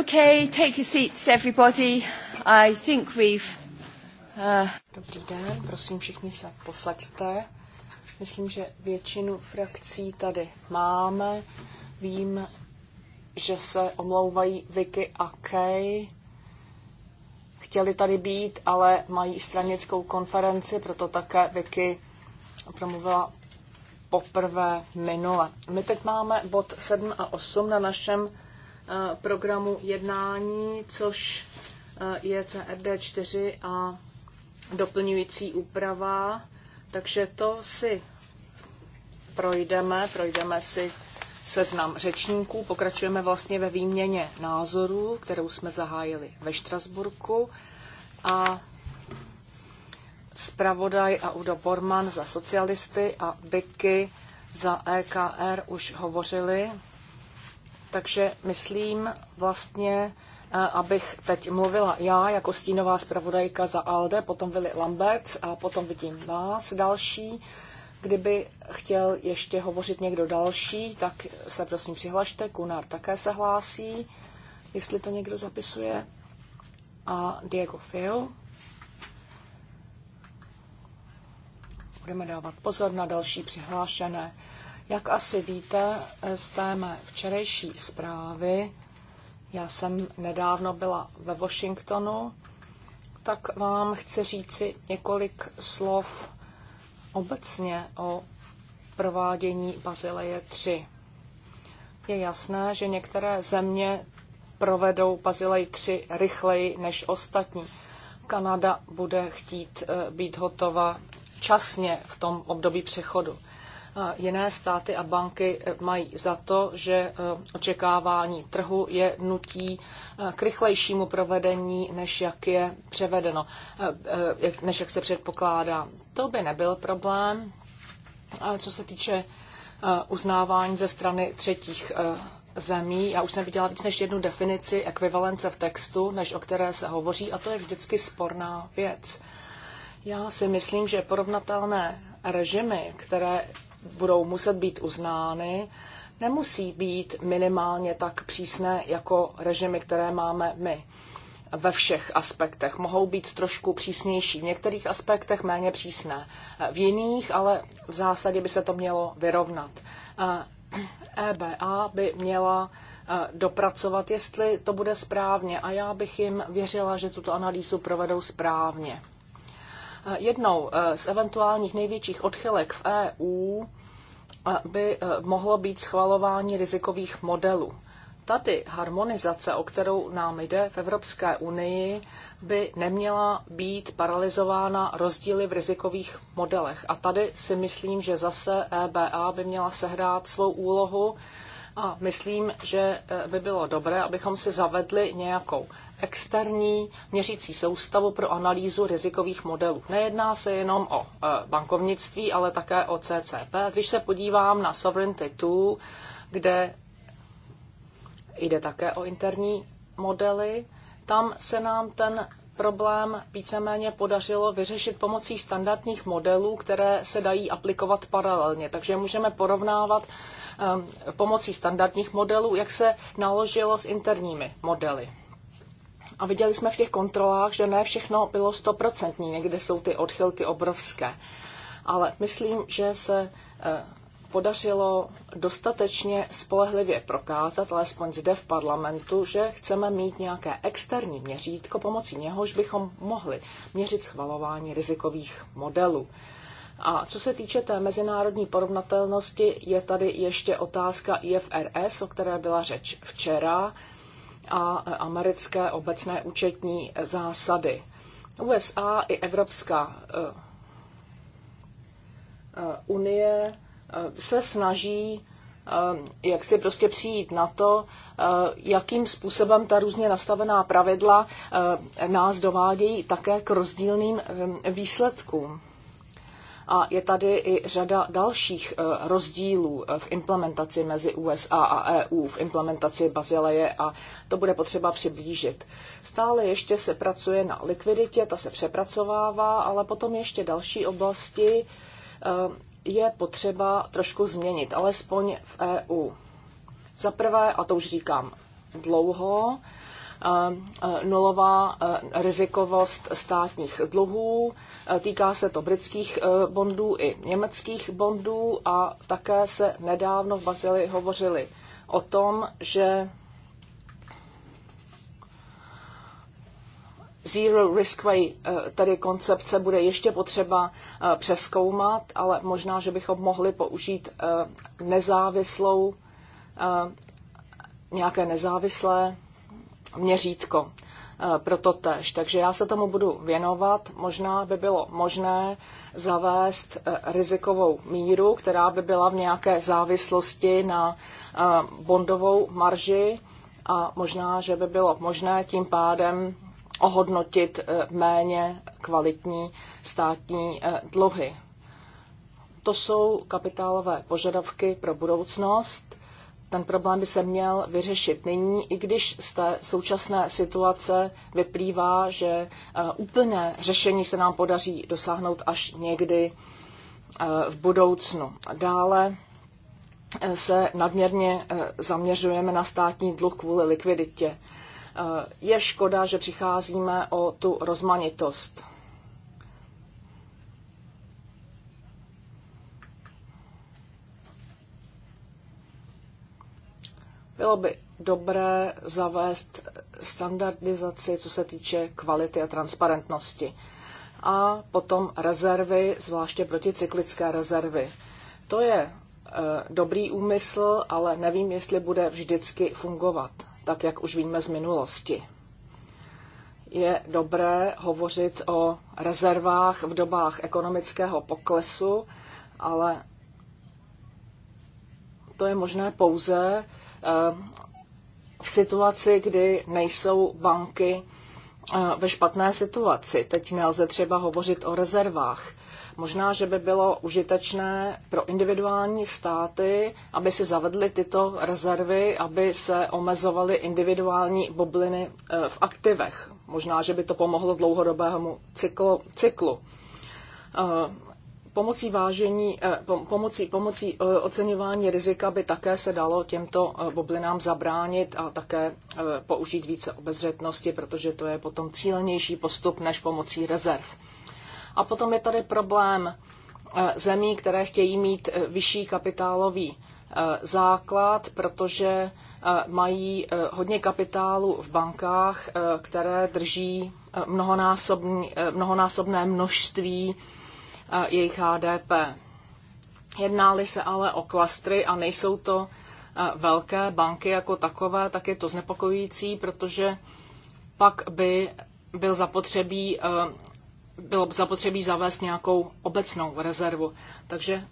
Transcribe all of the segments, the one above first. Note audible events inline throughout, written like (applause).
Okay. take your seats, everybody. I think we've... Uh... Dobrý den, prosím všichni se posaďte. Myslím, že většinu frakcí tady máme. Vím, že se omlouvají Vicky a Kay. Chtěli tady být, ale mají stranickou konferenci, proto také Vicky promluvila poprvé minule. My teď máme bod 7 a 8 na našem eh, programu jednání, což eh, je CRD 4 a doplňující úprava. Takže to si projdeme, projdeme si seznam řečníků. Pokračujeme vlastně ve výměně názorů, kterou jsme zahájili ve Štrasburku. A Spravodaj a Udo Borman za socialisty a Biky za EKR už hovořili. Takže myslím vlastně, eh, abych teď mluvila já jako stínová zpravodajka za ALDE, potom Vili Lambert a potom vidím vás další. Kdyby chtěl ještě hovořit někdo další, tak se prosím přihlašte. Kunár také se hlásí, jestli to někdo zapisuje. A Diego Fio. budeme dávat pozor na další přihlášené. Jak asi víte z té mé včerejší zprávy, já jsem nedávno byla ve Washingtonu, tak vám chci říci několik slov obecně o provádění Bazileje 3. Je jasné, že některé země provedou Bazilej 3 rychleji než ostatní. Kanada bude chtít eh, být hotova časně v tom období přechodu. Jiné státy a banky eh, mají za to, že eh, očekávání trhu je nutí eh, k rychlejšímu provedení, než jak je převedeno, než jak se předpokládá. To by nebyl problém, co se týče uznávání ze strany třetích zemí. Já už jsem viděla víc než jednu definici ekvivalence v textu, než o které se hovoří, a to je vždycky sporná věc. Já si myslím, že porovnatelné režimy, které budou muset být uznány, nemusí být minimálně tak přísné jako režimy, které máme my ve všech aspektech. Mohou být trošku přísnější, v některých aspektech méně přísné, v jiných, ale v zásadě by se to mělo vyrovnat. EBA eh, e by měla eh, dopracovat, jestli to bude správně a já bych jim věřila, že tuto analýzu provedou správně. Eh, jednou eh, z eventuálních největších odchylek v EU eh, by mohlo být schvalování rizikových modelů. Tady harmonizace, o kterou nám jde v Evropské unii, by neměla být paralizována rozdíly v rizikových modelech. A tady si myslím, že zase EBA by měla sehrát svou úlohu a myslím, že by bylo dobré, abychom si zavedli nějakou externí měřící soustavu pro analýzu rizikových modelů. Nejedná se jenom o e, bankovnictví, ale také o CCP. Když se podívám na Sovereignty 2, kde jde také o interní modely, tam se nám ten problém víceméně podařilo vyřešit pomocí standardních modelů, které se dají aplikovat paralelně. Takže můžeme porovnávat e, pomocí standardních modelů, jak se naložilo s interními modely. A viděli jsme v těch kontrolách, že ne všechno bylo stoprocentní, někde jsou ty odchylky obrovské. Ale myslím, že se eh, podařilo dostatečně spolehlivě prokázat, alespoň zde v parlamentu, že chceme mít nějaké externí měřítko, pomocí něhož bychom mohli měřit schvalování rizikových modelů. A co se týče té mezinárodní porovnatelnosti, je tady ještě otázka IFRS, o které byla řeč včera a americké obecné účetní zásady. USA i Evropská eh, eh, unie eh, se snaží jak si prostě přijít na to, jakým způsobem ta různě nastavená pravidla nás dovádějí také k rozdílným výsledkům a je tady i řada dalších e, rozdílů e, v implementaci mezi USA a EU, v implementaci Bazileje a to bude potřeba přiblížit. Stále ještě se pracuje na likviditě, ta se přepracovává, ale potom ještě další oblasti e, je potřeba trošku změnit, alespoň v EU. Za prvé, a to už říkám dlouho, nulová rizikovost státních dluhů. Týká se to britských e, bondů i německých bondů a také se nedávno v Bazili hovořili o tom, že zero risk way, e, tedy koncepce, bude ještě potřeba e, přeskoumat, ale možná, že bychom mohli použít nezávislou, nějaké nezávislé měřítko eh, pro to tež. Takže já se tomu budu věnovat. Možná by bylo možné zavést eh, rizikovou míru, která by byla v nějaké závislosti na eh, bondovou marži a možná, že by bylo možné tím pádem ohodnotit méně kvalitní státní dluhy. To jsou kapitálové požadavky pro budoucnost ten problém by se měl vyřešit nyní, i když z té současné situace vyplývá, že eh, úplné řešení se nám podaří dosáhnout až někdy eh, v budoucnu. Dále eh, se nadměrně zaměřujeme na státní dluh kvůli likviditě. Je škoda, že přicházíme o tu rozmanitost Bylo by dobré zavést standardizaci, co se týče kvality a transparentnosti. A potom rezervy, zvláště proticyklické rezervy. To je e, dobrý úmysl, ale nevím, jestli bude vždycky fungovat, tak jak už víme z minulosti. Je dobré hovořit o rezervách v dobách ekonomického poklesu, ale to je možné pouze, Eh, v situaci, kdy nejsou banky eh, ve špatné situaci. Teď nelze třeba hovořit o rezervách. Možná, že by bylo užitečné pro individuální státy, aby si zavedly tyto rezervy, aby se omezovaly individuální bubliny eh, v aktivech. Možná, že by to pomohlo dlouhodobému cyklu. cyklu pomocí vážení, eh, pomocí, pomocí eh, oceňování rizika by také se dalo těmto eh, bublinám zabránit a také použít více obezřetnosti, protože to je potom cílenější postup než pomocí rezerv. A potom je tady problém zemí, které chtějí mít vyšší kapitálový základ, protože mají hodně kapitálu v bankách, které drží mnohonásobné množství jejich HDP. Jednáli se ale o klastry a nejsou to velké banky jako takové, tak je to znepokojující, protože pak by byl zapotřebí, bylo zapotřebí zavést nějakou obecnou rezervu. Takže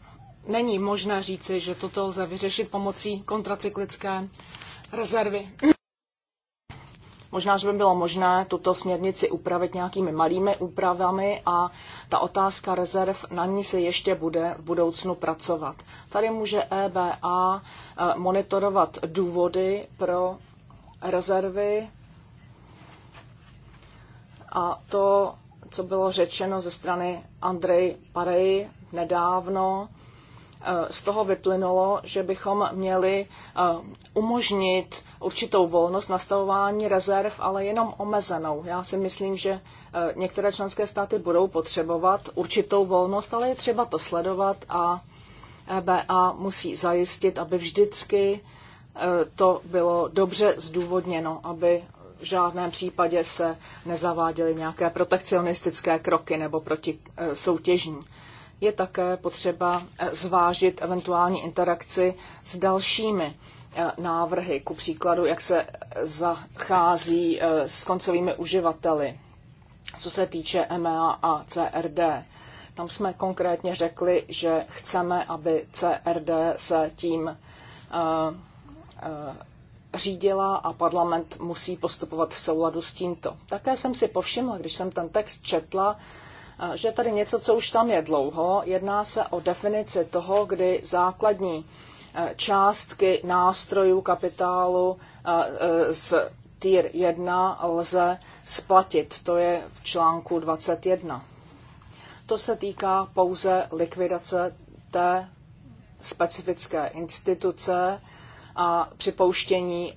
není možné říci, že toto lze vyřešit pomocí kontracyklické rezervy. Možná, že by bylo možné tuto směrnici upravit nějakými malými úpravami a ta otázka rezerv, na ní se ještě bude v budoucnu pracovat. Tady může EBA eh, monitorovat důvody pro rezervy a to, co bylo řečeno ze strany Andrej Parej nedávno, eh, z toho vyplynulo, že bychom měli eh, umožnit určitou volnost nastavování rezerv, ale jenom omezenou. Já si myslím, že eh, některé členské státy budou potřebovat určitou volnost, ale je třeba to sledovat a EBA musí zajistit, aby vždycky eh, to bylo dobře zdůvodněno, aby v žádném případě se nezaváděly nějaké protekcionistické kroky nebo proti eh, soutěžní. Je také potřeba zvážit eventuální interakci s dalšími E, návrhy, ku příkladu, jak se zachází e, s koncovými uživateli, co se týče MEA a CRD. Tam jsme konkrétně řekli, že chceme, aby CRD se tím e, řídila a parlament musí postupovat v souladu s tímto. Také jsem si povšimla, když jsem ten text četla, že tady něco, co už tam je dlouho, jedná se o definici toho, kdy základní Eh, částky nástrojů kapitálu eh, eh, z tier 1 lze splatit. To je v článku 21. To se týká pouze likvidace té specifické instituce a připouštění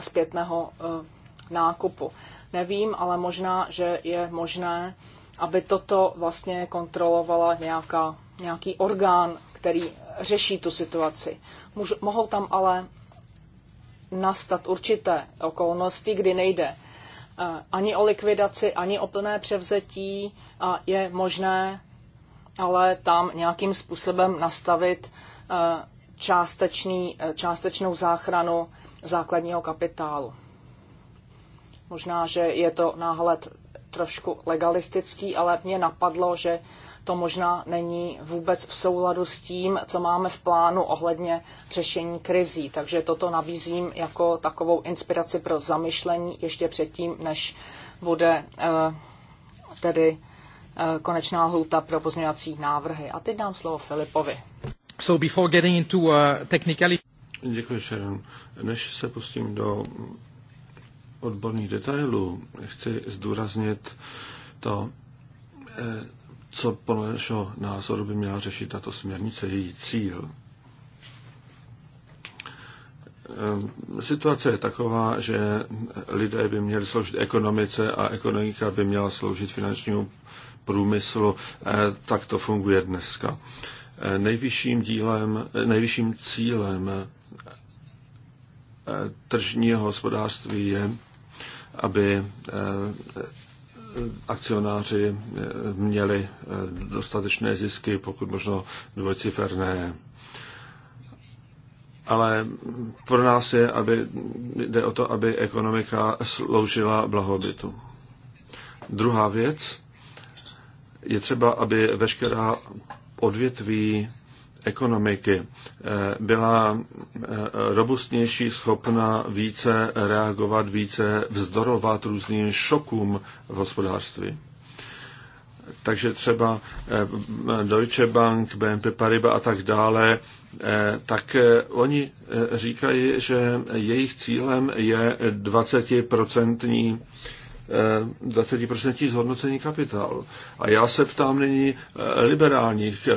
zpětného nákupu. Nevím, ale možná, že je možné, aby toto vlastně kontrolovala nějaká, nějaký orgán, který řeší tu situaci. Můž, mohou tam ale nastat určité okolnosti, kdy nejde eh, ani o likvidaci, ani o plné převzetí a je možné ale tam nějakým způsobem nastavit eh, částečný, eh, částečnou záchranu základního kapitálu. Možná, že je to náhled trošku legalistický, ale mě napadlo, že to možná není vůbec v souladu s tím, co máme v plánu ohledně řešení krizí. Takže toto nabízím jako takovou inspiraci pro zamyšlení ještě předtím, než bude eh, tedy eh, konečná lhůta pro pozměňovací návrhy. A teď dám slovo Filipovi. So before getting into uh, technicality... Děkuji, Sharon. Než se pustím do odborných detailů, chci zdůraznit to, eh, co podle našeho názoru by měla řešit tato směrnice, její cíl. Ehm, situace je taková, že lidé by měli sloužit ekonomice a ekonomika by měla sloužit finančnímu průmyslu. E, tak to funguje dneska. E, nejvyšším, dílem, e, nejvyšším cílem tržního hospodářství je, aby akcionáři eh, měli eh, dostatečné zisky, pokud možno dvojciferné. Ale pro nás je, aby, jde o to, aby ekonomika sloužila blahobytu. Druhá věc, je třeba, aby veškerá odvětví ekonomiky eh, byla eh, robustnější, schopna více reagovat, více vzdorovat různým šokům v hospodářství. Takže třeba eh, Deutsche Bank, BNP Paribas a tak dále, tak oni říkají, že jejich cílem je 20% 20% zhodnocení kapitálu. A já se ptám nyní liberálních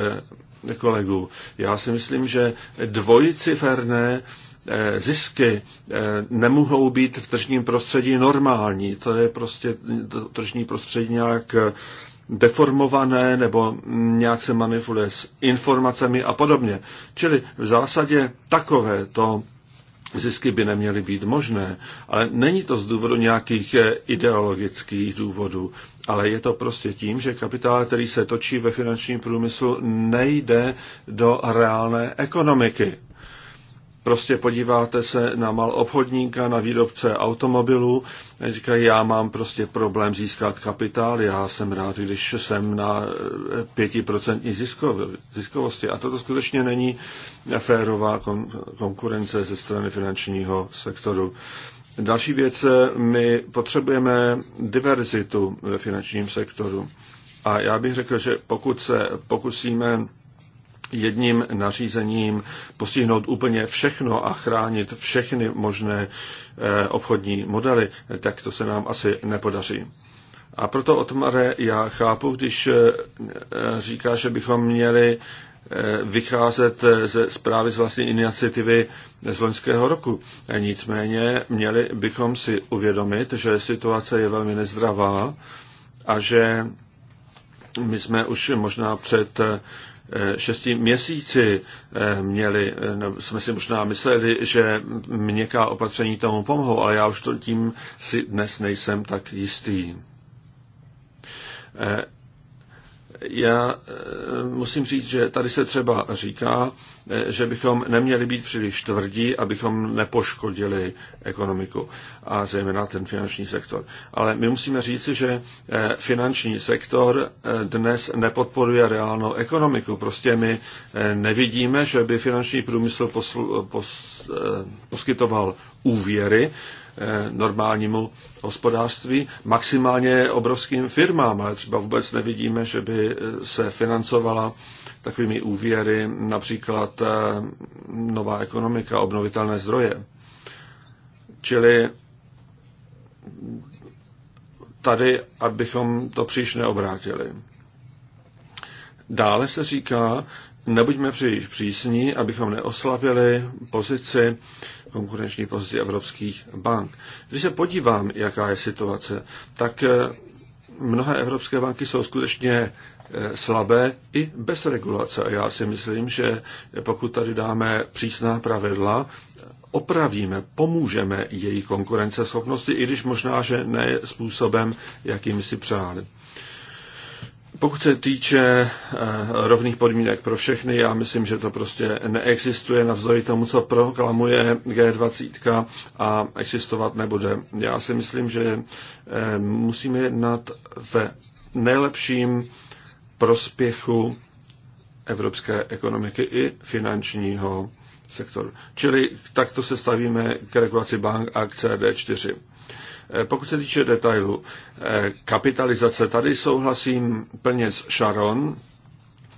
kolegů. Já si myslím, že dvojciferné eh, zisky eh, nemohou být v tržním prostředí normální. To je prostě tržní prostředí nějak eh, deformované nebo nějak se manipuluje s informacemi a podobně. Čili v zásadě takové to zisky by neměly být možné. Ale není to z důvodu nějakých eh, ideologických důvodů, ale je to prostě tím, že kapitál, který se točí ve finančním průmyslu, nejde do reálné ekonomiky. Prostě podíváte se na mal obchodníka, na výrobce automobilů, říkají, já mám prostě problém získat kapitál, já jsem rád, když jsem na 5% eh, ziskovosti. A toto skutečně není férová kon- konkurence ze strany finančního sektoru. Další věc, eh, my potřebujeme diverzitu ve finančním sektoru. A já bych řekl, že pokud se pokusíme jedním nařízením postihnout úplně všechno a chránit všechny možné eh, obchodní modely, tak to se nám asi nepodaří. A proto, Otmare, já chápu, když eh, eh, říká, že bychom měli vycházet ze zprávy z vlastní iniciativy z loňského roku. Nicméně měli bychom si uvědomit, že situace je velmi nezdravá a že my jsme už možná před šesti měsíci eh, měli, eh, no, jsme si možná mysleli, že měkká opatření tomu pomohou, ale já už to tím si dnes nejsem tak jistý. Eh, já musím říct, že tady se třeba říká, Eh, že bychom neměli být příliš tvrdí, abychom nepoškodili ekonomiku a zejména ten finanční sektor. Ale my musíme říci, že eh, finanční sektor eh, dnes nepodporuje reálnou ekonomiku. Prostě my nevidíme, že by finanční průmysl posl- pos- poskytoval úvěry, normálnímu hospodářství, maximálně obrovským firmám, ale třeba vůbec nevidíme, že by se financovala takovými úvěry, například eh, nová ekonomika, obnovitelné zdroje. Čili tady, abychom to příliš neobrátili. Dále se říká, nebuďme příliš přísní, abychom neoslabili pozici, konkurenční pozici evropských bank. Když se podívám, jaká je situace, tak eh, mnohé evropské banky jsou skutečně Eh, slabé i bez regulace. A já si myslím, že pokud tady dáme přísná pravidla, opravíme, pomůžeme její konkurenceschopnosti, i když možná, že ne způsobem, jakým si přáli. Pokud se týče eh, rovných podmínek pro všechny, já myslím, že to prostě neexistuje navzdory tomu, co proklamuje G20 a existovat nebude. Já si myslím, že eh, musíme jednat ve nejlepším prospěchu evropské ekonomiky i finančního sektoru. Čili takto se stavíme k regulaci bank a k CD4. Eh, pokud se týče detailu, eh, kapitalizace, tady souhlasím plně s Sharon,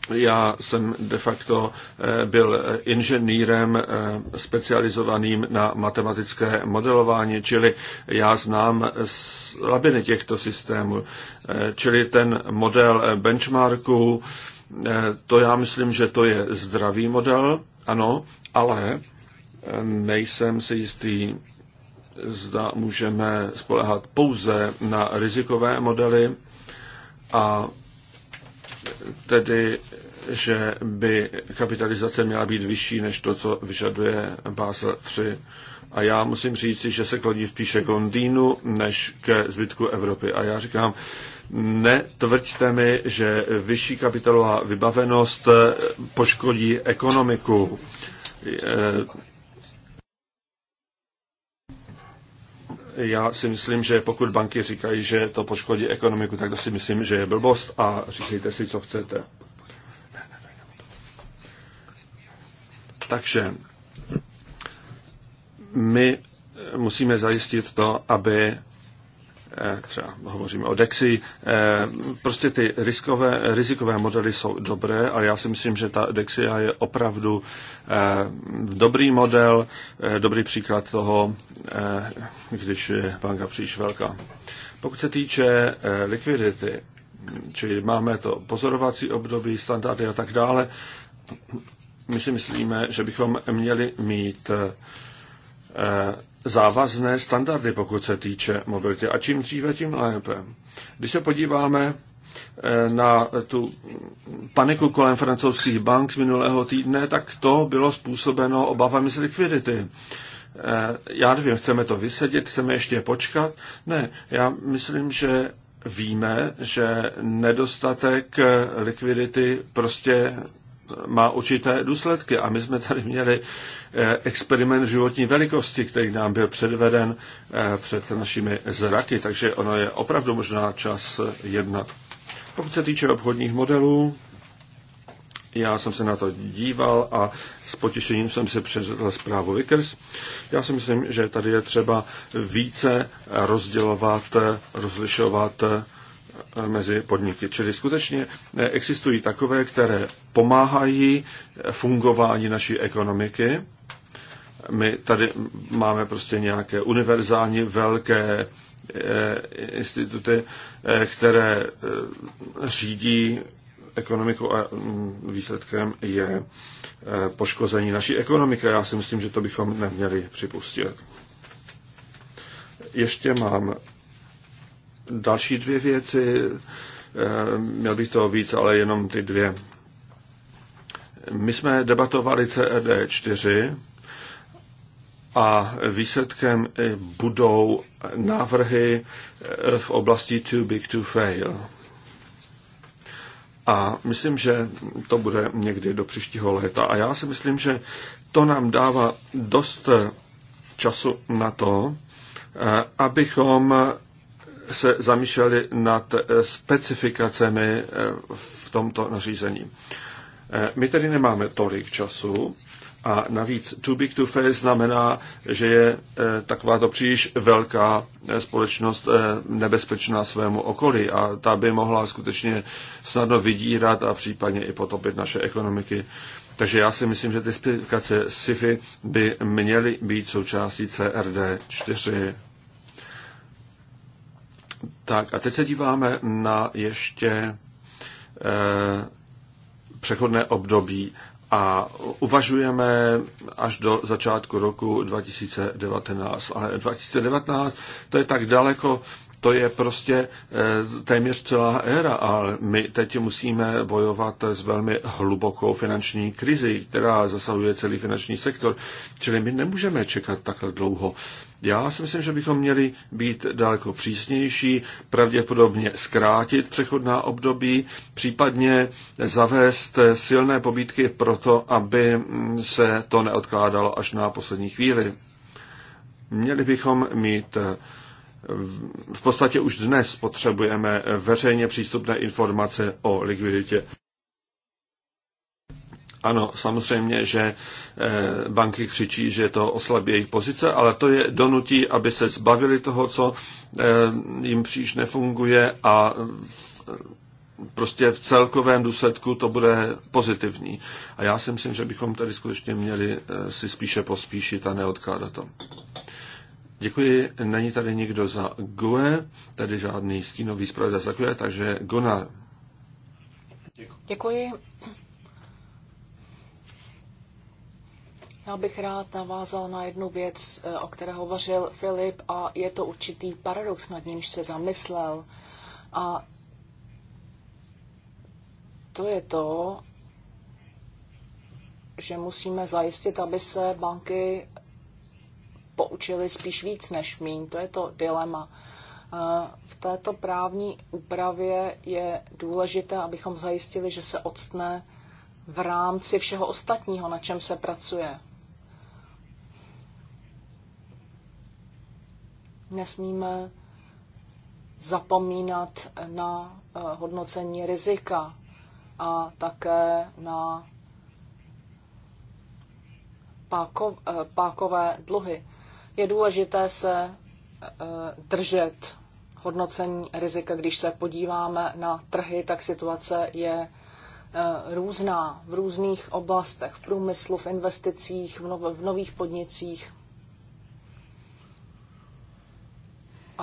já jsem de facto eh, byl eh, inženýrem eh, specializovaným na matematické modelování, čili já znám slabiny těchto systémů. Čili ten model benchmarku, to já myslím, že to je zdravý model, ano, ale nejsem si jistý, zda můžeme spolehat pouze na rizikové modely a tedy, že by kapitalizace měla být vyšší než to, co vyžaduje Basel 3. A já musím říct, že se kloní spíše k Londýnu než ke zbytku Evropy. A já říkám, netvrďte mi, že vyšší kapitalová vybavenost poškodí ekonomiku já si myslím, že pokud banky říkají, že to poškodí ekonomiku, tak to si myslím, že je blbost a říkejte si, co chcete. Takže my musíme zajistit to, aby Eh, třeba hovoříme o DEXi, eh, prostě ty riskové, rizikové modely jsou dobré, ale já si myslím, že ta DEXia je opravdu eh, dobrý model, dobrý příklad toho, když je banka příliš velká. Pokud se týče likvidity, čili máme to pozorovací období, standardy a tak dále, my si myslíme, že bychom měli mít Eh, závazné standardy, pokud se týče mobility. A čím dříve, tím lépe. Když se podíváme eh, na tu paniku kolem francouzských bank z minulého týdne, tak to bylo způsobeno obavami z likvidity. Eh, já nevím, chceme to vysedět, chceme ještě počkat? Ne, já myslím, že víme, že nedostatek likvidity prostě má určité důsledky. A my jsme tady měli eh, experiment životní velikosti, který nám byl předveden eh, před našimi zraky, takže ono je opravdu možná čas jednat. Pokud se týče obchodních modelů, já jsem se na to díval a s potěšením jsem si přečetl zprávu Vickers. Já si myslím, že tady je třeba více rozdělovat, rozlišovat mezi podniky. Čili skutečně eh, existují takové, které pomáhají fungování naší ekonomiky. My tady máme prostě nějaké univerzální velké eh, instituty, eh, které řídí ekonomiku a mm, výsledkem je poškození naší ekonomiky. Já si myslím, že to bychom neměli připustit. Ještě mám Další dvě věci, eh, měl bych toho víc, ale jenom ty dvě. My jsme debatovali CED 4 a výsledkem eh, budou návrhy eh, v oblasti too big to fail. A myslím, že to bude někdy do příštího léta. A já si myslím, že to nám dává dost času na to, abychom se zamýšleli nad eh, specifikacemi eh, v tomto nařízení. Eh, my tedy nemáme tolik času a navíc too big to fail znamená, že je taková to příliš velká společnost nebezpečná svému okolí a ta by mohla skutečně snadno vydírat a případně i potopit naše ekonomiky. Takže já si myslím, že ty specifikace SIFI by měly být součástí CRD 4. Tak a teď se díváme na ještě e, přechodné období a uvažujeme až do začátku roku 2019. Ale 2019 to je tak daleko, to je prostě eh, téměř celá éra, ale my teď musíme bojovat s velmi hlubokou finanční krizi, která zasahuje celý finanční sektor, čili my nemůžeme čekat takhle dlouho. Já si myslím, že bychom měli být daleko přísnější, pravděpodobně zkrátit přechodná období, případně zavést silné pobídky pro to, aby se to neodkládalo až na poslední chvíli. Měli bychom mít v podstatě už dnes potřebujeme veřejně přístupné informace o likviditě ano, samozřejmě, že eh, banky křičí, že to oslabí jejich pozice, ale to je donutí, aby se zbavili toho, co eh, jim příliš nefunguje a eh, prostě v celkovém důsledku to bude pozitivní. A já si myslím, že bychom tady skutečně měli si spíše pospíšit a neodkládat to. Děkuji, není tady nikdo za GUE, tady žádný stínový zpravodaj za GUE, takže Gunnar. Děkuji. Já bych rád navázal na jednu věc, eh, o které hovořil Filip, a je to určitý paradox, nad nímž se zamyslel. A to je to, že musíme zajistit, aby se banky poučily spíš víc než míň. To je to dilema. Eh, v této právní úpravě je důležité, abychom zajistili, že se odstne v rámci všeho ostatního, na čem se pracuje. Nesmíme zapomínat na eh, hodnocení rizika a také na páko, eh, pákové dluhy. Je důležité se eh, držet hodnocení rizika. Když se podíváme na trhy, tak situace je různá v různých oblastech, v průmyslu, v investicích, v nových podnicích.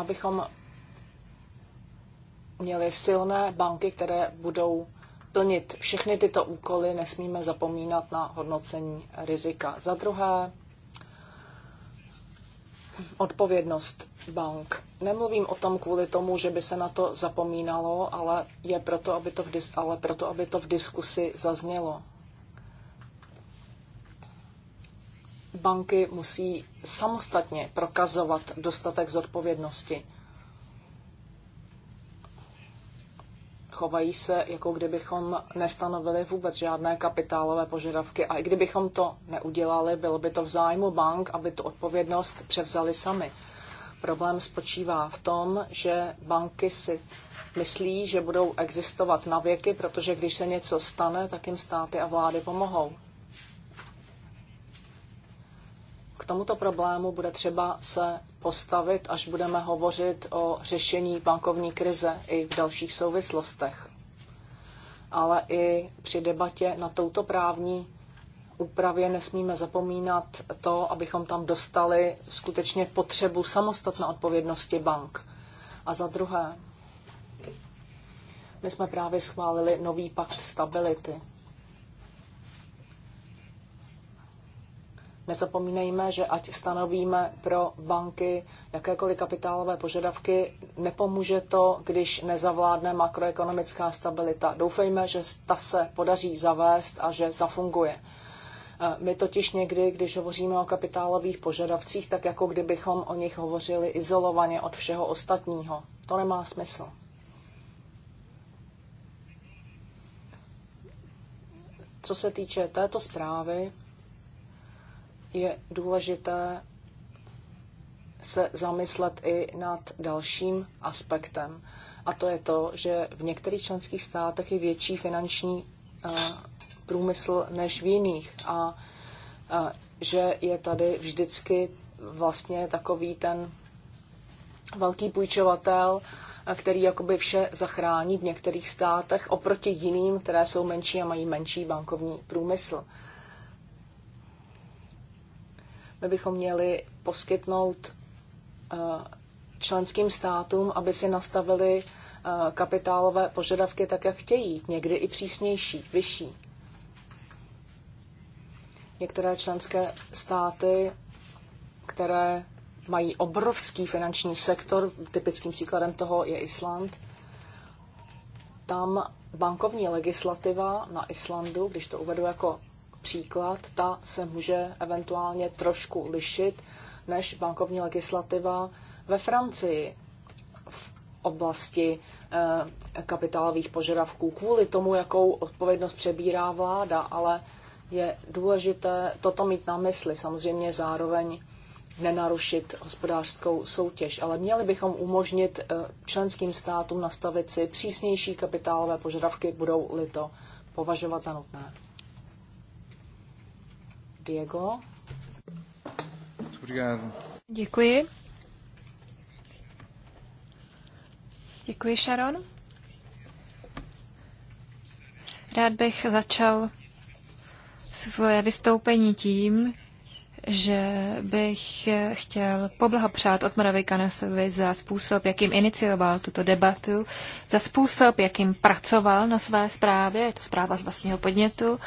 abychom měli silné banky, které budou plnit všechny tyto úkoly, nesmíme zapomínat na hodnocení rizika. Za druhé, odpovědnost bank. Nemluvím o tom kvůli tomu, že by se na to zapomínalo, ale je proto, aby to v, dis- ale proto, aby to v diskusi zaznělo. banky musí samostatně prokazovat dostatek zodpovědnosti. Chovají se, jako kdybychom nestanovili vůbec žádné kapitálové požadavky a i kdybychom to neudělali, bylo by to v zájmu bank, aby tu odpovědnost převzali sami. Problém spočívá v tom, že banky si myslí, že budou existovat na věky, protože když se něco stane, tak jim státy a vlády pomohou. tomuto problému bude třeba se postavit, až budeme hovořit o řešení bankovní krize i v dalších souvislostech. Ale i při debatě na touto právní úpravě nesmíme zapomínat to, abychom tam dostali skutečně potřebu samostatné odpovědnosti bank. A za druhé, my jsme právě schválili nový pakt stability. Nezapomínejme, že ať stanovíme pro banky jakékoliv kapitálové požadavky, nepomůže to, když nezavládne makroekonomická stabilita. Doufejme, že ta se podaří zavést a že zafunguje. Eh, my totiž někdy, když hovoříme o kapitálových požadavcích, tak jako kdybychom o nich hovořili izolovaně od všeho ostatního. To nemá smysl. Co se týče této zprávy, je důležité se zamyslet i nad dalším aspektem. A to je to, že v některých členských státech je větší finanční eh, průmysl než v jiných. A eh, že je tady vždycky vlastně takový ten velký půjčovatel, eh, který jakoby vše zachrání v některých státech oproti jiným, které jsou menší a mají menší bankovní průmysl. My bychom měli poskytnout eh, členským státům, aby si nastavili eh, kapitálové požadavky tak, jak chtějí, někdy i přísnější, vyšší. Některé členské státy, které mají obrovský finanční sektor, typickým příkladem toho je Island, tam bankovní legislativa na Islandu, když to uvedu jako příklad, ta se může eventuálně trošku lišit než bankovní legislativa ve Francii v oblasti eh, kapitálových požadavků kvůli tomu, jakou odpovědnost přebírá vláda, ale je důležité toto mít na mysli, samozřejmě zároveň nenarušit hospodářskou soutěž, ale měli bychom umožnit eh, členským státům nastavit si přísnější kapitálové požadavky, budou-li to považovat za nutné. Diego. Děkuji. Děkuji, Sharon. Rád bych začal svoje vystoupení tím, že bych chtěl poblahopřát Otmarovi Kanasovi za způsob, jakým inicioval tuto debatu, za způsob, jakým pracoval na své zprávě, je to zpráva z vlastního podnětu,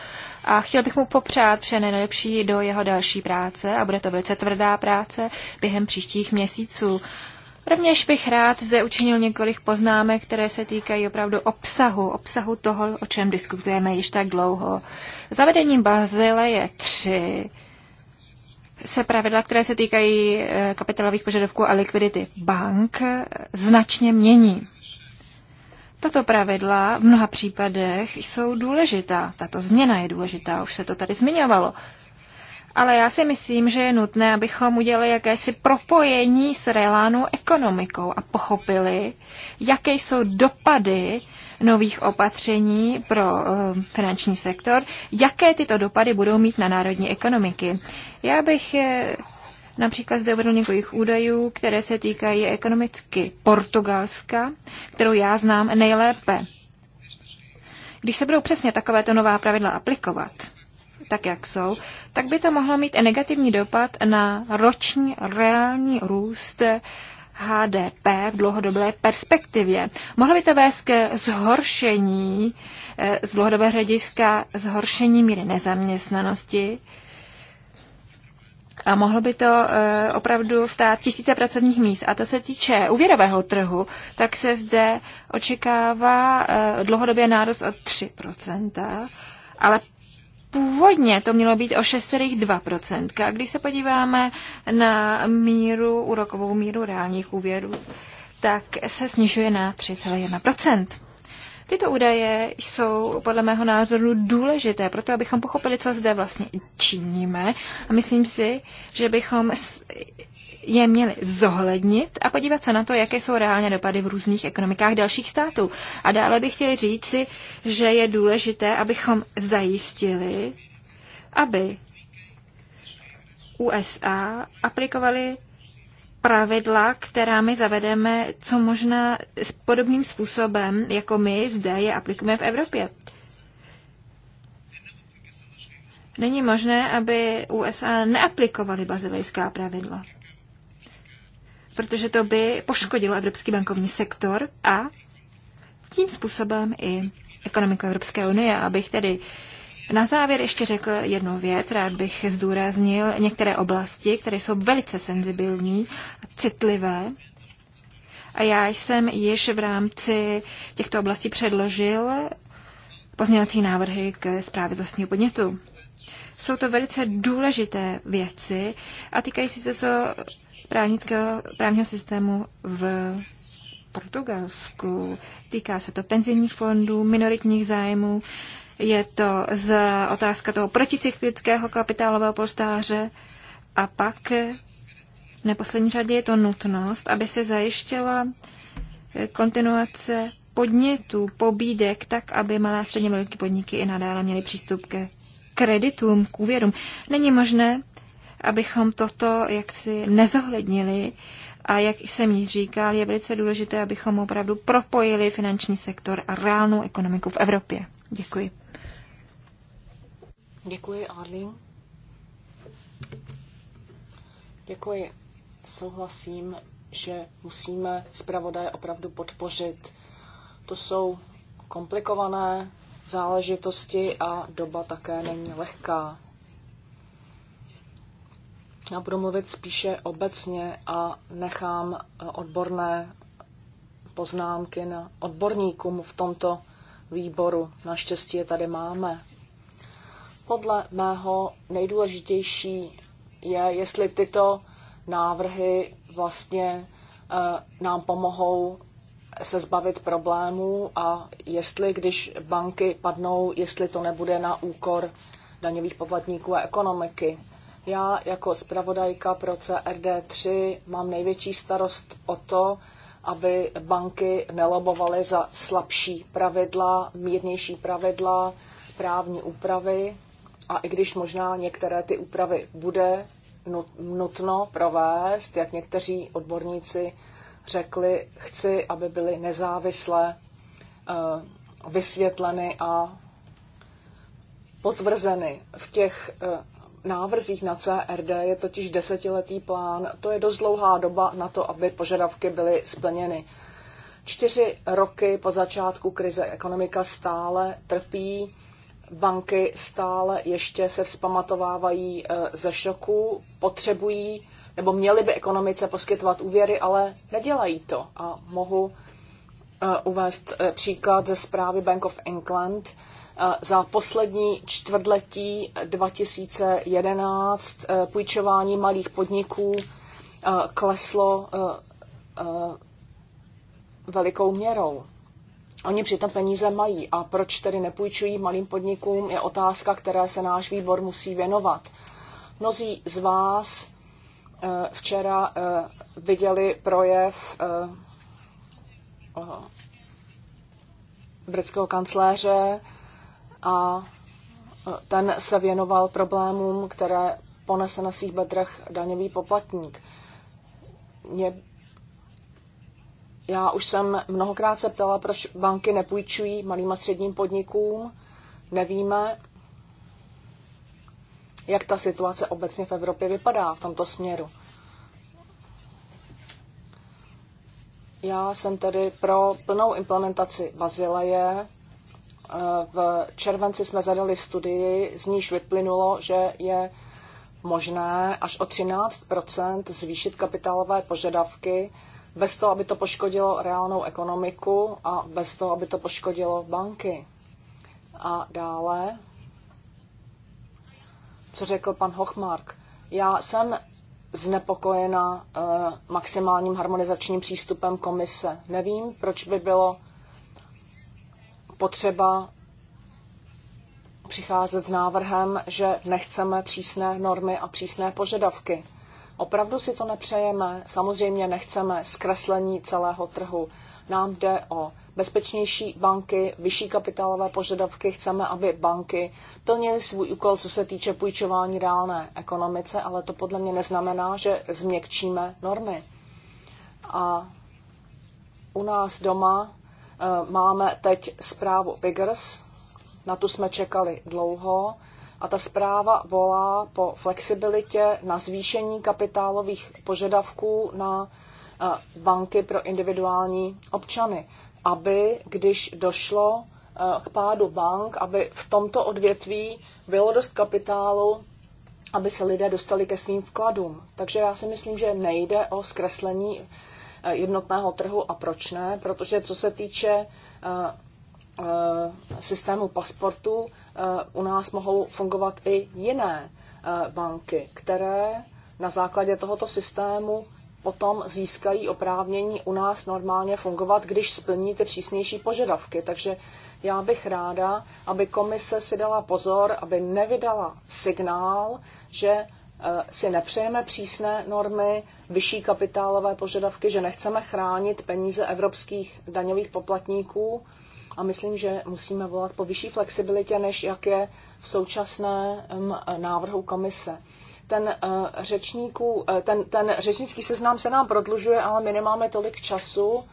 a chtěl bych mu popřát vše nejlepší do jeho další práce, a bude to velice tvrdá práce během příštích měsíců. Rovněž bych rád zde učinil několik poznámek, které se týkají opravdu obsahu, obsahu toho, o čem diskutujeme již tak dlouho. Zavedením je tři se pravidla, které se týkají eh, kapitálových požadavků a likvidity bank, eh, značně mění. Tato pravidla v mnoha případech jsou důležitá. Tato změna je důležitá, už se to tady zmiňovalo. Ale já si myslím, že je nutné, abychom udělali jakési propojení s reálnou ekonomikou a pochopili, jaké jsou dopady nových opatření pro eh, finanční sektor, jaké tyto dopady budou mít na národní ekonomiky. Já bych eh, Například zde uvedl několik údajů, které se týkají ekonomicky Portugalska, kterou já znám nejlépe. Když se budou přesně takovéto nová pravidla aplikovat, tak jak jsou, tak by to mohlo mít negativní dopad na roční reální růst HDP v dlouhodobé perspektivě. Mohlo by to vést k zhoršení eh, z dlouhodobého hlediska zhoršení míry nezaměstnanosti a mohlo by to eh, opravdu stát tisíce pracovních míst. A to se týče úvěrového trhu, tak se zde očekává eh, dlouhodobě nárost o 3 ale Původně to mělo být o 6,2%. A když se podíváme na míru, úrokovou míru reálních úvěrů, tak se snižuje na 3,1%. Tyto údaje jsou podle mého názoru důležité, proto abychom pochopili, co zde vlastně činíme. A myslím si, že bychom je měli zohlednit a podívat se na to, jaké jsou reálně dopady v různých ekonomikách dalších států. A dále bych chtěl říci, že je důležité, abychom zajistili, aby USA aplikovali pravidla, která my zavedeme co možná s podobným způsobem, jako my zde je aplikujeme v Evropě. Není možné, aby USA neaplikovaly bazilejská pravidla protože to by poškodilo evropský bankovní sektor a tím způsobem i ekonomiku Evropské unie. Abych tedy na závěr ještě řekl jednu věc, rád bych zdůraznil některé oblasti, které jsou velice senzibilní, citlivé. A já jsem již v rámci těchto oblastí předložil pozměňovací návrhy k zprávě z vlastního podnětu. Jsou to velice důležité věci a týkají se to právnického, právního systému v Portugalsku. Týká se to penzijních fondů, minoritních zájmů, je to z otázka toho proticyklického kapitálového polstáře a pak v neposlední řadě je to nutnost, aby se zajištěla kontinuace podnětů, pobídek, tak, aby malé a středně velké podniky i nadále měly přístup ke kreditům, k úvěrům. Není možné, abychom toto jaksi nezohlednili. A jak jsem již říkal, je velice důležité, abychom opravdu propojili finanční sektor a reálnou ekonomiku v Evropě. Děkuji. Děkuji, Arlín. Děkuji. Souhlasím, že musíme zpravodaje opravdu podpořit. To jsou komplikované záležitosti a doba také není lehká. Já budu mluvit spíše obecně a nechám eh, odborné poznámky na odborníkům v tomto výboru. Naštěstí je tady máme. Podle mého nejdůležitější je, jestli tyto návrhy vlastně eh, nám pomohou se zbavit problémů a jestli, když banky padnou, jestli to nebude na úkor daňových poplatníků a ekonomiky. Já jako zpravodajka pro CRD3 mám největší starost o to, aby banky nelobovaly za slabší pravidla, mírnější pravidla, právní úpravy. A i když možná některé ty úpravy bude nutno provést, jak někteří odborníci řekli, chci, aby byly nezávisle eh, vysvětleny a potvrzeny v těch eh, návrzích na CRD je totiž desetiletý plán. To je dost dlouhá doba na to, aby požadavky byly splněny. Čtyři roky po začátku krize ekonomika stále trpí, banky stále ještě se vzpamatovávají e, ze šoku, potřebují nebo měly by ekonomice poskytovat úvěry, ale nedělají to. A mohu e, uvést e, příklad ze zprávy Bank of England, za poslední čtvrtletí 2011 eh, půjčování malých podniků eh, kleslo eh, velikou měrou. Oni přitom peníze mají a proč tedy nepůjčují malým podnikům je otázka, které se náš výbor musí věnovat. Mnozí z vás včera viděli projev britského kancléře, a ten se věnoval problémům, které ponese na svých bedrech daňový poplatník. Mě, já už jsem mnohokrát se ptala, proč banky nepůjčují malým a středním podnikům. Nevíme, jak ta situace obecně v Evropě vypadá v tomto směru. Já jsem tedy pro plnou implementaci Bazileje, v červenci jsme zadali studii, z níž vyplynulo, že je možné až o 13 zvýšit kapitálové požadavky bez toho, aby to poškodilo reálnou ekonomiku a bez toho, aby to poškodilo banky. A dále, co řekl pan Hochmark, já jsem znepokojena eh, maximálním harmonizačním přístupem komise. Nevím, proč by bylo potřeba přicházet s návrhem, že nechceme přísné normy a přísné požadavky. Opravdu si to nepřejeme, samozřejmě nechceme zkreslení celého trhu. Nám jde o bezpečnější banky, vyšší kapitálové požadavky, chceme, aby banky plnily svůj úkol, co se týče půjčování reálné ekonomice, ale to podle mě neznamená, že změkčíme normy. A u nás doma Eh, máme teď zprávu Biggers, na tu jsme čekali dlouho a ta zpráva volá po flexibilitě na zvýšení kapitálových požadavků na eh, banky pro individuální občany, aby když došlo eh, k pádu bank, aby v tomto odvětví bylo dost kapitálu, aby se lidé dostali ke svým vkladům. Takže já si myslím, že nejde o zkreslení Eh, jednotného trhu a proč ne, protože co se týče eh, eh, systému pasportu, u nás mohou fungovat i jiné banky, které na základě tohoto systému potom získají oprávnění u nás normálně fungovat, když splní ty přísnější požadavky. Takže já bych ráda, aby komise si dala pozor, aby nevydala signál, že Eh, si nepřejeme přísné normy, vyšší kapitálové požadavky, že nechceme chránit peníze evropských daňových poplatníků a myslím, že musíme volat po vyšší flexibilitě, než jak je v současném eh, návrhu komise. Ten, eh, řečníků, ten, ten řečnický seznám se nám prodlužuje, ale my nemáme tolik času.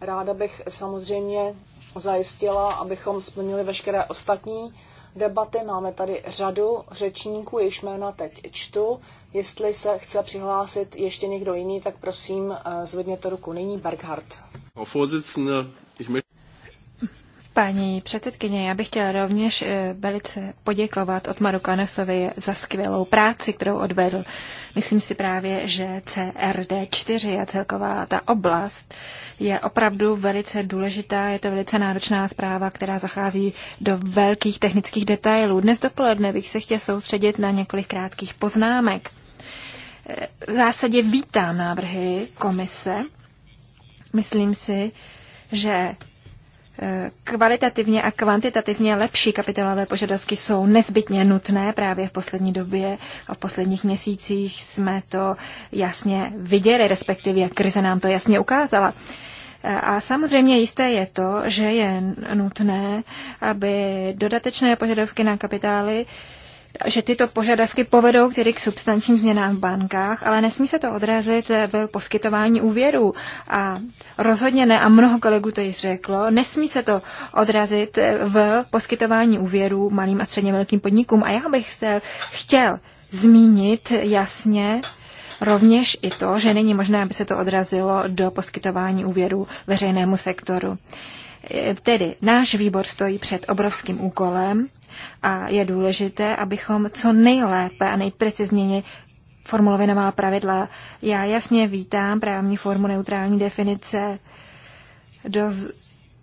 Ráda bych samozřejmě zajistila, abychom splnili veškeré ostatní debaty. Máme tady řadu řečníků, jejichž jména teď čtu. Jestli se chce přihlásit ještě někdo jiný, tak prosím, eh, zvedněte ruku. Nyní Berghardt. Paní předsedkyně, já bych chtěla rovněž eh, velice poděkovat od Kanosovi za skvělou práci, kterou odvedl. Myslím si právě, že CRD4 a celková ta oblast je opravdu velice důležitá. Je to velice náročná zpráva, která zachází do velkých technických detailů. Dnes dopoledne bych se chtěla soustředit na několik krátkých poznámek. Eh, v zásadě vítám návrhy komise. Myslím si, že Kvalitativně a kvantitativně lepší kapitálové požadavky jsou nezbytně nutné. Právě v poslední době a v posledních měsících jsme to jasně viděli, respektive krize nám to jasně ukázala. A samozřejmě jisté je to, že je nutné, aby dodatečné požadavky na kapitály že tyto požadavky povedou tedy k substančním změnám v bankách, ale nesmí se to odrazit v poskytování úvěrů. A rozhodně ne, a mnoho kolegů to již řeklo, nesmí se to odrazit v poskytování úvěrů malým a středně velkým podnikům. A já bych se chtěl zmínit jasně, Rovněž i to, že není možné, aby se to odrazilo do poskytování úvěru veřejnému sektoru. Tedy náš výbor stojí před obrovským úkolem, a je důležité, abychom co nejlépe a nejprecizněji formulovali nová pravidla. Já jasně vítám právní formu neutrální definice doz-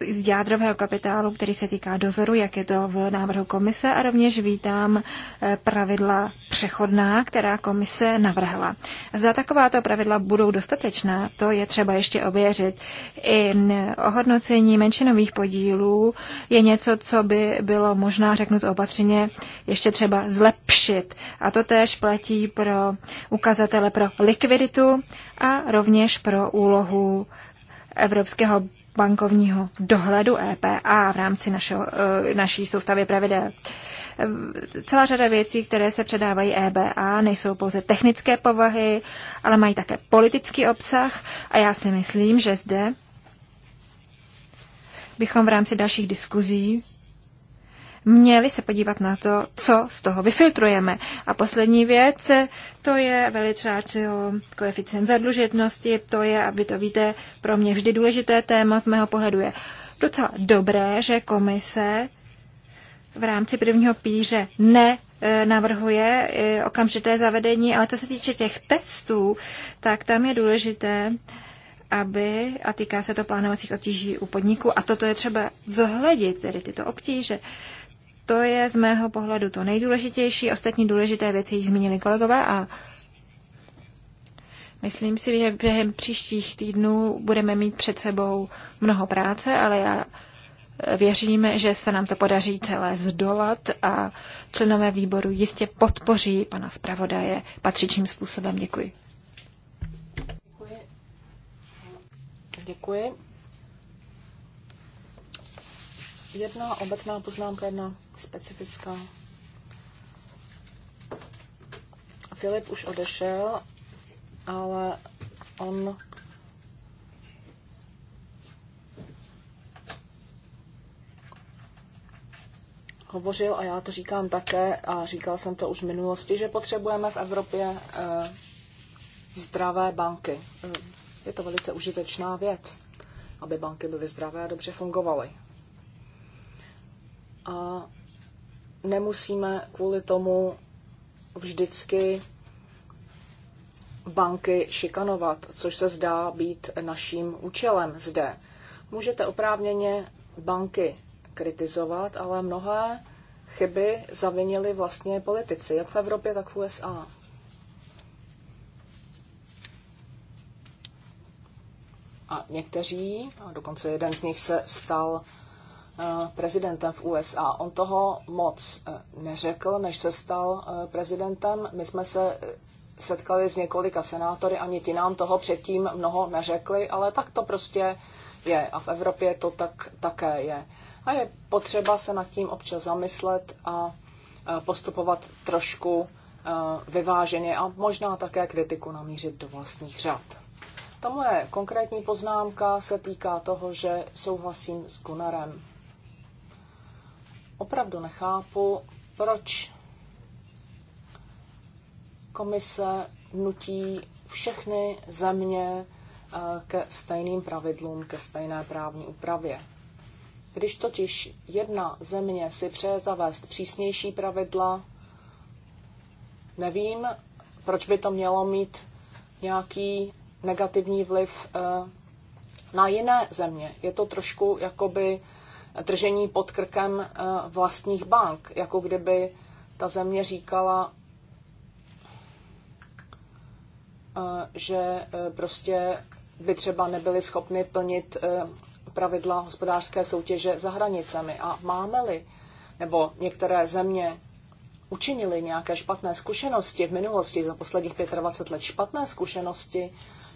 z jádrového kapitálu, který se týká dozoru, jak je to v návrhu komise a rovněž vítám eh, pravidla přechodná, která komise navrhla. Za takováto pravidla budou dostatečná, to je třeba ještě ověřit. I mm, ohodnocení menšinových podílů je něco, co by bylo možná řeknout opatřeně ještě třeba zlepšit. A to též platí pro ukazatele pro likviditu a rovněž pro úlohu Evropského bankovního dohledu EPA v rámci našeho, eh, naší soustavy pravidel. Celá řada věcí, které se předávají EBA, nejsou pouze technické povahy, ale mají také politický obsah a já si myslím, že zde bychom v rámci dalších diskuzí měli se podívat na to, co z toho vyfiltrujeme. A poslední věc, to je velice koeficient zadlužitnosti, to je, aby to víte, pro mě vždy důležité téma z mého pohledu je docela dobré, že komise v rámci prvního píře ne e, navrhuje e, okamžité zavedení, ale co se týče těch testů, tak tam je důležité, aby, a týká se to plánovacích obtíží u podniku, a toto je třeba zohledit, tedy tyto obtíže, to je z mého pohledu to nejdůležitější. Ostatní důležité věci již zmínili kolegové a myslím si, že během příštích týdnů budeme mít před sebou mnoho práce, ale já věřím, že se nám to podaří celé zdolat a členové výboru jistě podpoří pana zpravodaje patřičným způsobem. Děkuji. Děkuji. Děkuji. Jedna obecná poznámka, jedna specifická. Filip už odešel, ale on hovořil, a já to říkám také, a říkal jsem to už v minulosti, že potřebujeme v Evropě eh, zdravé banky. Eh, je to velice užitečná věc, aby banky byly zdravé a dobře fungovaly a nemusíme kvůli tomu vždycky banky šikanovat, což se zdá být naším účelem zde. Můžete oprávněně banky kritizovat, ale mnohé chyby zavinili vlastně politici, jak v Evropě, tak v USA. A někteří, a dokonce jeden z nich se stal Eh, prezidentem v USA. On toho moc eh, neřekl, než se stal eh, prezidentem. My jsme se setkali s několika senátory, ani ti nám toho předtím mnoho neřekli, ale tak to prostě je. A v Evropě to tak také je. A je potřeba se nad tím občas zamyslet a postupovat trošku vyváženě a možná také kritiku namířit do vlastních řad. Ta moje konkrétní poznámka se týká toho, že souhlasím s Gunarem opravdu nechápu, proč komise nutí všechny země eh, ke stejným pravidlům, ke stejné právní úpravě. Když totiž jedna země si přeje zavést přísnější pravidla, nevím, proč by to mělo mít nějaký negativní vliv eh, na jiné země. Je to trošku jakoby držení pod krkem eh, vlastních bank, jako kdyby ta země říkala, eh, že eh, prostě by třeba nebyly schopny plnit pravidla hospodářské soutěže za hranicemi. A máme-li, nebo některé země učinili nějaké špatné zkušenosti v minulosti, za posledních 25 let špatné zkušenosti,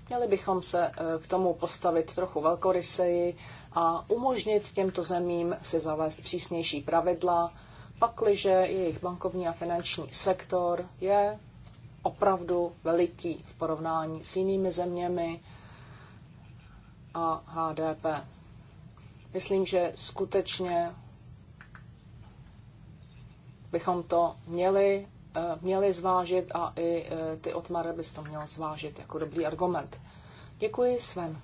měli bychom se k tomu postavit trochu velkoryseji, a umožnit těmto zemím si zavést přísnější pravidla, pakliže jejich bankovní a finanční sektor je opravdu veliký v porovnání s jinými zeměmi a HDP. Myslím, že skutečně bychom to měli, eh, měli zvážit a i eh, ty otmary bys to měl zvážit jako dobrý argument. Děkuji, Sven.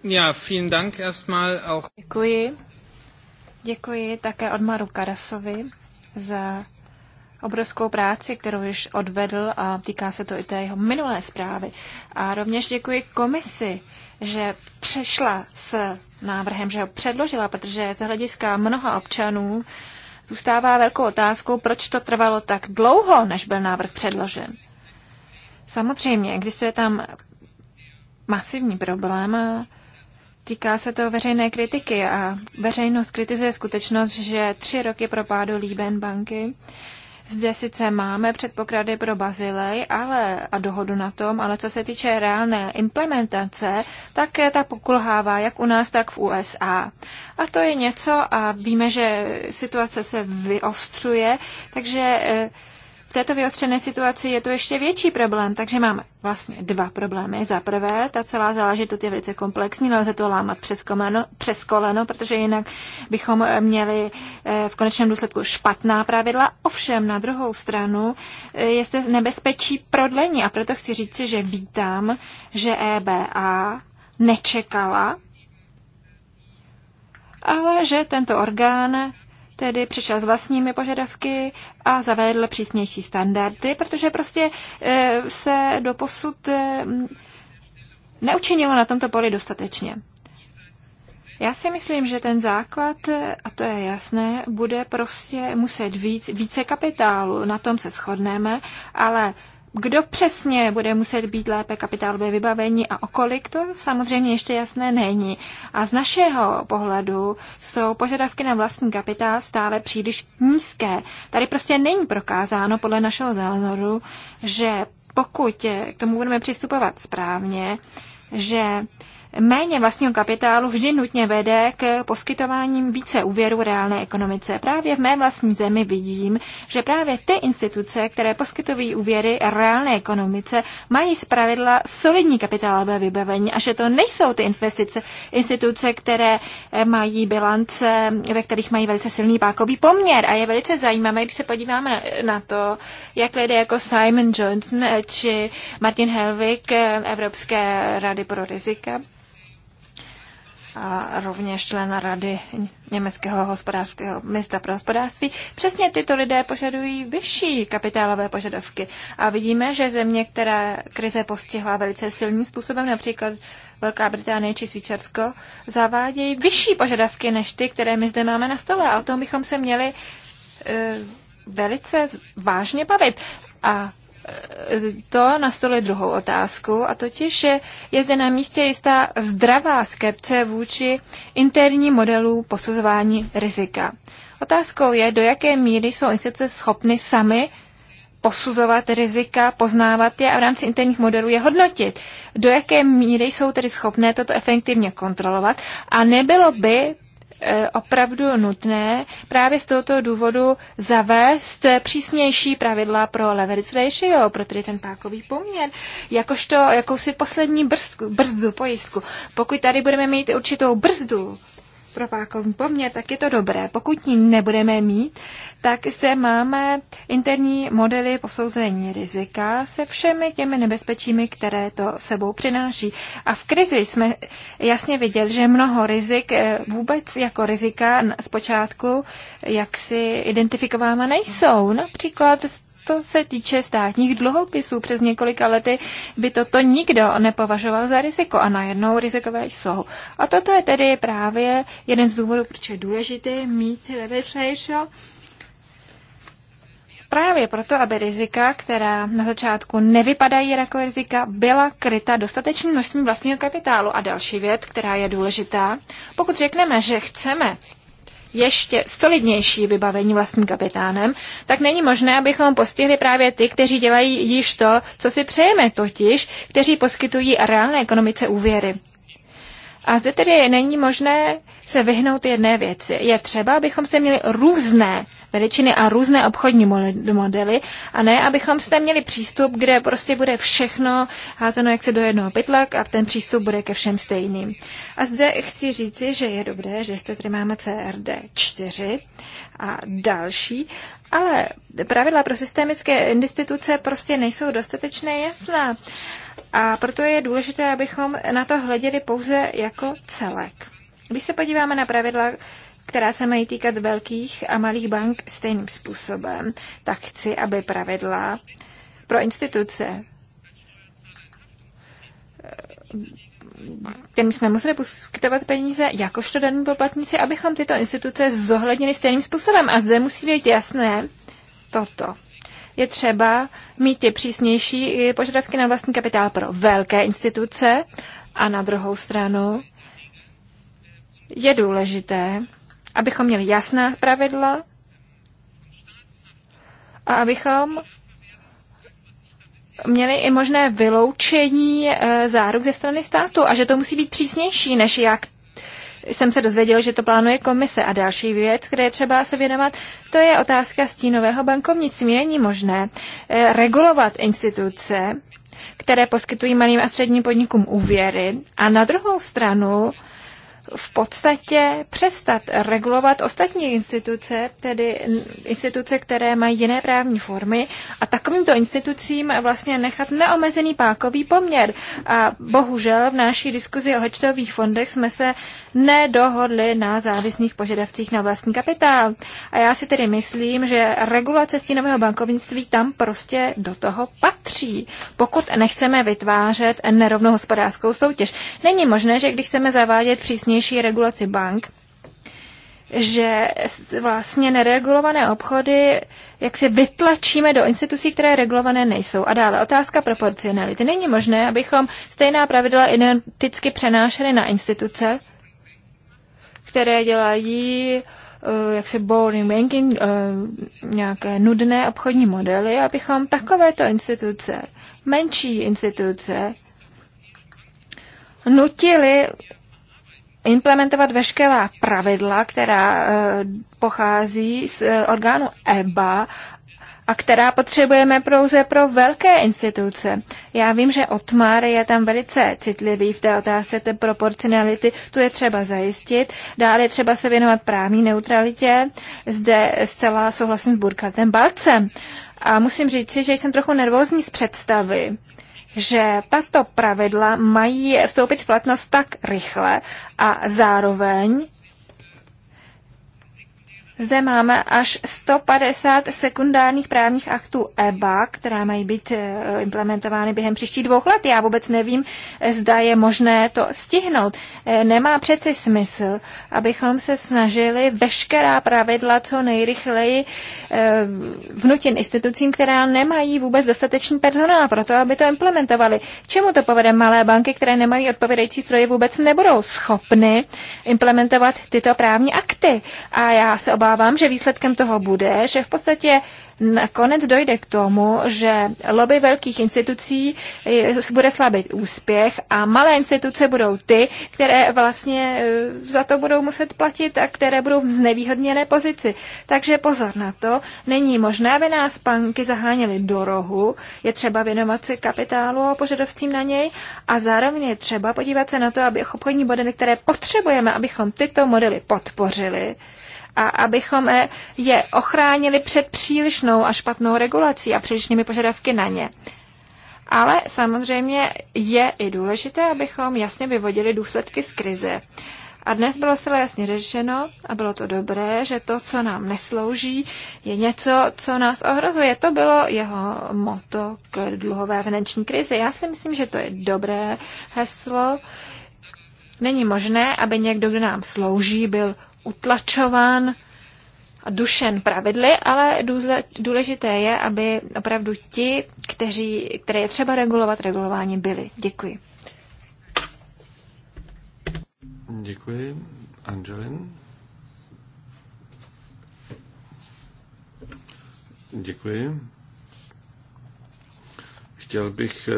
Ja, vielen Dank erstmal auch. Děkuji. Děkuji také Odmaru Karasovi za obrovskou práci, kterou již odvedl a týká se to i té jeho minulé zprávy. A rovněž děkuji komisi, že přešla s návrhem, že ho předložila, protože z hlediska mnoha občanů zůstává velkou otázkou, proč to trvalo tak dlouho, než byl návrh předložen. Samozřejmě, existuje tam masivní problém, Týká se to veřejné kritiky a veřejnost kritizuje skutečnost, že tři roky propádu Líben banky zde sice máme předpoklady pro Bazilej ale, a dohodu na tom, ale co se týče reálné implementace, tak ta pokulhává jak u nás, tak v USA. A to je něco a víme, že situace se vyostřuje, takže eh, v této vyostřené situaci je to ještě větší problém, takže máme vlastně dva problémy. Za prvé, ta celá záležitost je velice komplexní, nelze to lámat přes, komano, přes koleno, protože jinak bychom eh, měli eh, v konečném důsledku špatná pravidla. Ovšem, na druhou stranu eh, je zde nebezpečí prodlení a proto chci říct, že vítám, že EBA nečekala ale že tento orgán tedy přišel s vlastními požadavky a zavedl přísnější standardy, protože prostě eh, se do posud eh, neučinilo na tomto poli dostatečně. Já si myslím, že ten základ, eh, a to je jasné, bude prostě muset víc, více kapitálu, na tom se shodneme, ale kdo přesně bude muset být lépe kapitálově vybavení a okolik, to samozřejmě ještě jasné není. A z našeho pohledu jsou požadavky na vlastní kapitál stále příliš nízké. Tady prostě není prokázáno podle našeho zánoru, že pokud k tomu budeme přistupovat správně, že méně vlastního kapitálu vždy nutně vede k poskytováním více úvěru reálné ekonomice. Právě v mé vlastní zemi vidím, že právě ty instituce, které poskytují úvěry reálné ekonomice, mají zpravidla solidní kapitálové vybavení a že to nejsou ty investice, instituce, které eh, mají bilance, ve kterých mají velice silný pákový poměr. A je velice zajímavé, když se podíváme na to, jak lidé jako Simon Johnson eh, či Martin Helwig eh, Evropské rady pro rizika a rovněž člen rady německého hospodářského města pro hospodářství. Přesně tyto lidé požadují vyšší kapitálové požadavky. A vidíme, že země, která krize postihla velice silným způsobem, například Velká Británie či Svíčarsko, zavádějí vyšší požadavky než ty, které my zde máme na stole. A o tom bychom se měli e, velice vážně bavit. A to nastoluje druhou otázku, a totiž je zde na místě jistá zdravá skepce vůči interní modelu posuzování rizika. Otázkou je, do jaké míry jsou instituce schopny sami posuzovat rizika, poznávat je a v rámci interních modelů je hodnotit. Do jaké míry jsou tedy schopné toto efektivně kontrolovat a nebylo by Eh, opravdu nutné právě z tohoto důvodu zavést eh, přísnější pravidla pro leverage ratio, pro tedy ten pákový poměr, jakožto jakousi poslední brzdu, brzdu pojistku. Pokud tady budeme mít určitou brzdu provákovým po mně, tak je to dobré. Pokud ji nebudeme mít, tak zde máme interní modely posouzení rizika se všemi těmi nebezpečími, které to sebou přináší. A v krizi jsme jasně viděli, že mnoho rizik eh, vůbec jako rizika zpočátku jaksi identifikováma nejsou. Například to se týče státních dluhopisů, přes několika lety by toto nikdo nepovažoval za riziko a najednou rizikové jsou. A toto je tedy právě jeden z důvodů, proč je důležité mít legislation, Právě proto, aby rizika, která na začátku nevypadají jako rizika, byla kryta dostatečným množstvím vlastního kapitálu. A další věc, která je důležitá, pokud řekneme, že chceme ještě solidnější vybavení vlastním kapitánem, tak není možné, abychom postihli právě ty, kteří dělají již to, co si přejeme, totiž, kteří poskytují reálné ekonomice úvěry. A zde tedy není možné se vyhnout jedné věci. Je třeba, abychom se měli různé veličiny a různé obchodní modely a ne, abychom jste měli přístup, kde prostě bude všechno házeno jak se do jednoho pytlak a ten přístup bude ke všem stejným. A zde chci říci, že je dobré, že zde tady máme CRD 4 a další, ale pravidla pro systémické instituce prostě nejsou dostatečně jasná. A proto je důležité, abychom na to hleděli pouze jako celek. Když se podíváme na pravidla která se mají týkat velkých a malých bank stejným způsobem, tak chci, aby pravidla pro instituce, kterým jsme museli poskytovat peníze, jakožto daní poplatníci, abychom tyto instituce zohlednili stejným způsobem. A zde musí být jasné toto je třeba mít ty přísnější požadavky na vlastní kapitál pro velké instituce a na druhou stranu je důležité, abychom měli jasná pravidla a abychom měli i možné vyloučení eh, záruk ze strany státu a že to musí být přísnější, než jak jsem se dozvěděl, že to plánuje komise. A další věc, které je třeba se věnovat, to je otázka stínového bankovnictví. Není možné eh, regulovat instituce, které poskytují malým a středním podnikům úvěry a na druhou stranu v podstatě přestat regulovat ostatní instituce, tedy instituce, které mají jiné právní formy a takovýmto institucím vlastně nechat neomezený pákový poměr. A bohužel v naší diskuzi o hečtových fondech jsme se nedohodli na závislých požadavcích na vlastní kapitál. A já si tedy myslím, že regulace stínového bankovnictví tam prostě do toho patří, pokud nechceme vytvářet nerovnou hospodářskou soutěž. Není možné, že když chceme zavádět přísnější vnější regulaci bank, že vlastně neregulované obchody jak si vytlačíme do institucí, které regulované nejsou. A dále otázka proporcionality. Není možné, abychom stejná pravidla identicky přenášeli na instituce, které dělají eh, jak se boring banking, eh, nějaké nudné obchodní modely, abychom takovéto instituce, menší instituce, nutili implementovat veškerá pravidla, která eh, pochází z eh, orgánu EBA a která potřebujeme pouze pro velké instituce. Já vím, že Otmar je tam velice citlivý v té otázce té proporcionality, tu je třeba zajistit. Dále je třeba se věnovat právní neutralitě, zde zcela souhlasím s Burkatem Balcem. A musím říct si, že jsem trochu nervózní z představy, že tato pravidla mají vstoupit v platnost tak rychle a zároveň zde máme až 150 sekundárních právních aktů EBA, která mají být eh, implementovány během příštích dvou let. Já vůbec nevím, eh, zda je možné to stihnout. Eh, nemá přeci smysl, abychom se snažili veškerá pravidla co nejrychleji vnutit institucím, která nemají vůbec dostatečný personál pro to, aby to implementovali. Čemu to povede malé banky, které nemají odpovědající stroje, vůbec nebudou schopny implementovat tyto právní akty? A já se obávám, obávám, že výsledkem toho bude, že v podstatě nakonec dojde k tomu, že lobby velkých institucí eh, bude slabit úspěch a malé instituce budou ty, které vlastně eh, za to budou muset platit a které budou v znevýhodněné pozici. Takže pozor na to, není možné, aby nás banky zaháněly do rohu, je třeba věnovat si kapitálu a požadovcím na něj a zároveň je třeba podívat se na to, aby obchodní modely, které potřebujeme, abychom tyto modely podpořili, a abychom eh, je ochránili před přílišnou a špatnou regulací a přílišnými požadavky na ně. Ale samozřejmě je i důležité, abychom jasně vyvodili důsledky z krize. A dnes bylo zcela jasně řešeno, a bylo to dobré, že to, co nám neslouží, je něco, co nás ohrozuje. To bylo jeho moto k dluhové finanční krizi. Já si myslím, že to je dobré heslo. Není možné, aby někdo, kdo nám slouží, byl utlačován a dušen pravidly, ale důležité je, aby opravdu ti, kteří, které je třeba regulovat, regulování, byli. Děkuji. Děkuji. Angelin. Děkuji. Chtěl bych eh,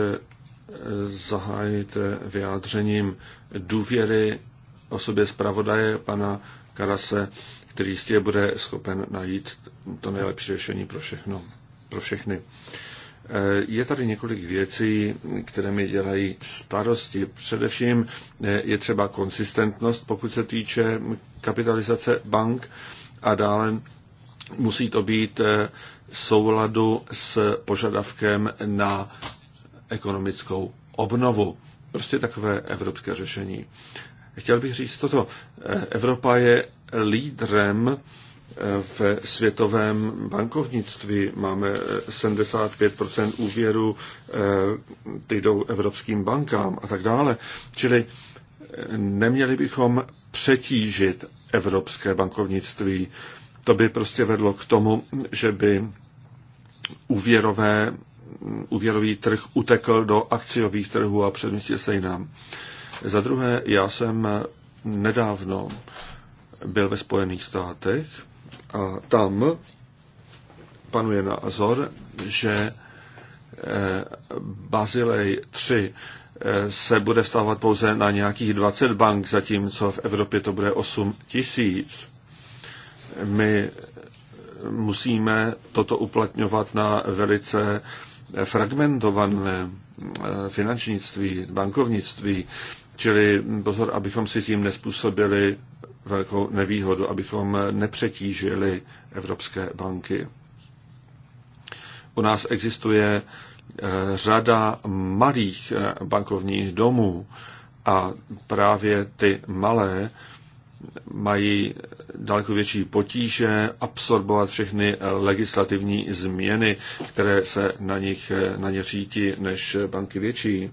zahájit eh, vyjádřením důvěry osobě zpravodaje pana Karase, který jistě bude schopen najít to nejlepší řešení pro všechno, pro všechny. Eh, je tady několik věcí, které mi dělají starosti. Především eh, je třeba konsistentnost, pokud se týče kapitalizace bank a dále musí to být eh, souladu s požadavkem na ekonomickou obnovu. Prostě takové evropské řešení. Chtěl bych říct toto. Evropa je lídrem eh, v světovém bankovnictví. Máme 75 eh, úvěru, eh, ty jdou evropským bankám a tak dále. Čili neměli bychom přetížit evropské bankovnictví. To by prostě vedlo k tomu, že by úvěrové, úvěrový trh utekl do akciových trhů a předměstil se jinam. nám. Za druhé, já jsem nedávno byl ve Spojených státech a tam panuje názor, že eh, Bazilej 3 eh, se bude stávat pouze na nějakých 20 bank, zatímco v Evropě to bude 8 tisíc. My musíme toto uplatňovat na velice fragmentované eh, finančnictví, bankovnictví. Čili pozor, abychom si tím nespůsobili velkou nevýhodu, abychom nepřetížili evropské banky. U nás existuje eh, řada malých eh, bankovních domů a právě ty malé mají daleko větší potíže absorbovat všechny legislativní změny, které se na, nich, eh, na ně řítí než banky větší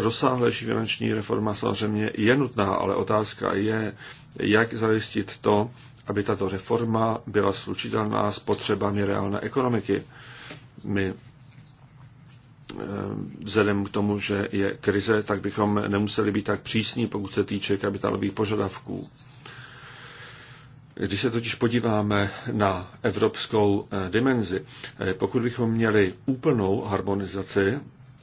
rozsáhlejší finanční reforma samozřejmě je nutná, ale otázka je, jak zajistit to, aby tato reforma byla slučitelná s potřebami reálné ekonomiky. My eh, vzhledem k tomu, že je krize, tak bychom nemuseli být tak přísní, pokud se týče kapitálových požadavků. Když se totiž podíváme na evropskou eh, dimenzi, eh, pokud bychom měli úplnou harmonizaci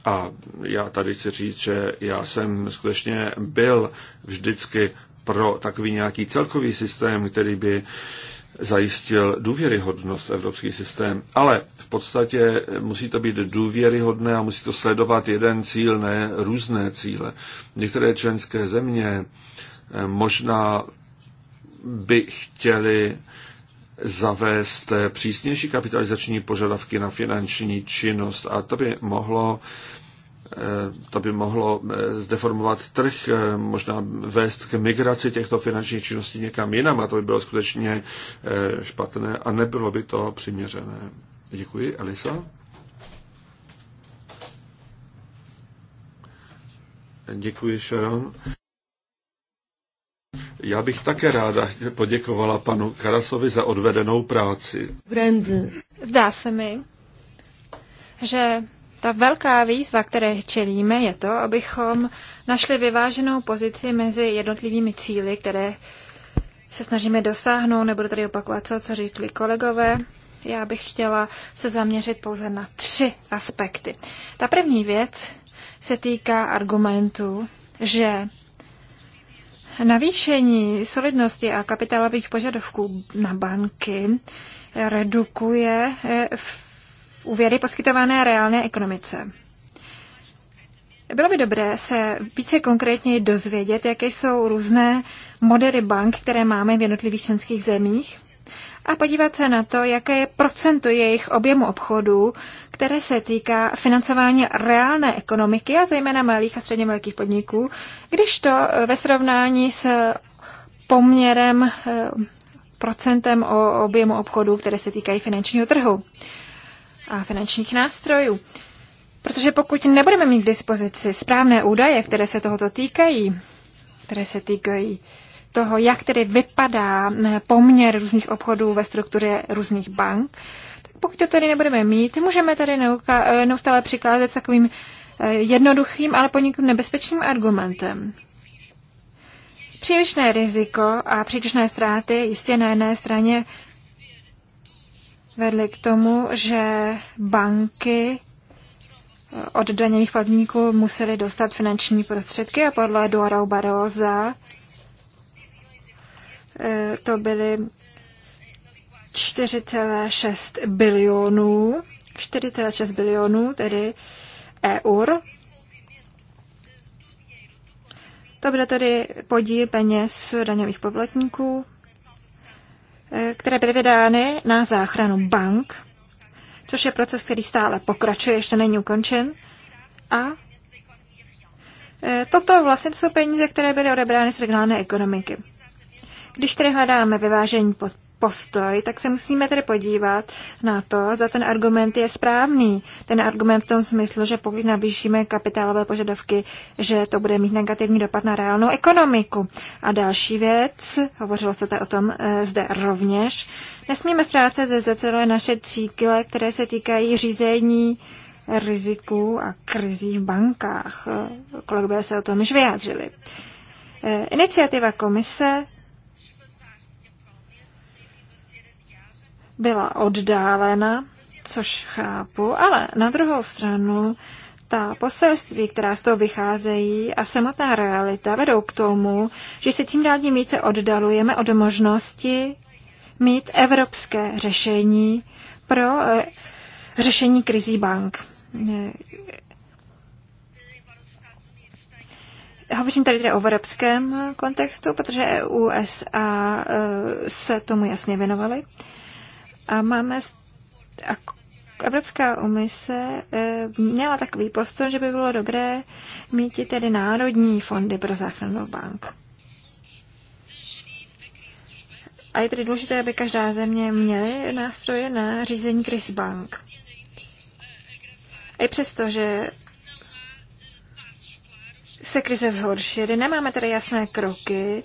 a já tady chci říct, že já jsem skutečně byl vždycky pro takový nějaký celkový systém, který by zajistil důvěryhodnost evropský systém. Ale v podstatě musí to být důvěryhodné a musí to sledovat jeden cíl, ne různé cíle. Některé členské země eh, možná by chtěli zavést eh, přísnější kapitalizační požadavky na finanční činnost a to by mohlo eh, to by mohlo eh, zdeformovat trh, možná vést k migraci těchto finančních činností někam jinam a to by bylo skutečně špatné a nebylo by to přiměřené. Děkuji, Elisa. Děkuji, Sharon. Já bych také ráda poděkovala panu Karasovi za odvedenou práci. Brand. Zdá se mi, že ta velká výzva, které čelíme, je to, abychom našli vyváženou pozici mezi jednotlivými cíly, které se snažíme dosáhnout. Nebudu tady opakovat co, co řekli kolegové. Já bych chtěla se zaměřit pouze na tři aspekty. Ta první věc se týká argumentu, že Navýšení solidnosti a kapitálových požadavků na banky redukuje eh, úvěry poskytované reálné ekonomice. Bylo by dobré se více konkrétně dozvědět, jaké jsou různé modely bank, které máme v jednotlivých členských zemích a podívat se na to, jaké je procento jejich objemu obchodů, které se týká financování reálné ekonomiky a zejména malých a středně velkých podniků, když to eh, ve srovnání s poměrem eh, procentem o objemu obchodů, které se týkají finančního trhu a finančních nástrojů. Protože pokud nebudeme mít k dispozici správné údaje, které se tohoto týkají, které se týkají toho, jak tedy vypadá eh, poměr různých obchodů ve struktuře různých bank, tak pokud to tady nebudeme mít, můžeme tady eh, neustále přicházet s takovým eh, jednoduchým, ale poněkud nebezpečným argumentem. Přílišné riziko a přílišné ztráty jistě na jedné straně vedly k tomu, že banky od daněvých platníků museli dostat finanční prostředky a podle Dora Barroza Eh, to byly 4,6 bilionů, 4,6 bilionů, tedy eur. To byl tedy podíl peněz daňových poplatníků, eh, které byly vydány na záchranu bank, což je proces, který stále pokračuje, ještě není ukončen. A eh, toto vlastně to jsou peníze, které byly odebrány z regionální ekonomiky. Když tedy hledáme vyvážení postoj, tak se musíme tedy podívat na to, za ten argument je správný. Ten argument v tom smyslu, že pokud navýšíme kapitálové požadavky, že to bude mít negativní dopad na reálnou ekonomiku. A další věc, hovořilo se tady o tom e, zde rovněž, nesmíme ztrácet ze celé naše cíkle, které se týkají řízení riziků a krizí v bankách. Eh, kolegové se o tom již vyjádřili. Eh, iniciativa komise byla oddálena, což chápu, ale na druhou stranu ta poselství, která z toho vycházejí a samotná realita vedou k tomu, že se tím rádi více oddalujeme od možnosti mít evropské řešení pro eh, řešení krizí bank. Eh, hovořím tady tedy o evropském kontextu, protože USA eh, se tomu jasně věnovaly. A máme a Evropská umise eh, měla takový postoj, že by bylo dobré mít i tedy národní fondy pro záchranu bank. A je tedy důležité, aby každá země měla nástroje na řízení kriz bank. A i přesto, že se krize zhoršily, nemáme tedy jasné kroky,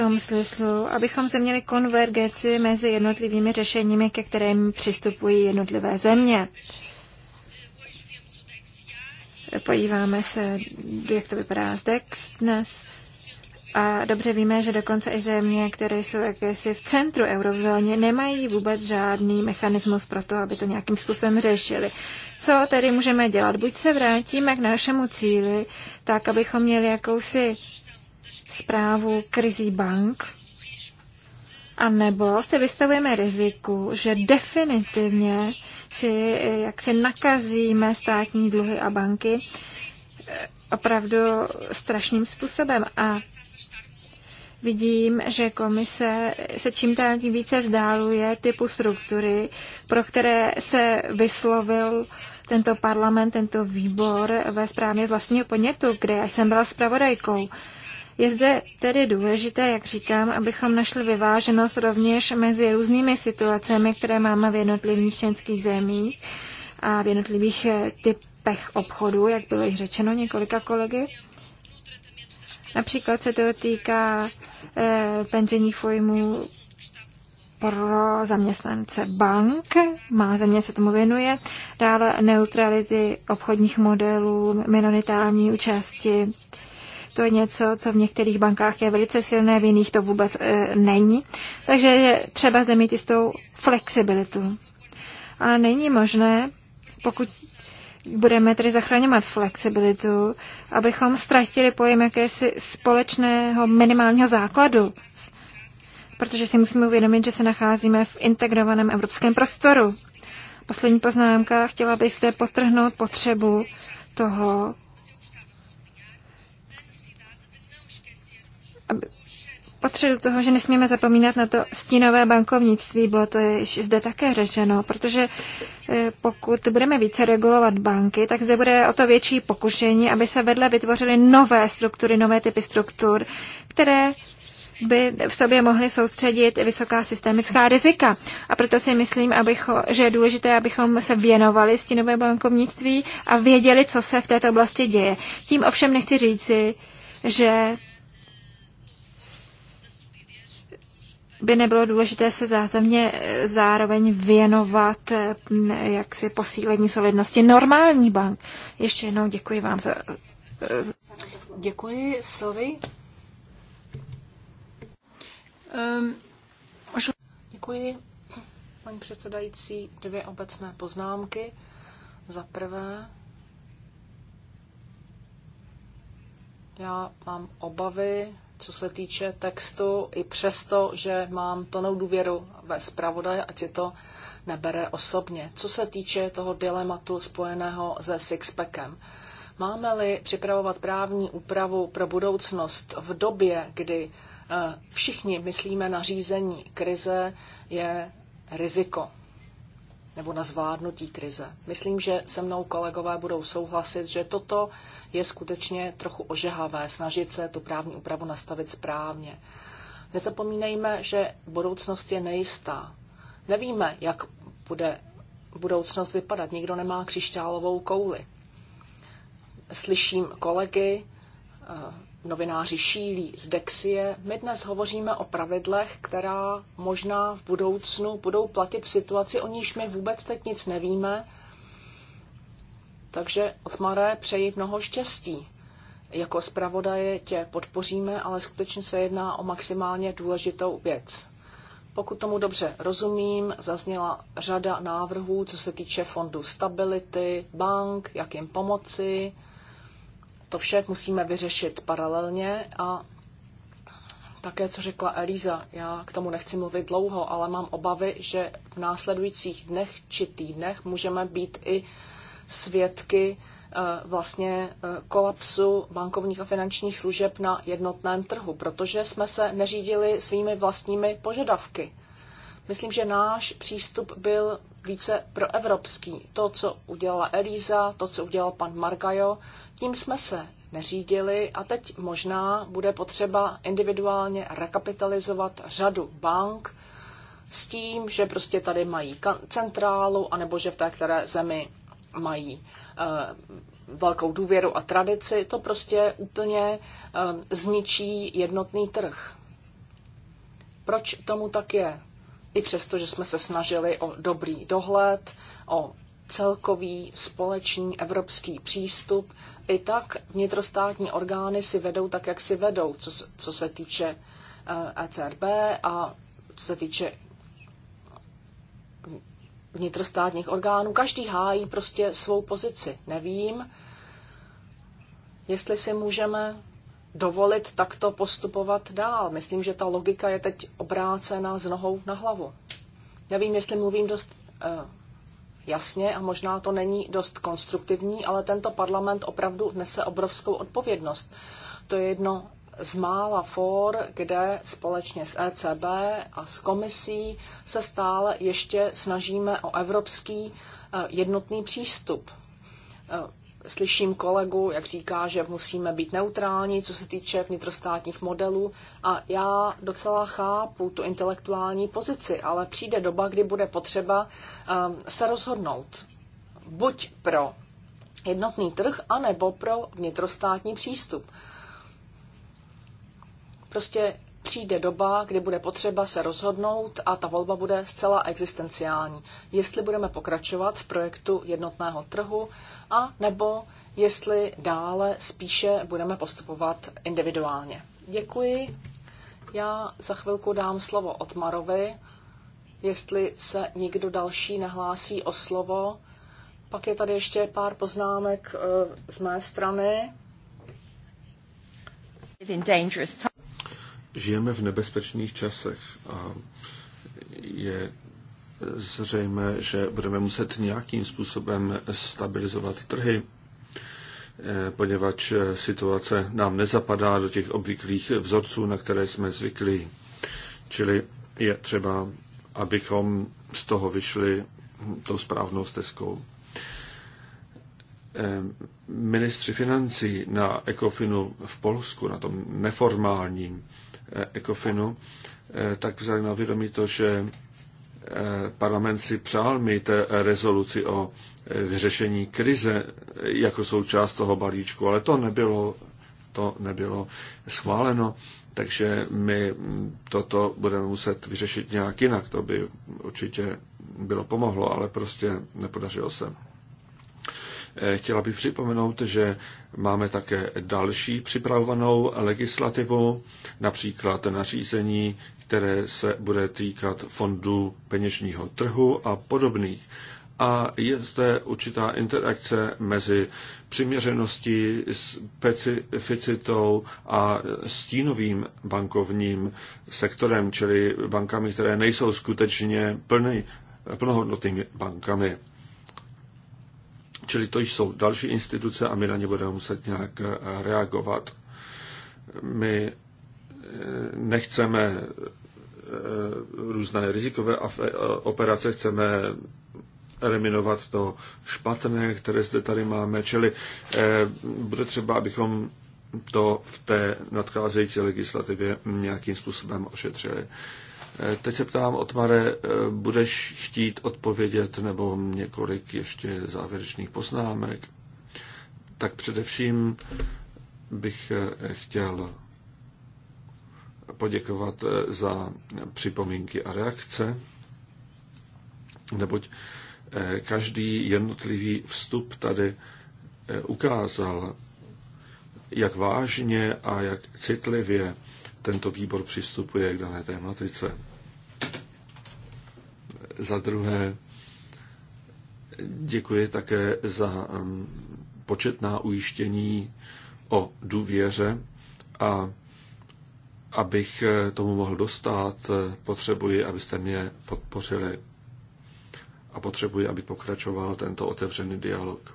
tom smyslu, abychom se měli konvergenci mezi jednotlivými řešeními, ke kterým přistupují jednotlivé země. Podíváme se, jak to vypadá z DEX dnes. A dobře víme, že dokonce i země, které jsou jakési v centru eurozóny, nemají vůbec žádný mechanismus pro to, aby to nějakým způsobem řešili. Co tedy můžeme dělat? Buď se vrátíme k našemu cíli, tak abychom měli jakousi zprávu krizí bank, anebo se vystavujeme riziku, že definitivně si, jak si nakazíme státní dluhy a banky eh, opravdu strašným způsobem. A vidím, že komise se čím dál tím více vzdáluje typu struktury, pro které se vyslovil tento parlament, tento výbor ve správě z vlastního podnětu, kde já jsem byla zpravodajkou. Je zde tedy důležité, jak říkám, abychom našli vyváženost rovněž mezi různými situacemi, které máme v jednotlivých členských zemích a v jednotlivých eh, typech obchodů, jak bylo již řečeno několika kolegy. Například se to týká eh, penzijních fojmů pro zaměstnance bank, má země se tomu věnuje, dále neutrality obchodních modelů, minoritální účasti to je něco, co v některých bankách je velice silné, v jiných to vůbec e, není. Takže je třeba zde mít jistou flexibilitu. A není možné, pokud budeme tedy zachraňovat flexibilitu, abychom ztratili pojem jakési společného minimálního základu, protože si musíme uvědomit, že se nacházíme v integrovaném evropském prostoru. Poslední poznámka, chtěla bych zde potrhnout potřebu toho, patří do toho, že nesmíme zapomínat na to stínové bankovnictví, bylo to již zde také řešeno, protože eh, pokud budeme více regulovat banky, tak zde bude o to větší pokušení, aby se vedle vytvořily nové struktury, nové typy struktur, které by v sobě mohly soustředit vysoká systémická rizika. A proto si myslím, abycho, že je důležité, abychom se věnovali stínové bankovnictví a věděli, co se v této oblasti děje. Tím ovšem nechci říci, že by nebylo důležité se zázemně eh, zároveň věnovat eh, jaksi posílení solidnosti normální bank. Ještě jednou děkuji vám za... Eh, děkuji, Sovi. Um, ehm, děkuji, paní předsedající. Dvě obecné poznámky. Za prvé, já mám obavy co se týče textu, i přesto, že mám plnou důvěru ve zpravodaje, ať si to nebere osobně. Co se týče toho dilematu spojeného se Sixpackem, máme-li připravovat právní úpravu pro budoucnost v době, kdy eh, všichni myslíme na řízení krize, je riziko nebo na zvládnutí krize. Myslím, že se mnou kolegové budou souhlasit, že toto je skutečně trochu ožehavé, snažit se tu právní úpravu nastavit správně. Nezapomínejme, že budoucnost je nejistá. Nevíme, jak bude budoucnost vypadat. Nikdo nemá křišťálovou kouli. Slyším kolegy, eh, novináři šílí z Dexie, my dnes hovoříme o pravidlech, která možná v budoucnu budou platit v situaci, o níž my vůbec teď nic nevíme. Takže Otmaré přeji mnoho štěstí. Jako zpravodaje tě podpoříme, ale skutečně se jedná o maximálně důležitou věc. Pokud tomu dobře rozumím, zazněla řada návrhů, co se týče fondu stability, bank, jak jim pomoci, to vše musíme vyřešit paralelně a také, co řekla Eliza, já k tomu nechci mluvit dlouho, ale mám obavy, že v následujících dnech či týdnech můžeme být i svědky eh, vlastně eh, kolapsu bankovních a finančních služeb na jednotném trhu, protože jsme se neřídili svými vlastními požadavky. Myslím, že náš přístup byl více proevropský. To, co udělala Eliza, to, co udělal pan Margajo, tím jsme se neřídili a teď možná bude potřeba individuálně rekapitalizovat řadu bank s tím, že prostě tady mají centrálu, anebo že v té které zemi mají eh, velkou důvěru a tradici, to prostě úplně eh, zničí jednotný trh. Proč tomu tak je? i přesto, že jsme se snažili o dobrý dohled, o celkový společný evropský přístup, i tak vnitrostátní orgány si vedou tak, jak si vedou, co, co se týče ECRB eh, e a co se týče vnitrostátních orgánů. Každý hájí prostě svou pozici. Nevím, jestli si můžeme dovolit takto postupovat dál. Myslím, že ta logika je teď obrácena z nohou na hlavu. Nevím, jestli mluvím dost uh, jasně a možná to není dost konstruktivní, ale tento parlament opravdu nese obrovskou odpovědnost. To je jedno z mála for, kde společně s ECB a s komisí se stále ještě snažíme o evropský eh, jednotný přístup. Eh, slyším kolegu, jak říká, že musíme být neutrální, co se týče vnitrostátních modelů a já docela chápu tu intelektuální pozici, ale přijde doba, kdy bude potřeba um, se rozhodnout buď pro jednotný trh, anebo pro vnitrostátní přístup. Prostě přijde doba, kdy bude potřeba se rozhodnout a ta volba bude zcela existenciální. Jestli budeme pokračovat v projektu jednotného trhu a nebo jestli dále spíše budeme postupovat individuálně. Děkuji. Já za chvilku dám slovo Otmarovi. Jestli se někdo další nahlásí o slovo, pak je tady ještě pár poznámek eh, z mé strany žijeme v nebezpečných časech a je zřejmé, že budeme muset nějakým způsobem stabilizovat trhy, eh, poněvadž situace nám nezapadá do těch obvyklých vzorců, na které jsme zvyklí. Čili je třeba, abychom z toho vyšli tou správnou stezkou. Eh, ministři financí na Ekofinu v Polsku, na tom neformálním E, ECOFINu, e, tak vzali na vědomí to, že e, parlament si přál mít rezoluci o vyřešení krize jako součást toho balíčku, ale to nebylo, to nebylo schváleno, takže my toto budeme muset vyřešit nějak jinak, to by určitě bylo pomohlo, ale prostě nepodařilo se. Chtěla bych připomenout, že máme také další připravovanou legislativu, například nařízení, které se bude týkat fondů peněžního trhu a podobných. A je zde určitá interakce mezi přiměřeností, specificitou a stínovým bankovním sektorem, čili bankami, které nejsou skutečně plný, plnohodnotnými bankami. Čili to jsou další instituce a my na ně budeme muset nějak eh, reagovat. My eh, nechceme eh, různé rizikové operace, chceme eliminovat to špatné, které zde tady máme, čili bude třeba, abychom to v té nadcházející legislativě nějakým způsobem ošetřili. Eh, teď se ptám, Otmare, eh, budeš chtít odpovědět nebo několik ještě závěrečných poznámek? Tak především bych eh, chtěl poděkovat za připomínky a reakce, neboť každý jednotlivý vstup tady ukázal, jak vážně a jak citlivě tento výbor přistupuje k dané tématice. Za druhé, děkuji také za um, početná ujištění o důvěře a abych eh, tomu mohl dostat, eh, potřebuji, abyste mě podpořili a potřebuji, aby pokračoval tento otevřený dialog.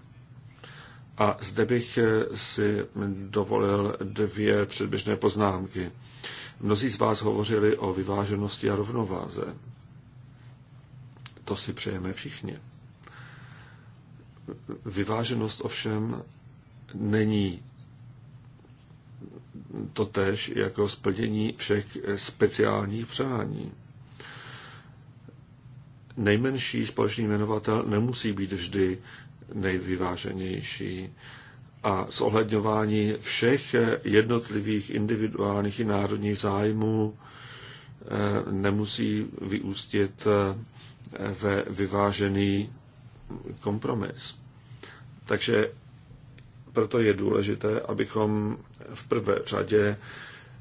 A zde bych eh, si dovolil dvě předběžné poznámky. Mnozí z vás hovořili o vyváženosti a rovnováze to si přejeme všichni. Vyváženost ovšem není totež jako splnění všech speciálních přání. Nejmenší společný jmenovatel nemusí být vždy nejvyváženější a zohledňování všech jednotlivých individuálních i národních zájmů eh, nemusí vyústit eh, ve vyvážený kompromis. Takže proto je důležité, abychom v prvé řadě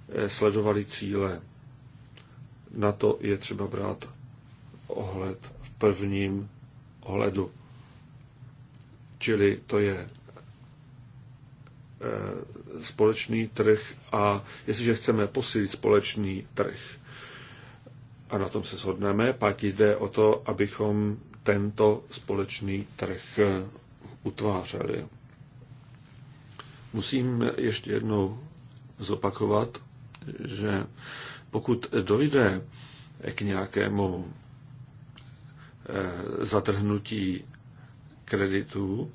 eh, sledovali cíle. Na to je třeba brát ohled v prvním ohledu. Čili to je eh, společný trh a jestliže chceme posílit společný trh, a na tom se shodneme, pak jde o to, abychom tento společný trh eh, utvářeli. Musím ještě jednou zopakovat, že pokud dojde eh, k nějakému eh, zatrhnutí kreditů,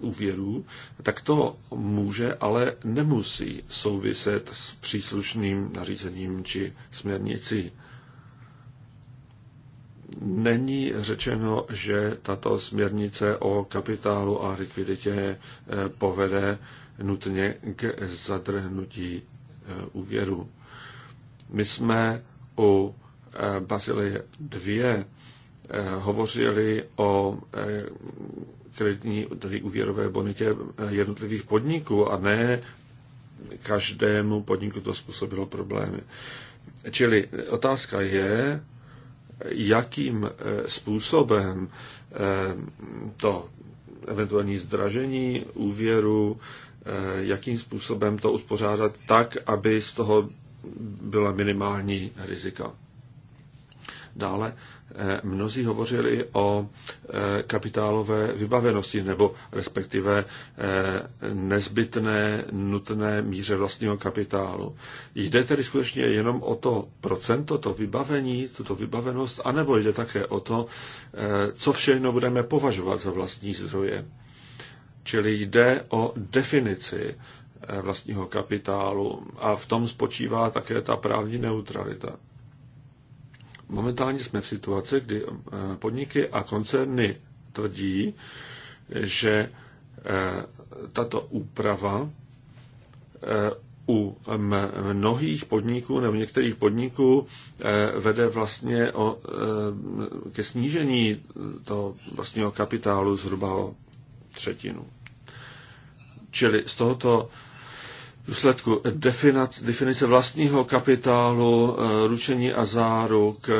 úvěrů, tak to může, ale nemusí souviset s příslušným nařízením či směrnicí není řečeno, že tato směrnice o kapitálu a likviditě eh, povede nutně k zadrhnutí eh, úvěru. My jsme u eh, Bazilie 2 hovořili o kreditní, tedy úvěrové bonitě jednotlivých podniků a ne každému podniku to způsobilo problémy. Čili otázka je, jakým eh, způsobem eh, to eventuální zdražení úvěru, eh, jakým způsobem to uspořádat tak, aby z toho byla minimální rizika. Dále Eh, mnozí hovořili o eh, kapitálové vybavenosti nebo respektive eh, nezbytné nutné míře vlastního kapitálu. Jde tedy skutečně jenom o to procento, to vybavení, tuto vybavenost, anebo jde také o to, co všechno budeme považovat za vlastní zdroje. Čili jde o definici vlastního kapitálu a v tom spočívá také ta právní neutralita momentálně jsme v situaci, kdy eh, podniky a koncerny tvrdí, že eh, tato úprava eh, u mnohých podniků nebo některých podniků vede vlastně o, ke snížení toho vlastního kapitálu zhruba o třetinu. Čili z tohoto důsledku definice vlastního kapitálu, eh, ručení a záruk eh,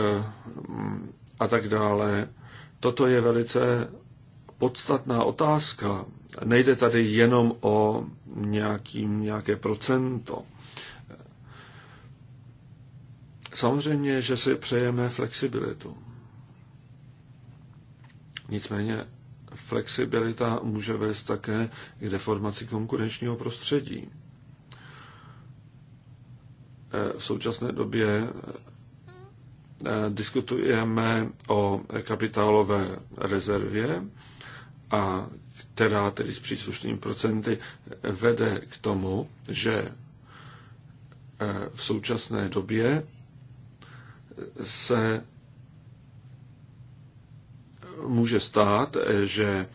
a tak dále. Toto je velice podstatná otázka. Nejde tady jenom o nějaký, nějaké procento. Samozřejmě, že si přejeme flexibilitu. Nicméně flexibilita může vést také k deformaci konkurenčního prostředí. Eh, v současné době eh, diskutujeme o kapitálové rezervě, a která tedy s příslušnými procenty vede k tomu, že eh, v současné době se může stát, že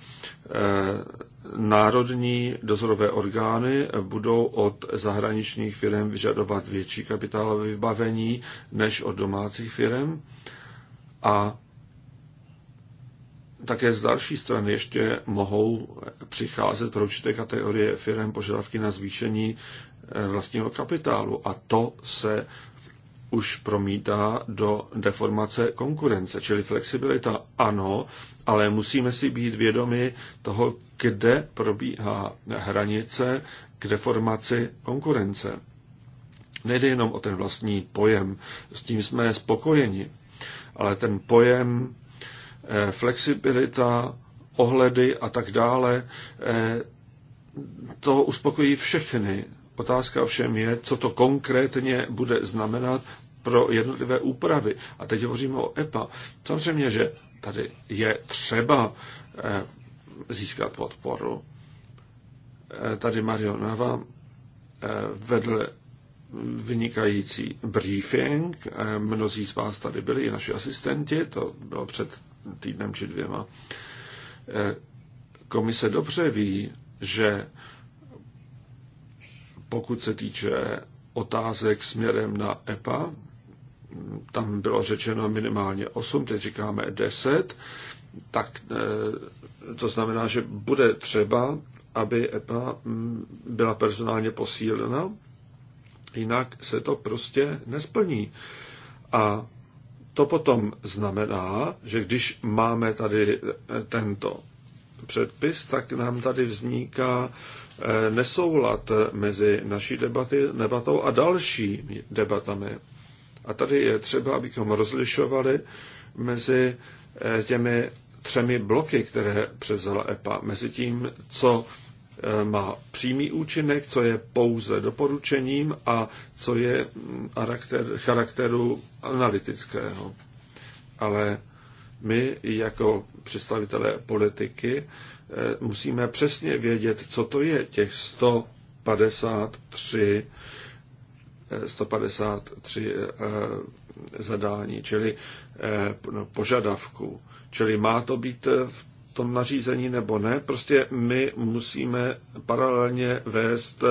národní dozorové orgány budou od zahraničních firm vyžadovat větší kapitálové vybavení než od domácích firm. A také z další strany ještě mohou přicházet pro určité kategorie firm požadavky na zvýšení eh, vlastního kapitálu. A to se už promítá do deformace konkurence, čili flexibilita ano, ale musíme si být vědomi toho, kde probíhá hranice k deformaci konkurence. Nejde jenom o ten vlastní pojem, s tím jsme spokojeni, ale ten pojem eh, flexibilita, ohledy a tak dále, eh, to uspokojí všechny. Otázka všem je, co to konkrétně bude znamenat pro jednotlivé úpravy. A teď hovoříme o EPA. Samozřejmě, že tady je třeba eh, získat podporu. Eh, tady Mario Nava eh, vedl vynikající briefing. Mnozí z vás tady byli, i naši asistenti, to bylo před týdnem či dvěma. Komise dobře ví, že pokud se týče otázek směrem na EPA, tam bylo řečeno minimálně 8, teď říkáme 10, tak eh, to znamená, že bude třeba, aby EPA mm, byla personálně posílena, jinak se to prostě nesplní. A to potom znamená, že když máme tady eh, tento předpis, tak nám tady vzniká eh, nesoulad mezi naší debaty, debatou a dalšími debatami. A tady je třeba, abychom rozlišovali mezi eh, těmi třemi bloky, které převzala EPA, mezi tím, co eh, má přímý účinek, co je pouze doporučením a co je mm, charakter, charakteru analytického. Ale my jako představitelé politiky eh, musíme přesně vědět, co to je těch 153 153 eh, zadání, čili eh, no, požadavků. Čili má to být eh, v tom nařízení nebo ne. Prostě my musíme paralelně vést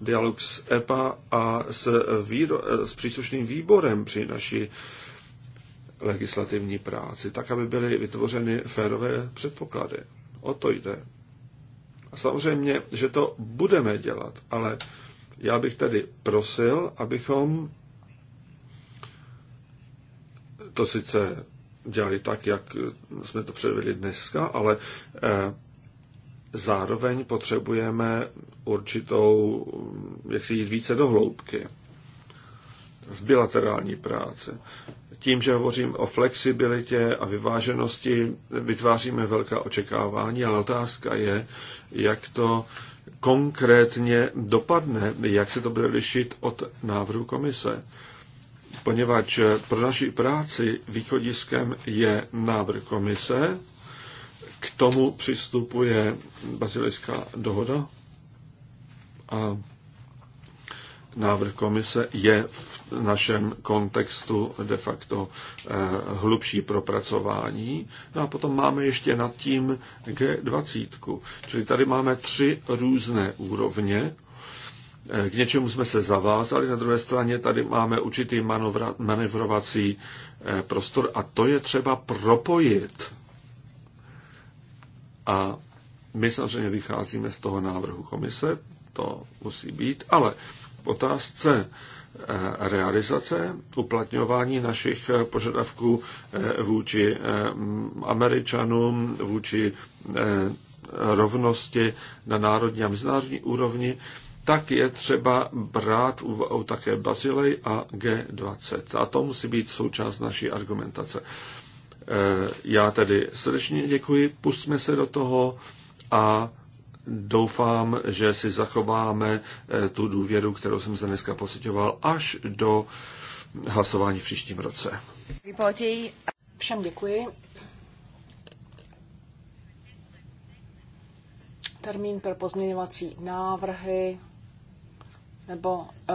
dialog s EPA a s, výro- s příslušným výborem při naší legislativní práci, tak, aby byly vytvořeny férové předpoklady. O to jde. A samozřejmě, že to budeme dělat, ale já bych tedy prosil, abychom to sice dělali tak, jak jsme to předvedli dneska, ale eh, zároveň potřebujeme určitou, jak si jít více do hloubky v bilaterální práci. Tím, že hovořím o flexibilitě a vyváženosti, vytváříme velká očekávání, ale otázka je, jak to konkrétně dopadne, jak se to bude lišit od návrhu komise. Poněvadž pro naši práci východiskem je návrh komise, k tomu přistupuje bazilejská dohoda a návrh komise je v našem kontextu de facto eh, hlubší propracování. No a potom máme ještě nad tím G20. Čili tady máme tři různé úrovně. Eh, k něčemu jsme se zavázali, na druhé straně tady máme určitý manevrovací eh, prostor a to je třeba propojit. A my samozřejmě vycházíme z toho návrhu komise, to musí být, ale v otázce Eh, realizace, uplatňování našich eh, požadavků eh, vůči Američanům, vůči rovnosti na národní a mezinárodní úrovni, tak je třeba brát úvahu také Bazilej a G20. A to musí být součást naší argumentace. Já tedy srdečně děkuji, pustme se do toho a doufám, že si zachováme eh, tu důvěru, kterou jsem se dneska pocitoval, až do hlasování v příštím roce. Všem děkuji. Termín pro pozměňovací návrhy nebo eh,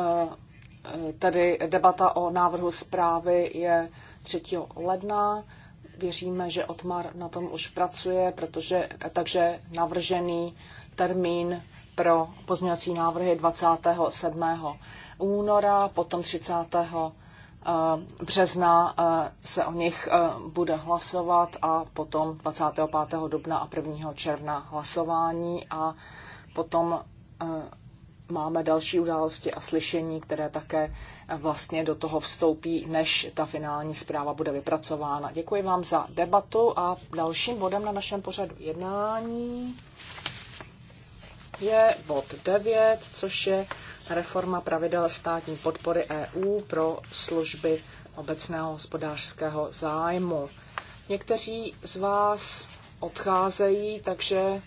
eh, tedy debata o návrhu zprávy je 3. ledna. Věříme, že Otmar na tom už pracuje, protože, takže navržený termín pro pozměňovací návrhy 27. února, potom 30. Eh, března eh, se o nich eh, bude hlasovat a potom 25. dubna a 1. června hlasování a potom máme další události a slyšení, které také vlastně do toho vstoupí, než ta finální zpráva bude vypracována. Děkuji vám za debatu a dalším bodem na našem pořadu jednání je bod 9, což je reforma pravidel státní podpory EU pro služby obecného hospodářského zájmu. Někteří z vás odcházejí, takže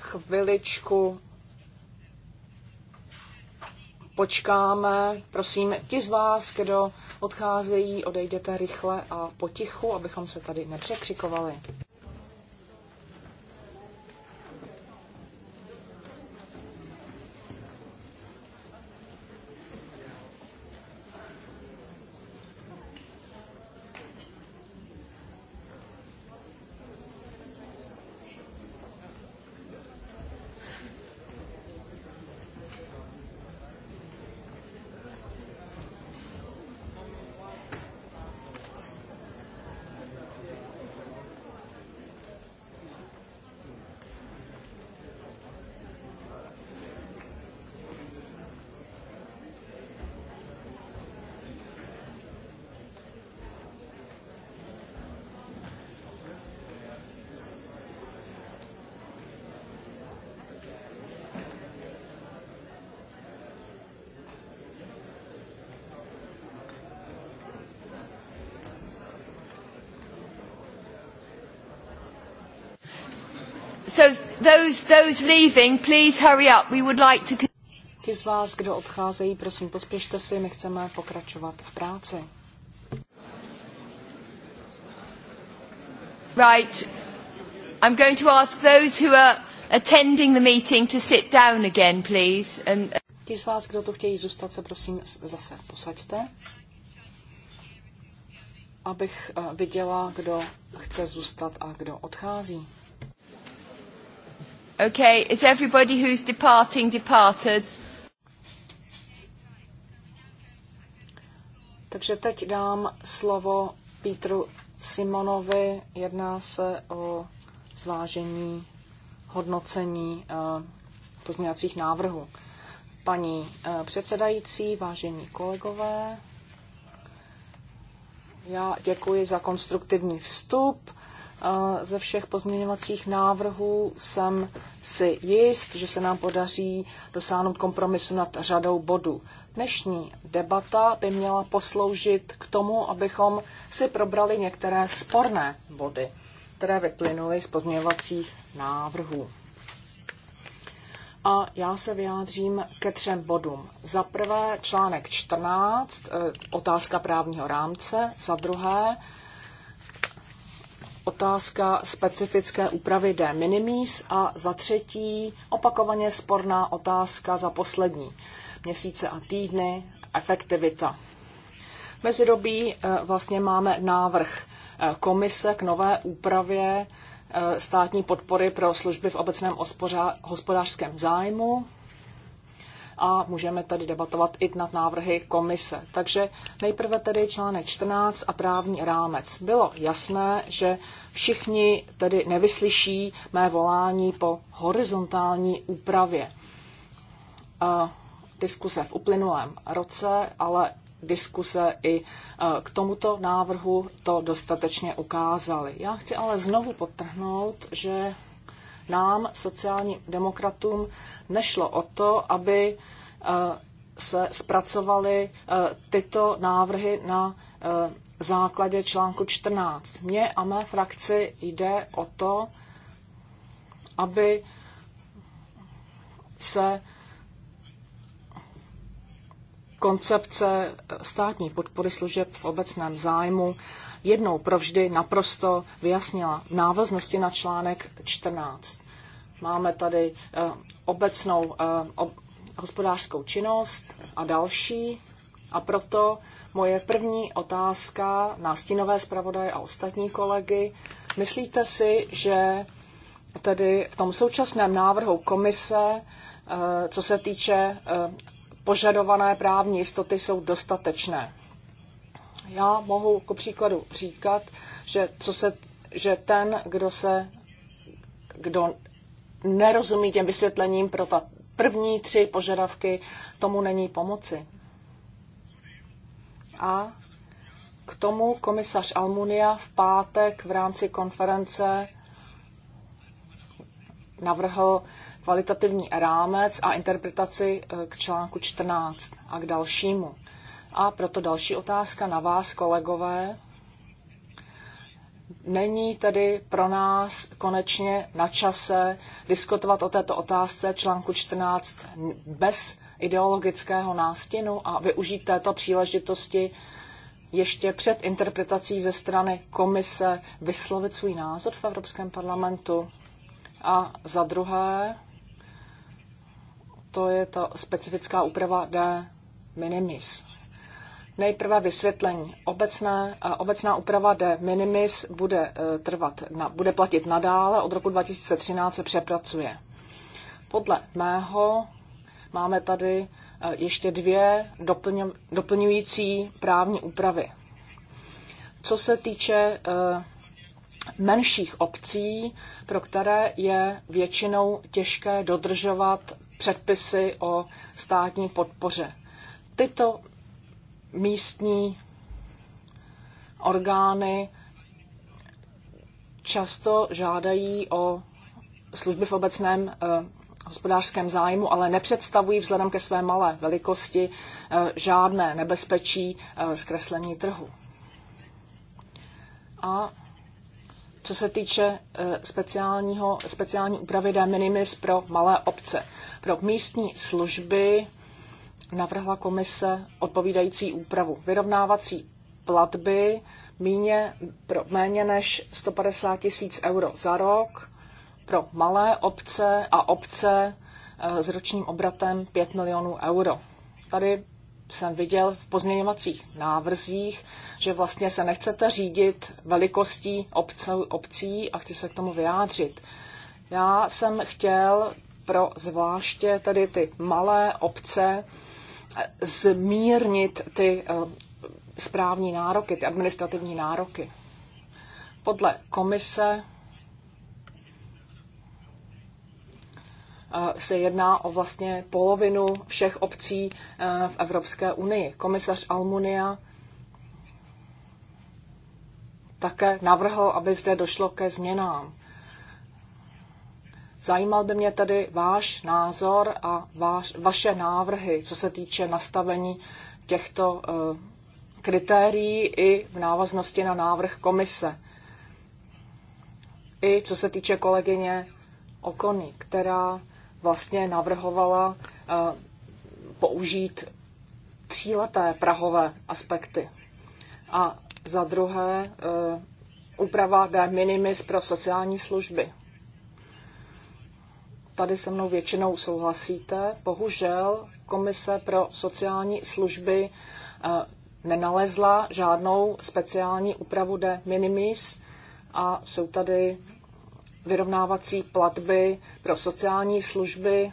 chviličku počkáme. Prosím, ti z vás, kdo odcházejí, odejděte rychle a potichu, abychom se tady nepřekřikovali. So those, those leaving, please hurry up. We would like to... Ti z vás, kdo odcházejí, prosím, pospěšte si, my chceme pokračovat v práci. Right. I'm going to ask those who are attending the meeting to sit down again, please. And... Um, uh, Ti z vás, kdo to chtějí zůstat, se prosím zase posaďte, abych eh, viděla, kdo chce zůstat a kdo odchází. Okay, is everybody who's departing departed? Takže teď dám slovo Petru Simonovi. Jedná se o zvážení hodnocení eh, pozměňovacích návrhů. Paní eh, předsedající, vážení kolegové, já děkuji za konstruktivní vstup ze všech pozměňovacích návrhů jsem si jist, že se nám podaří dosáhnout kompromisu nad řadou bodů. Dnešní debata by měla posloužit k tomu, abychom si probrali některé sporné body, které vyplynuly z pozměňovacích návrhů. A já se vyjádřím ke třem bodům. Za prvé článek 14, eh, otázka právního rámce. Za druhé otázka specifické úpravy de minimis a za třetí opakovaně sporná otázka za poslední měsíce a týdny efektivita. Mezidobí eh, vlastně máme návrh eh, komise k nové úpravě eh, státní podpory pro služby v obecném hospodářském zájmu a můžeme tedy debatovat i nad návrhy komise. Takže nejprve tedy článek 14 a právní rámec. Bylo jasné, že všichni tedy nevyslyší mé volání po horizontální úpravě. A diskuse v uplynulém roce, ale diskuse i e, k tomuto návrhu to dostatečně ukázaly. Já chci ale znovu podtrhnout, že nám, sociálním demokratům, nešlo o to, aby eh, se zpracovaly eh, tyto návrhy na eh, základě článku 14. Mně a mé frakci jde o to, aby se koncepce státní podpory služeb v obecném zájmu jednou provždy naprosto vyjasnila v návaznosti na článek 14. Máme tady eh, obecnou eh, hospodářskou činnost a další. A proto moje první otázka na stínové zpravodaje a ostatní kolegy. Myslíte si, že tedy v tom současném návrhu komise, eh, co se týče požadované právní jistoty, jsou dostatečné? Já mohu ku příkladu říkat, že, co se, že ten, kdo se, kdo nerozumí těm vysvětlením pro ta první tři požadavky, tomu není pomoci. A k tomu komisař Almunia v pátek v rámci konference navrhl kvalitativní rámec a interpretaci eh, k článku 14 a k dalšímu. A proto další otázka na vás, kolegové. Není tedy pro nás konečně na čase diskutovat o této otázce článku 14 bez ideologického nástinu a využít této příležitosti ještě před interpretací ze strany komise vyslovit svůj názor v Evropském parlamentu. A za druhé, to je ta specifická úprava de minimis. Nejprve vysvětlení. Obecné, eh, obecná úprava de minimis bude, eh, trvat, na, bude platit nadále, od roku 2013 se přepracuje. Podle mého máme tady eh, ještě dvě doplňující právní úpravy. Co se týče menších obcí, pro které je většinou těžké dodržovat předpisy o státní podpoře. Tyto místní orgány často žádají o služby v obecném eh, hospodářském zájmu, ale nepředstavují vzhledem ke své malé velikosti eh, žádné nebezpečí eh, zkreslení trhu. A co se týče speciálního, speciální úpravy de minimis pro malé obce. Pro místní služby navrhla komise odpovídající úpravu. Vyrovnávací platby míně, pro méně než 150 tisíc euro za rok pro malé obce a obce eh, s ročním obratem 5 milionů euro. Tady jsem viděl v pozměňovacích návrzích, že vlastně se nechcete řídit velikostí obcí a chci se k tomu vyjádřit. Já jsem chtěl pro zvláště tedy ty malé obce zmírnit ty eh, správní nároky, ty administrativní nároky. Podle komise eh, se jedná o vlastně polovinu všech obcí eh, v Evropské unii. Komisař Almunia také navrhl, aby zde došlo ke změnám. Zajímal by mě tedy váš názor a váš, vaše návrhy, co se týče nastavení těchto eh, kritérií i v návaznosti na návrh komise. I co se týče kolegyně Okony, která vlastně navrhovala eh, použít tříleté prahové aspekty. A za druhé eh, úprava de minimis pro sociální služby tady se mnou většinou souhlasíte. Bohužel Komise pro sociální služby eh, nenalezla žádnou speciální úpravu de minimis a jsou tady vyrovnávací platby pro sociální služby.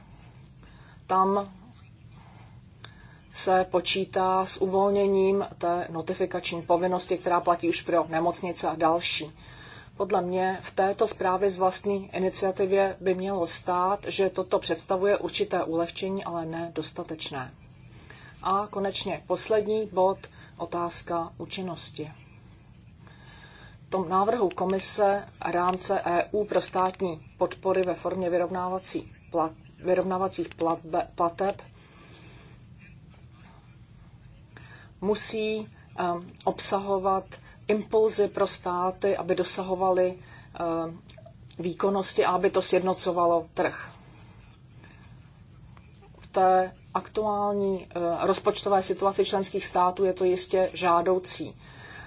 Tam se počítá s uvolněním té notifikační povinnosti, která platí už pro nemocnice a další. Podle mě v této zprávě z vlastní iniciativě by mělo stát, že toto představuje určité ulehčení, ale ne dostatečné. A konečně poslední bod, otázka účinnosti. V tom návrhu komise rámce EU pro státní podpory ve formě vyrovnávací plat, vyrovnávacích platbe, plateb musí um, obsahovat impulzy pro státy, aby dosahovaly eh, výkonnosti a aby to sjednocovalo trh. V té aktuální eh, rozpočtové situaci členských států je to jistě žádoucí.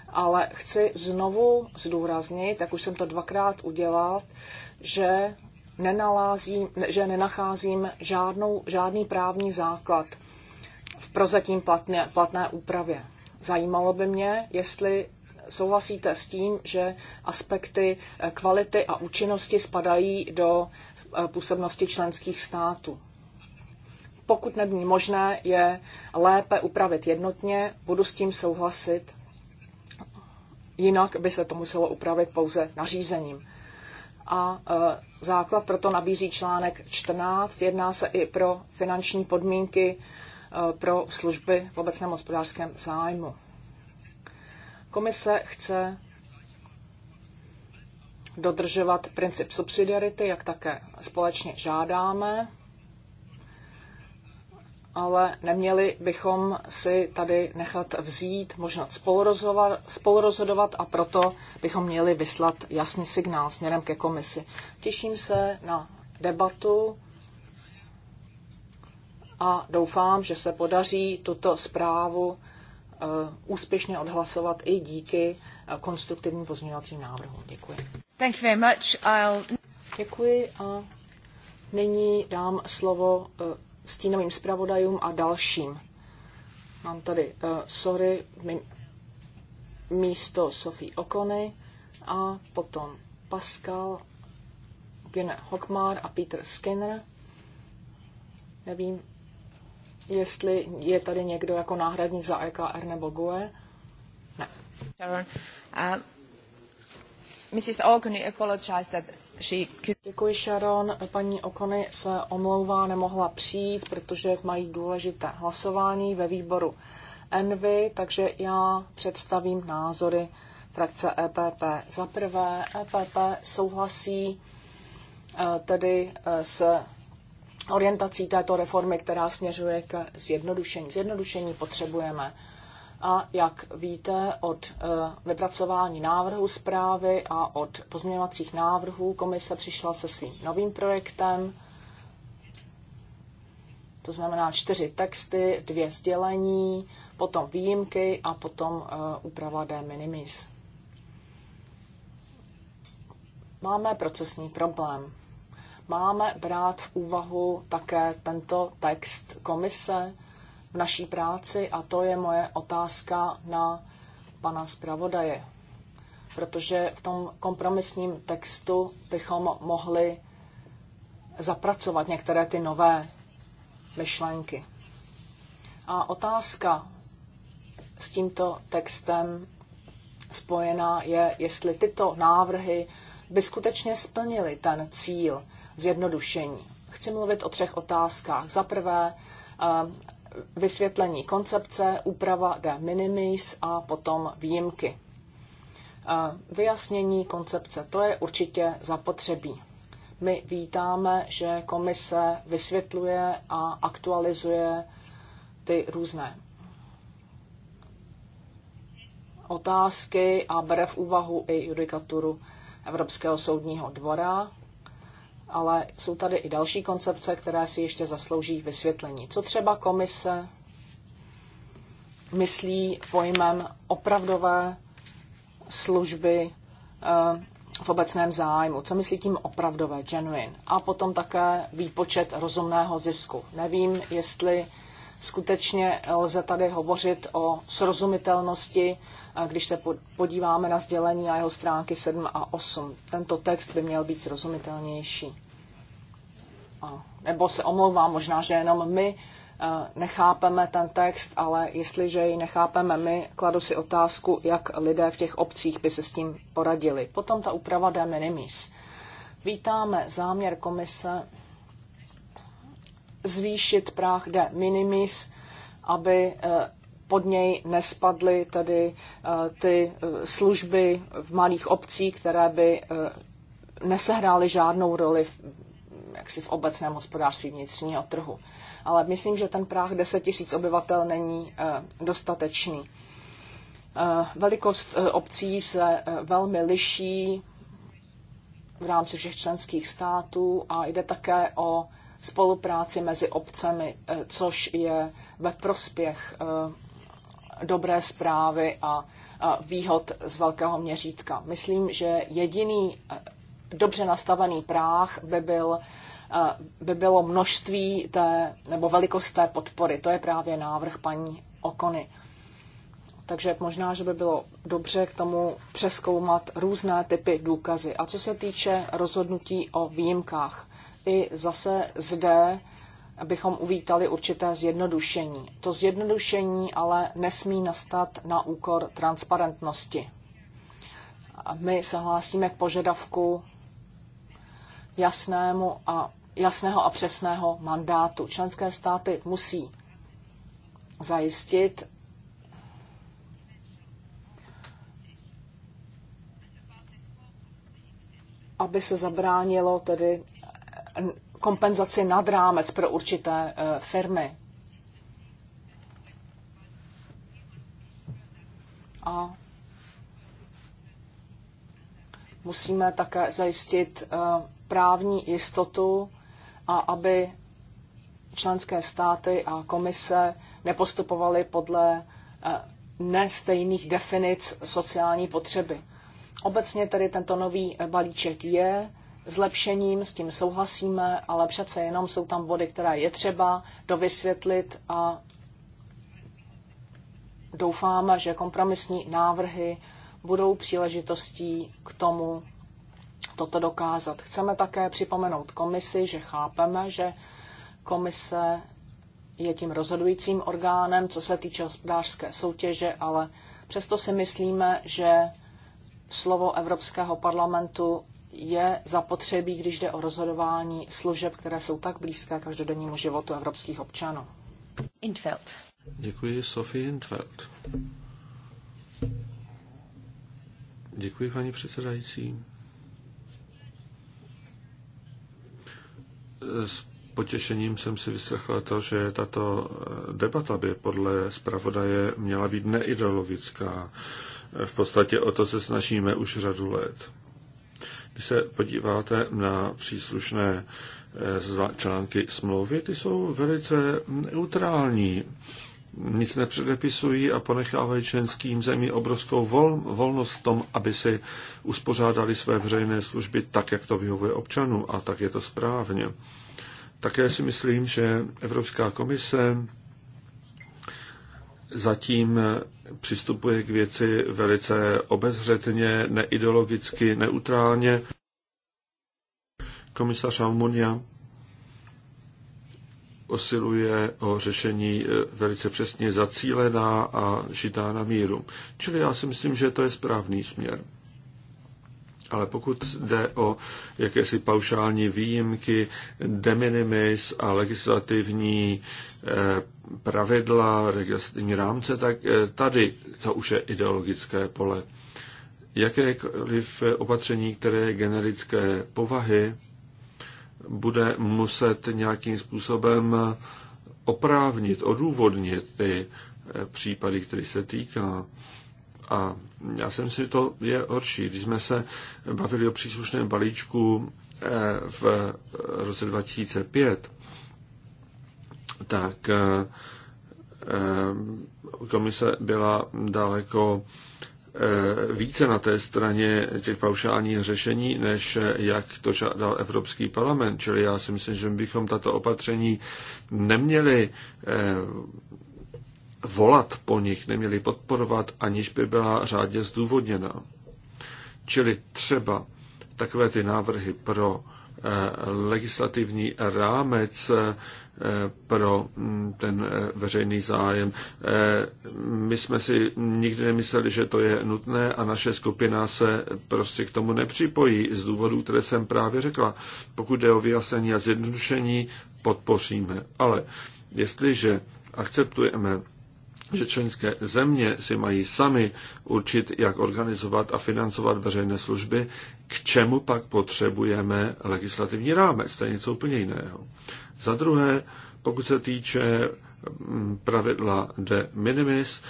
Ale chci znovu zdůraznit, jak už jsem to dvakrát udělal, že, nenalázím, že nenacházím žádnou, žádný právní základ v prozatím platné, platné úpravě. Zajímalo by mě, jestli souhlasíte s tím, že aspekty eh, kvality a účinnosti spadají do eh, působnosti členských států. Pokud není možné, je lépe upravit jednotně, budu s tím souhlasit, jinak by se to muselo upravit pouze nařízením. A eh, základ proto nabízí článek 14, jedná se i pro finanční podmínky pro služby v obecném hospodářském zájmu. Komise chce dodržovat princip subsidiarity, jak také společně žádáme, ale neměli bychom si tady nechat vzít možnost spolurozhodovat a proto bychom měli vyslat jasný signál směrem ke komisi. Těším se na debatu a doufám, že se podaří tuto zprávu Eh, úspěšně odhlasovat i díky eh, konstruktivním pozměňovacím návrhům. Děkuji. Thank you very much. I'll... Děkuji a nyní dám slovo eh, stínovým zpravodajům a dalším. Mám tady uh, Sory místo Sofie Okony a potom Pascal Gene Hockmar a Peter Skinner. Nevím, jestli je tady někdo jako náhradník za EKR nebo GUE. Ne. Sharon, uh, Mrs. Ogny apologized that she could... Děkuji, Sharon. Paní Okony se omlouvá, nemohla přijít, protože mají důležité hlasování ve výboru Envy, takže já představím názory frakce EPP. Za prvé, EPP souhlasí eh, tedy eh, s orientací této reformy, která směřuje k zjednodušení. Zjednodušení potřebujeme. A jak víte, od e, vypracování návrhu zprávy a od pozměňovacích návrhů komise přišla se svým novým projektem, to znamená čtyři texty, dvě sdělení, potom výjimky a potom e, úprava de minimis. Máme procesní problém. Máme brát v úvahu také tento text komise v naší práci a to je moje otázka na pana zpravodaje. Protože v tom kompromisním textu bychom mohli zapracovat některé ty nové myšlenky. A otázka s tímto textem spojená je, jestli tyto návrhy by skutečně splnily ten cíl, zjednodušení. Chci mluvit o třech otázkách. Za prvé, eh, vysvětlení koncepce, úprava de minimis a potom výjimky. Eh, vyjasnění koncepce, to je určitě zapotřebí. My vítáme, že komise vysvětluje a aktualizuje ty různé otázky a bere v úvahu i judikaturu Evropského soudního dvora ale jsou tady i další koncepce, které si ještě zaslouží vysvětlení. Co třeba komise myslí pojmem opravdové služby eh, v obecném zájmu. Co myslí tím opravdové, genuine? A potom také výpočet rozumného zisku. Nevím, jestli skutečně lze tady hovořit o srozumitelnosti, když se podíváme na sdělení a jeho stránky 7 a 8. Tento text by měl být srozumitelnější. A, nebo se omlouvám, možná, že jenom my e, nechápeme ten text, ale jestliže ji nechápeme my, kladu si otázku, jak lidé v těch obcích by se s tím poradili. Potom ta úprava de minimis. Vítáme záměr komise zvýšit práh de minimis, aby eh, pod něj nespadly tedy eh, ty eh, služby v malých obcích, které by nesehrály žádnou roli v, jaksi v obecném hospodářství vnitřního trhu. Ale myslím, že ten práh 10 000 obyvatel není dostatečný. Velikost obcí se velmi liší v rámci všech členských států a jde také o spolupráci mezi obcemi, eh, což je ve prospěch eh, dobré zprávy a výhod z velkého měřítka. Myslím, že jediný eh, dobře nastavený práh by byl by bylo množství té, nebo velikost té podpory. To je právě návrh paní Okony. Takže možná, že by bylo dobře k tomu přeskoumat různé typy důkazy. A co se týče rozhodnutí o výjimkách, i zase zde bychom uvítali určité zjednodušení. To zjednodušení ale nesmí nastat na úkor transparentnosti. My se hlásíme k požadavku jasnému a, jasného a přesného mandátu. Členské státy musí zajistit aby se zabránilo tedy kompenzaci nad rámec pro určité eh, firmy. A musíme také zajistit eh, právní jistotu a aby členské státy a komise nepostupovaly podle eh, nestejných definic sociální potřeby. Obecně tedy tento nový balíček je zlepšením, s tím souhlasíme, ale přece jenom jsou tam body, které je třeba dovysvětlit a doufáme, že kompromisní návrhy budou příležitostí k tomu toto dokázat. Chceme také připomenout komisi, že chápeme, že komise je tím rozhodujícím orgánem, co se týče hospodářské soutěže, ale přesto si myslíme, že slovo Evropského parlamentu je zapotřebí, když jde o rozhodování služeb, které jsou tak blízké každodennímu životu evropských občanů. Intfeld. Děkuji, Sofie Intfeld. Děkuji, paní předsedající. S potěšením jsem si vyslechla to, že tato debata by podle zpravodaje měla být neideologická. V podstatě o to se snažíme už řadu let. Když se podíváte na příslušné eh, články smlouvy, ty jsou velice hm, neutrální. Nic nepředepisují a ponechávají členským zemí obrovskou vol, volnost v tom, aby si uspořádali své veřejné služby tak, jak to vyhovuje občanům a tak je to správně. Také si myslím, že Evropská komise zatím přistupuje k věci velice obezřetně, neideologicky, neutrálně. Komisař Almunia osiluje o řešení eh, velice přesně zacílená a šitá na míru. Čili já si myslím, že to je správný směr. Ale pokud jde o jakési paušální výjimky, de minimis a legislativní eh, pravidla, legislativní rámce, tak eh, tady to už je ideologické pole. Jakékoliv opatření, které je generické povahy, bude muset nějakým způsobem oprávnit, odůvodnit ty eh, případy, které se týká. A já jsem si to je horší. Když jsme se bavili o příslušném balíčku eh, v roce 2005, tak eh, eh, komise byla daleko více na té straně těch paušálních řešení, než jak to žádal Evropský parlament. Čili já si myslím, že bychom tato opatření neměli volat po nich, neměli podporovat, aniž by byla řádně zdůvodněna. Čili třeba takové ty návrhy pro eh, legislativní rámec eh, pro mm, ten eh, veřejný zájem. My jsme si nikdy nemysleli, že to je nutné a naše skupina se prostě k tomu nepřipojí z důvodů, které jsem právě řekla. Pokud jde o vyjasnění a zjednodušení, podpoříme. Ale jestliže akceptujeme že členské země si mají sami určit, jak organizovat a financovat veřejné služby, k čemu pak potřebujeme legislativní rámec. To je něco úplně jiného. Za druhé, pokud se týče mm, pravidla de minimis,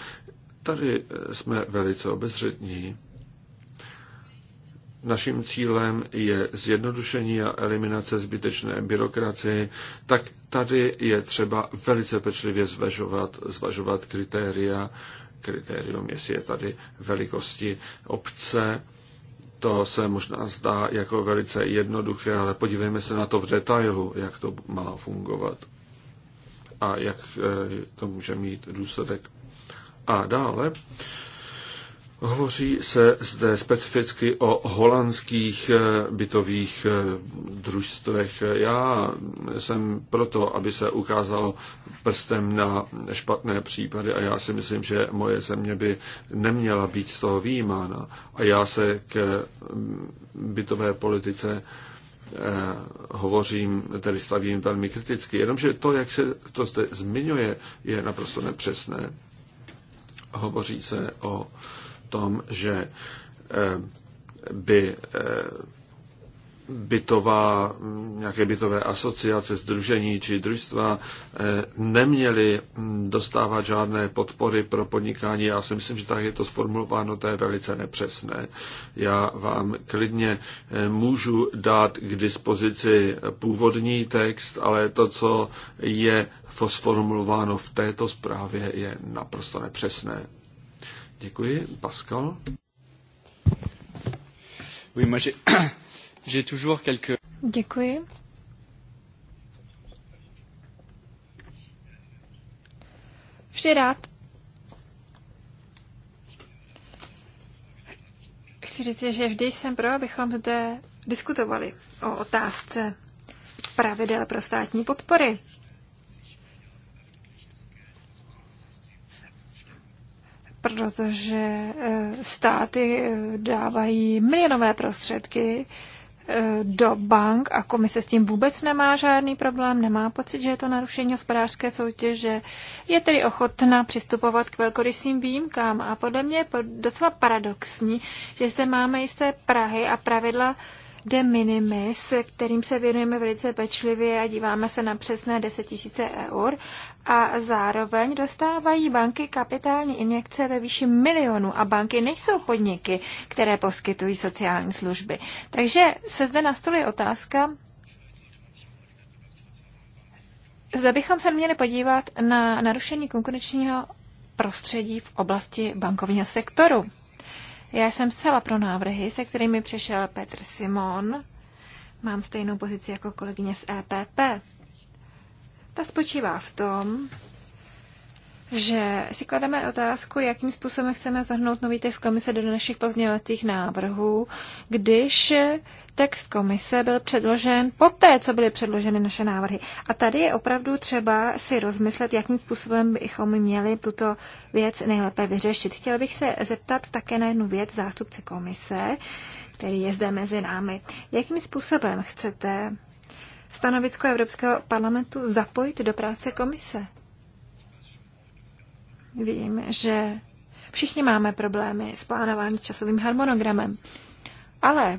tady eh, jsme velice obezřetní. Naším cílem je zjednodušení a eliminace zbytečné byrokracie, tak tady je třeba velice pečlivě zvažovat, zvažovat kritéria. Kritérium, jestli je tady velikosti obce, to se možná zdá jako velice jednoduché, ale podívejme se na to v detailu, jak to má fungovat a jak eh, to může mít důsledek. A dále Hovoří se zde specificky o holandských eh, bytových eh, družstvech. Já jsem proto, aby se ukázalo prstem na špatné případy a já si myslím, že moje země by neměla být z toho výjímána. A já se k eh, bytové politice hovořím, tedy stavím velmi kriticky. Jenomže to, jak se to zde zmiňuje, je naprosto nepřesné. Hovoří se o tom, že eh, by eh, bytová, nějaké bytové asociace, združení či družstva eh, neměly hm, dostávat žádné podpory pro podnikání. Já si myslím, že tak je to sformulováno, to je velice nepřesné. Já vám klidně můžu dát k dispozici původní text, ale to, co je sformulováno v této zprávě, je naprosto nepřesné. Děkuji. Pascal? Oui, moi j'ai (coughs) j'ai toujours quelques... Děkuji. Vždy rád. Chci říct, že vždy jsem pro, abychom zde diskutovali o otázce pravidel pro státní podpory. protože eh, státy eh, dávají milionové prostředky eh, do bank a komise s tím vůbec nemá žádný problém, nemá pocit, že je to narušení hospodářské soutěže. Je tedy ochotná přistupovat k velkorysým výjimkám a podle mě je docela paradoxní, že zde máme jisté Prahy a pravidla de minimis, kterým se věnujeme velice pečlivě a díváme se na přesné 10 000 eur. A zároveň dostávají banky kapitální injekce ve výši milionů a banky nejsou podniky, které poskytují sociální služby. Takže se zde nastoluje otázka, Zda bychom se měli podívat na narušení konkurenčního prostředí v oblasti bankovního sektoru. Já jsem zcela pro návrhy, se kterými přešel Petr Simon. Mám stejnou pozici jako kolegyně z EPP. Ta spočívá v tom, že si klademe otázku, jakým způsobem chceme zahrnout nový text komise do našich pozměňovacích návrhů, když text komise byl předložen poté, co byly předloženy naše návrhy. A tady je opravdu třeba si rozmyslet, jakým způsobem bychom měli tuto věc nejlépe vyřešit. Chtěl bych se zeptat také na jednu věc zástupce komise, který je zde mezi námi. Jakým způsobem chcete stanovisko Evropského parlamentu zapojit do práce komise? Vím, že všichni máme problémy s plánováním časovým harmonogramem, ale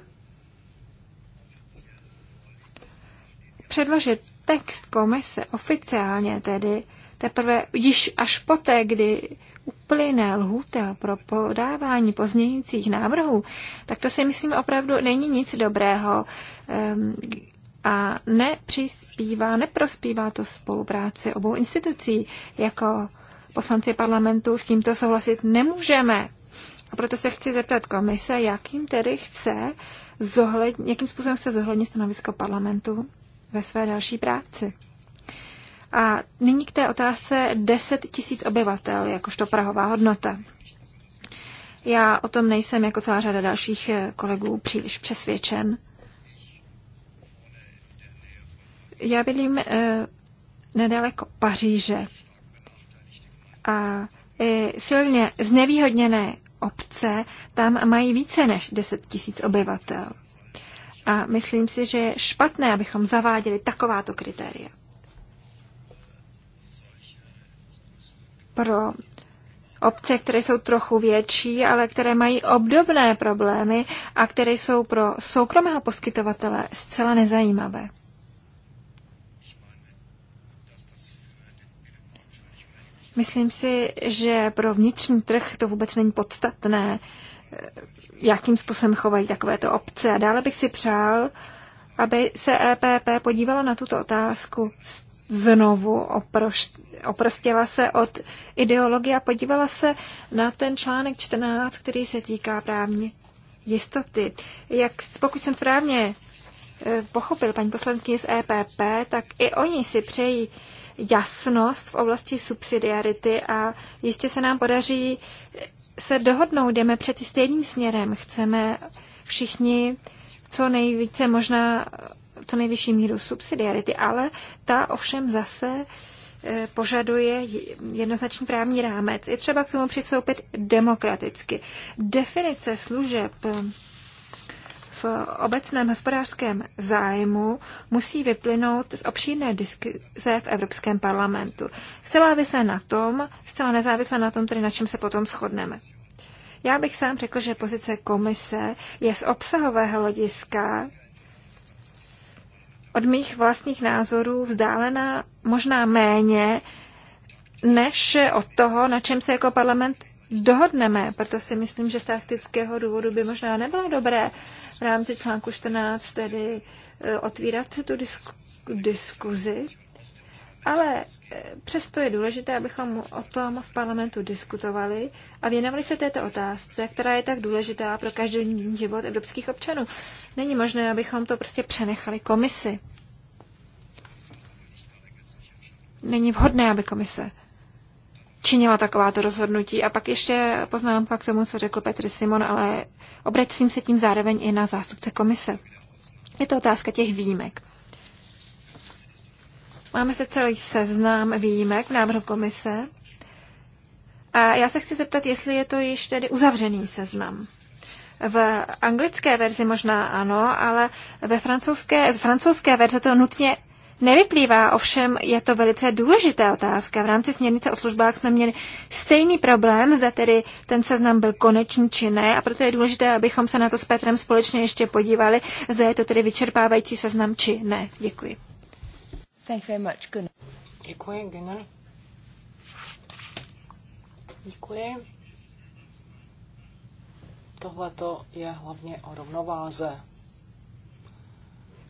předložit text komise oficiálně tedy teprve již až poté, kdy uplyne lhůta pro podávání pozměňujících návrhů, tak to si myslím opravdu není nic dobrého ehm, a nepřispívá, neprospívá to spolupráci obou institucí. Jako poslanci parlamentu s tímto souhlasit nemůžeme. A proto se chci zeptat komise, jakým tedy chce zohled, jakým způsobem chce zohlednit stanovisko parlamentu ve své další práci. A nyní k té otázce 10 tisíc obyvatel, jakožto prahová hodnota. Já o tom nejsem jako celá řada dalších eh, kolegů příliš přesvědčen. Já bydlím e, nedaleko Paříže a e, silně znevýhodněné obce tam mají více než 10 tisíc obyvatel. A myslím si, že je špatné, abychom zaváděli takováto kritéria. Pro obce, které jsou trochu větší, ale které mají obdobné problémy a které jsou pro soukromého poskytovatele zcela nezajímavé. Myslím si, že pro vnitřní trh to vůbec není podstatné, eh, jakým způsobem chovají takovéto obce. A dále bych si přál, aby se EPP podívala na tuto otázku znovu, oproš, oprostila se od ideologie a podívala se na ten článek 14, který se týká právní jistoty. Jak, pokud jsem správně eh, pochopil paní poslankyně z EPP, tak i oni si přejí jasnost v oblasti subsidiarity a jistě se nám podaří se dohodnout. Jdeme přeci stejným směrem. Chceme všichni co nejvíce možná co nejvyšší míru subsidiarity, ale ta ovšem zase eh, požaduje jednoznačný právní rámec. Je třeba k tomu přistoupit demokraticky. Definice služeb obecném hospodářském zájmu musí vyplynout z obšírné diskuze v Evropském parlamentu. Zcela závisle na tom, zcela nezávisle na tom, tedy na čem se potom shodneme. Já bych sám řekl, že pozice komise je z obsahového hlediska od mých vlastních názorů vzdálená možná méně než od toho, na čem se jako parlament dohodneme. Proto si myslím, že z taktického důvodu by možná nebylo dobré rámci článku 14 tedy eh, otvírat tu disku, diskuzi, ale eh, přesto je důležité, abychom o tom v parlamentu diskutovali a věnovali se této otázce, která je tak důležitá pro každodenní život evropských občanů. Není možné, abychom to prostě přenechali komisi. Není vhodné, aby komise činila takováto rozhodnutí. A pak ještě poznámka k tomu, co řekl Petr Simon, ale obracím se tím zároveň i na zástupce komise. Je to otázka těch výjimek. Máme se celý seznam výjimek v návrhu komise. A já se chci zeptat, jestli je to již tedy uzavřený seznam. V anglické verzi možná ano, ale ve francouzské, z francouzské verze to nutně nevyplývá, ovšem je to velice důležitá otázka. V rámci směrnice o službách jsme měli stejný problém, zda tedy ten seznam byl konečný či ne, a proto je důležité, abychom se na to s Petrem společně ještě podívali, zda je to tedy vyčerpávající seznam či ne. Děkuji. Thank you very much. Good. Děkuji, Gunnar. Děkuji. Tohle je hlavně o rovnováze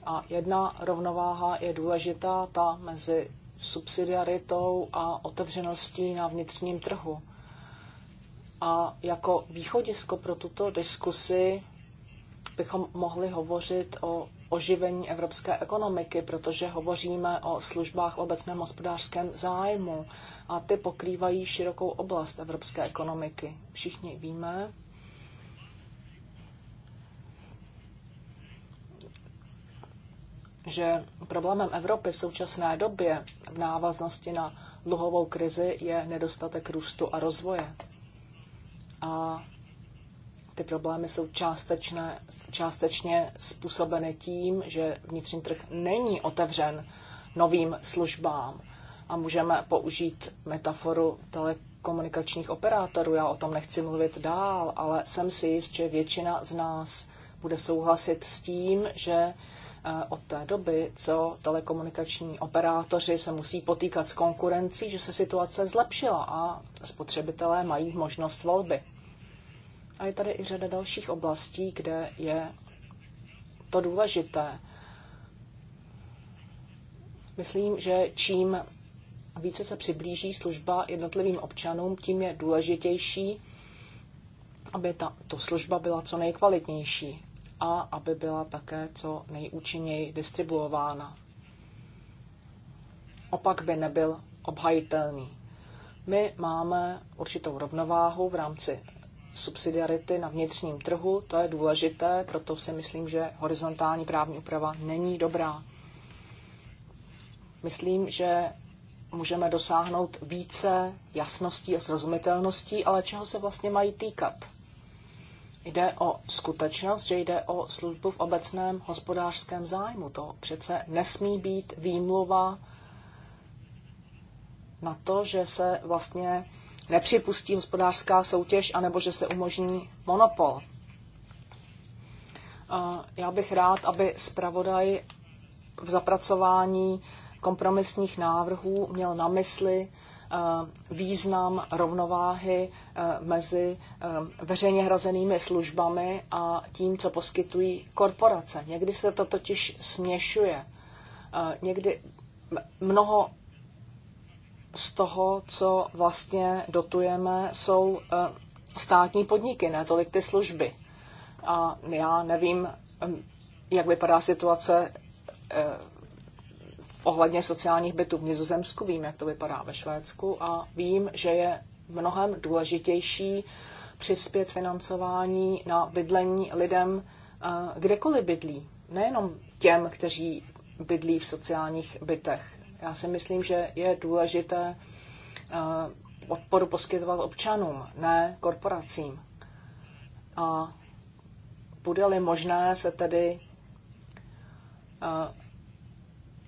a jedna rovnováha je důležitá, ta mezi subsidiaritou a otevřeností na vnitřním trhu. A jako východisko pro tuto diskusi bychom mohli hovořit o oživení evropské ekonomiky, protože hovoříme o službách v obecném hospodářském zájmu a ty pokrývají širokou oblast evropské ekonomiky. Všichni víme, že problémem Evropy v současné době v návaznosti na dluhovou krizi je nedostatek růstu a rozvoje. A ty problémy jsou částečné, částečně způsobeny tím, že vnitřní trh není otevřen novým službám. A můžeme použít metaforu telekomunikačních operátorů. Já o tom nechci mluvit dál, ale jsem si jist, že většina z nás bude souhlasit s tím, že Eh, od té doby, co telekomunikační operátoři se musí potýkat s konkurencí, že se situace zlepšila a spotřebitelé mají možnost volby. A je tady i řada dalších oblastí, kde je to důležité. Myslím, že čím více se přiblíží služba jednotlivým občanům, tím je důležitější, aby ta to služba byla co nejkvalitnější a aby byla také co nejúčinněji distribuována. Opak by nebyl obhajitelný. My máme určitou rovnováhu v rámci subsidiarity na vnitřním trhu, to je důležité, proto si myslím, že horizontální právní úprava není dobrá. Myslím, že můžeme dosáhnout více jasností a srozumitelností, ale čeho se vlastně mají týkat. Jde o skutečnost, že jde o službu v obecném hospodářském zájmu. To přece nesmí být výmluva na to, že se vlastně nepřipustí hospodářská soutěž, anebo že se umožní monopol. Já bych rád, aby zpravodaj v zapracování kompromisních návrhů měl na mysli Eh, význam rovnováhy eh, mezi eh, veřejně hrazenými službami a tím, co poskytují korporace. Někdy se to totiž směšuje. Někdy mnoho z toho, co vlastně dotujeme, jsou státní podniky, ne tolik ty služby. A já nevím, hm, jak vypadá situace ohledně sociálních bytů v Nizozemsku, vím, jak to vypadá ve Švédsku a vím, že je mnohem důležitější přispět financování na bydlení lidem, eh, kdekoliv bydlí. Nejenom těm, kteří bydlí v sociálních bytech. Já si myslím, že je důležité eh, podporu poskytovat občanům, ne korporacím. A bude-li možné se tedy eh,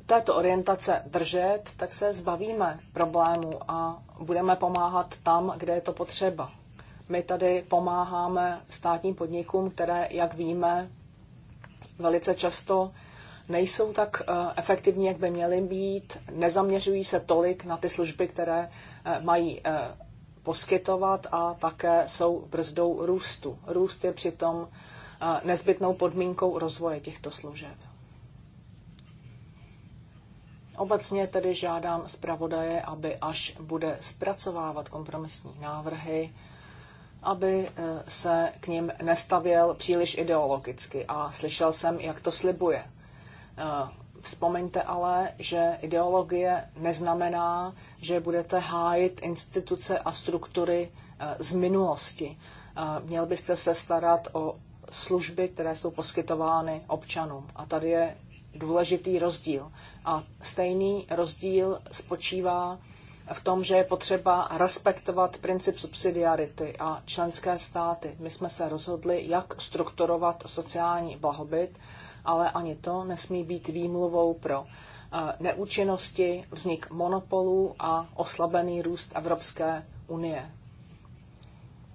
této orientace držet, tak se zbavíme problému a budeme pomáhat tam, kde je to potřeba. My tady pomáháme státním podnikům, které, jak víme, velice často nejsou tak eh, efektivní, jak by měly být, nezaměřují se tolik na ty služby, které eh, mají eh, poskytovat a také jsou brzdou růstu. Růst je přitom nezbytnou podmínkou rozvoje těchto služeb. Obecně tedy žádám zpravodaje, aby až bude zpracovávat kompromisní návrhy, aby e, se k ním nestavěl příliš ideologicky. A slyšel jsem, jak to slibuje. E, vzpomeňte ale, že ideologie neznamená, že budete hájit instituce a struktury e, z minulosti. Měl byste se starat o služby, které jsou poskytovány občanům. A tady je důležitý rozdíl. A stejný rozdíl spočívá v tom, že je potřeba respektovat princip subsidiarity a členské státy. My jsme se rozhodli, jak strukturovat sociální blahobyt, ale ani to nesmí být výmluvou pro eh, neúčinnosti, vznik monopolů a oslabený růst Evropské unie.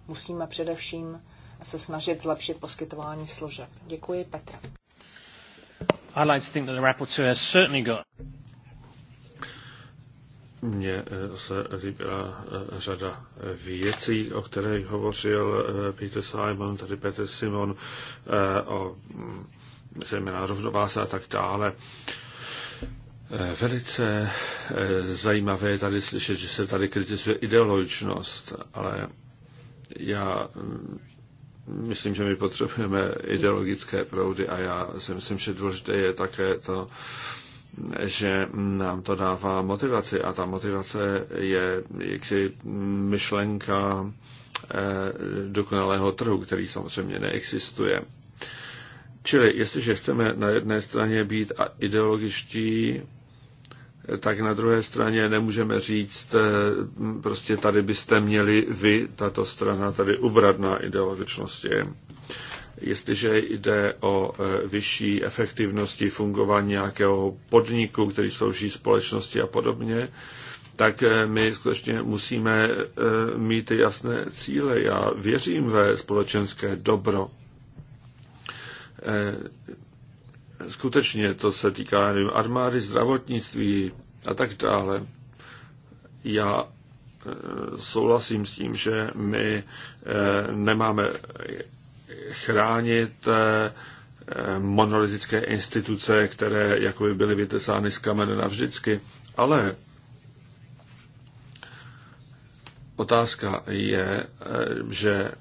Musíme především se snažit zlepšit poskytování služeb. Děkuji, Petra. I like to think that the rapporteur has certainly got. Mně eh, se líbila eh, řada eh, věcí, o kterých hovořil Peter Simon, tady Peter Simon, o mm, zejména rovnováze a tak dále. Velice zajímavé je tady slyšet, že se tady kritizuje ideologičnost, ale já mm, Myslím, že my potřebujeme ideologické proudy a já si myslím, že důležité je také to, že nám to dává motivaci a ta motivace je jaksi myšlenka eh, dokonalého trhu, který samozřejmě neexistuje. Čili jestliže chceme na jedné straně být ideologičtí tak na druhé straně nemůžeme říct, eh, prostě tady byste měli vy, tato strana, tady ubrat na ideologičnosti. Jestliže jde o eh, vyšší efektivnosti fungování nějakého podniku, který slouží společnosti a podobně, tak eh, my skutečně musíme mít jasné cíle. Já věřím ve společenské dobro skutečně to se týká nevím, armády, zdravotnictví a tak dále. Já e, souhlasím s tím, že my e, nemáme chránit e, monolitické instituce, které jako by byly vytesány z kamene navždycky, ale otázka je, že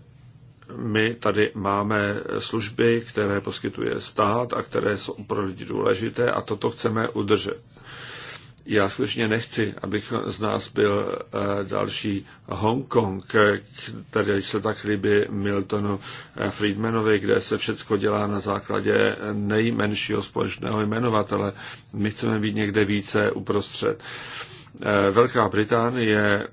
my tady máme služby, které poskytuje stát a které jsou pro lidi důležité a toto chceme udržet. Já skutečně nechci, abych z nás byl eh, další Hongkong, který se tak líbí Miltonu eh, Friedmanovi, kde se všechno dělá na základě nejmenšího společného jmenovatele. My chceme být někde více uprostřed. Eh, Velká Británie eh,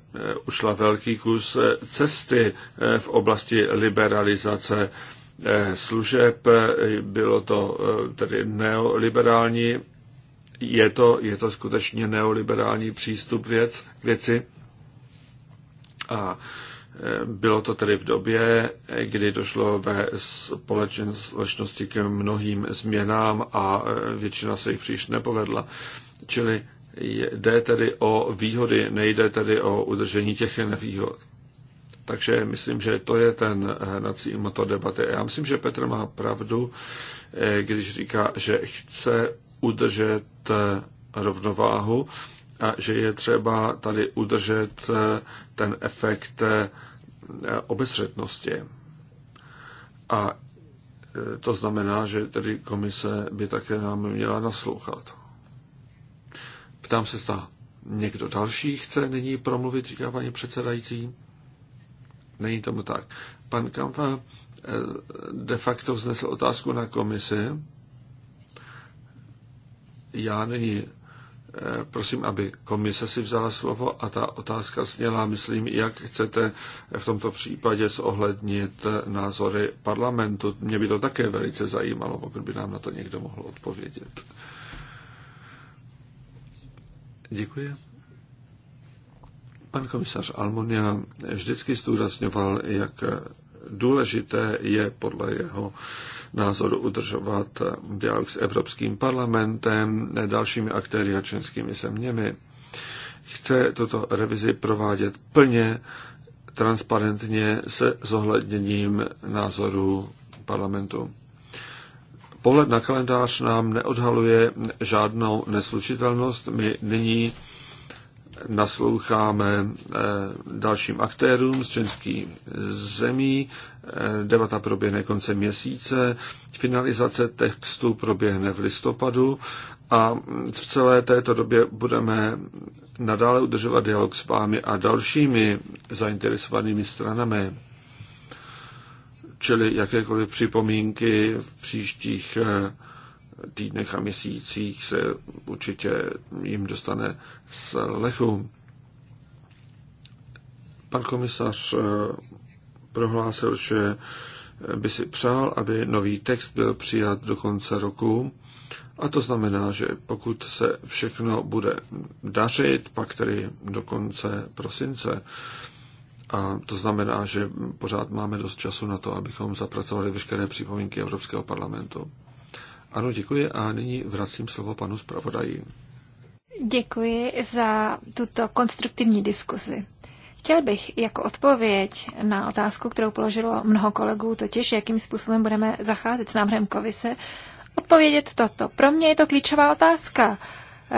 ušla velký kus eh, cesty v oblasti liberalizace služeb. Bylo to tedy neoliberální, je to, je to skutečně neoliberální přístup věc, věci. A bylo to tedy v době, kdy došlo ve společnosti k mnohým změnám a většina se jich příliš nepovedla. Čili Jde tedy o výhody, nejde tedy o udržení těch nevýhod. Takže myslím, že to je ten hnací motor debaty. Já myslím, že Petr má pravdu, eh, když říká, že chce udržet eh, rovnováhu a že je třeba tady udržet eh, ten efekt obezřetnosti. A to znamená, že tedy komise by také nám měla naslouchat. Ptám se, zda někdo další chce nyní promluvit, říká paní předsedající. Není tomu tak. Pan Kampa eh, de facto vznesl otázku na komisi. Já nyní eh, prosím, aby komise si vzala slovo a ta otázka zněla, myslím, jak chcete v tomto případě zohlednit názory parlamentu. Mě by to také velice zajímalo, pokud by nám na to někdo mohl odpovědět. Děkuji. Pan komisař Almonia vždycky zdůrazňoval, jak důležité je podle jeho názoru udržovat dialog s Evropským parlamentem, dalšími aktéry a členskými zeměmi. Chce tuto revizi provádět plně, transparentně se zohledněním názoru parlamentu. Pohled na kalendář nám neodhaluje žádnou neslučitelnost. My nyní nasloucháme eh, dalším aktérům z čínských zemí. Eh, debata proběhne koncem měsíce. Finalizace textu proběhne v listopadu a v celé této době budeme nadále udržovat dialog s vámi a dalšími zainteresovanými stranami čili jakékoliv připomínky v příštích eh, týdnech a měsících se určitě jim dostane s lechu. Pan komisař eh, prohlásil, že by si přál, aby nový text byl přijat do konce roku. A to znamená, že pokud se všechno bude dařit, pak tedy do konce prosince, a to znamená, že pořád máme dost času na to, abychom zapracovali veškeré připomínky Evropského parlamentu. Ano, děkuji a nyní vracím slovo panu zpravodaji. Děkuji za tuto konstruktivní diskuzi. Chtěl bych jako odpověď na otázku, kterou položilo mnoho kolegů, totiž jakým způsobem budeme zacházet s návrhem Kovise. odpovědět toto. Pro mě je to klíčová otázka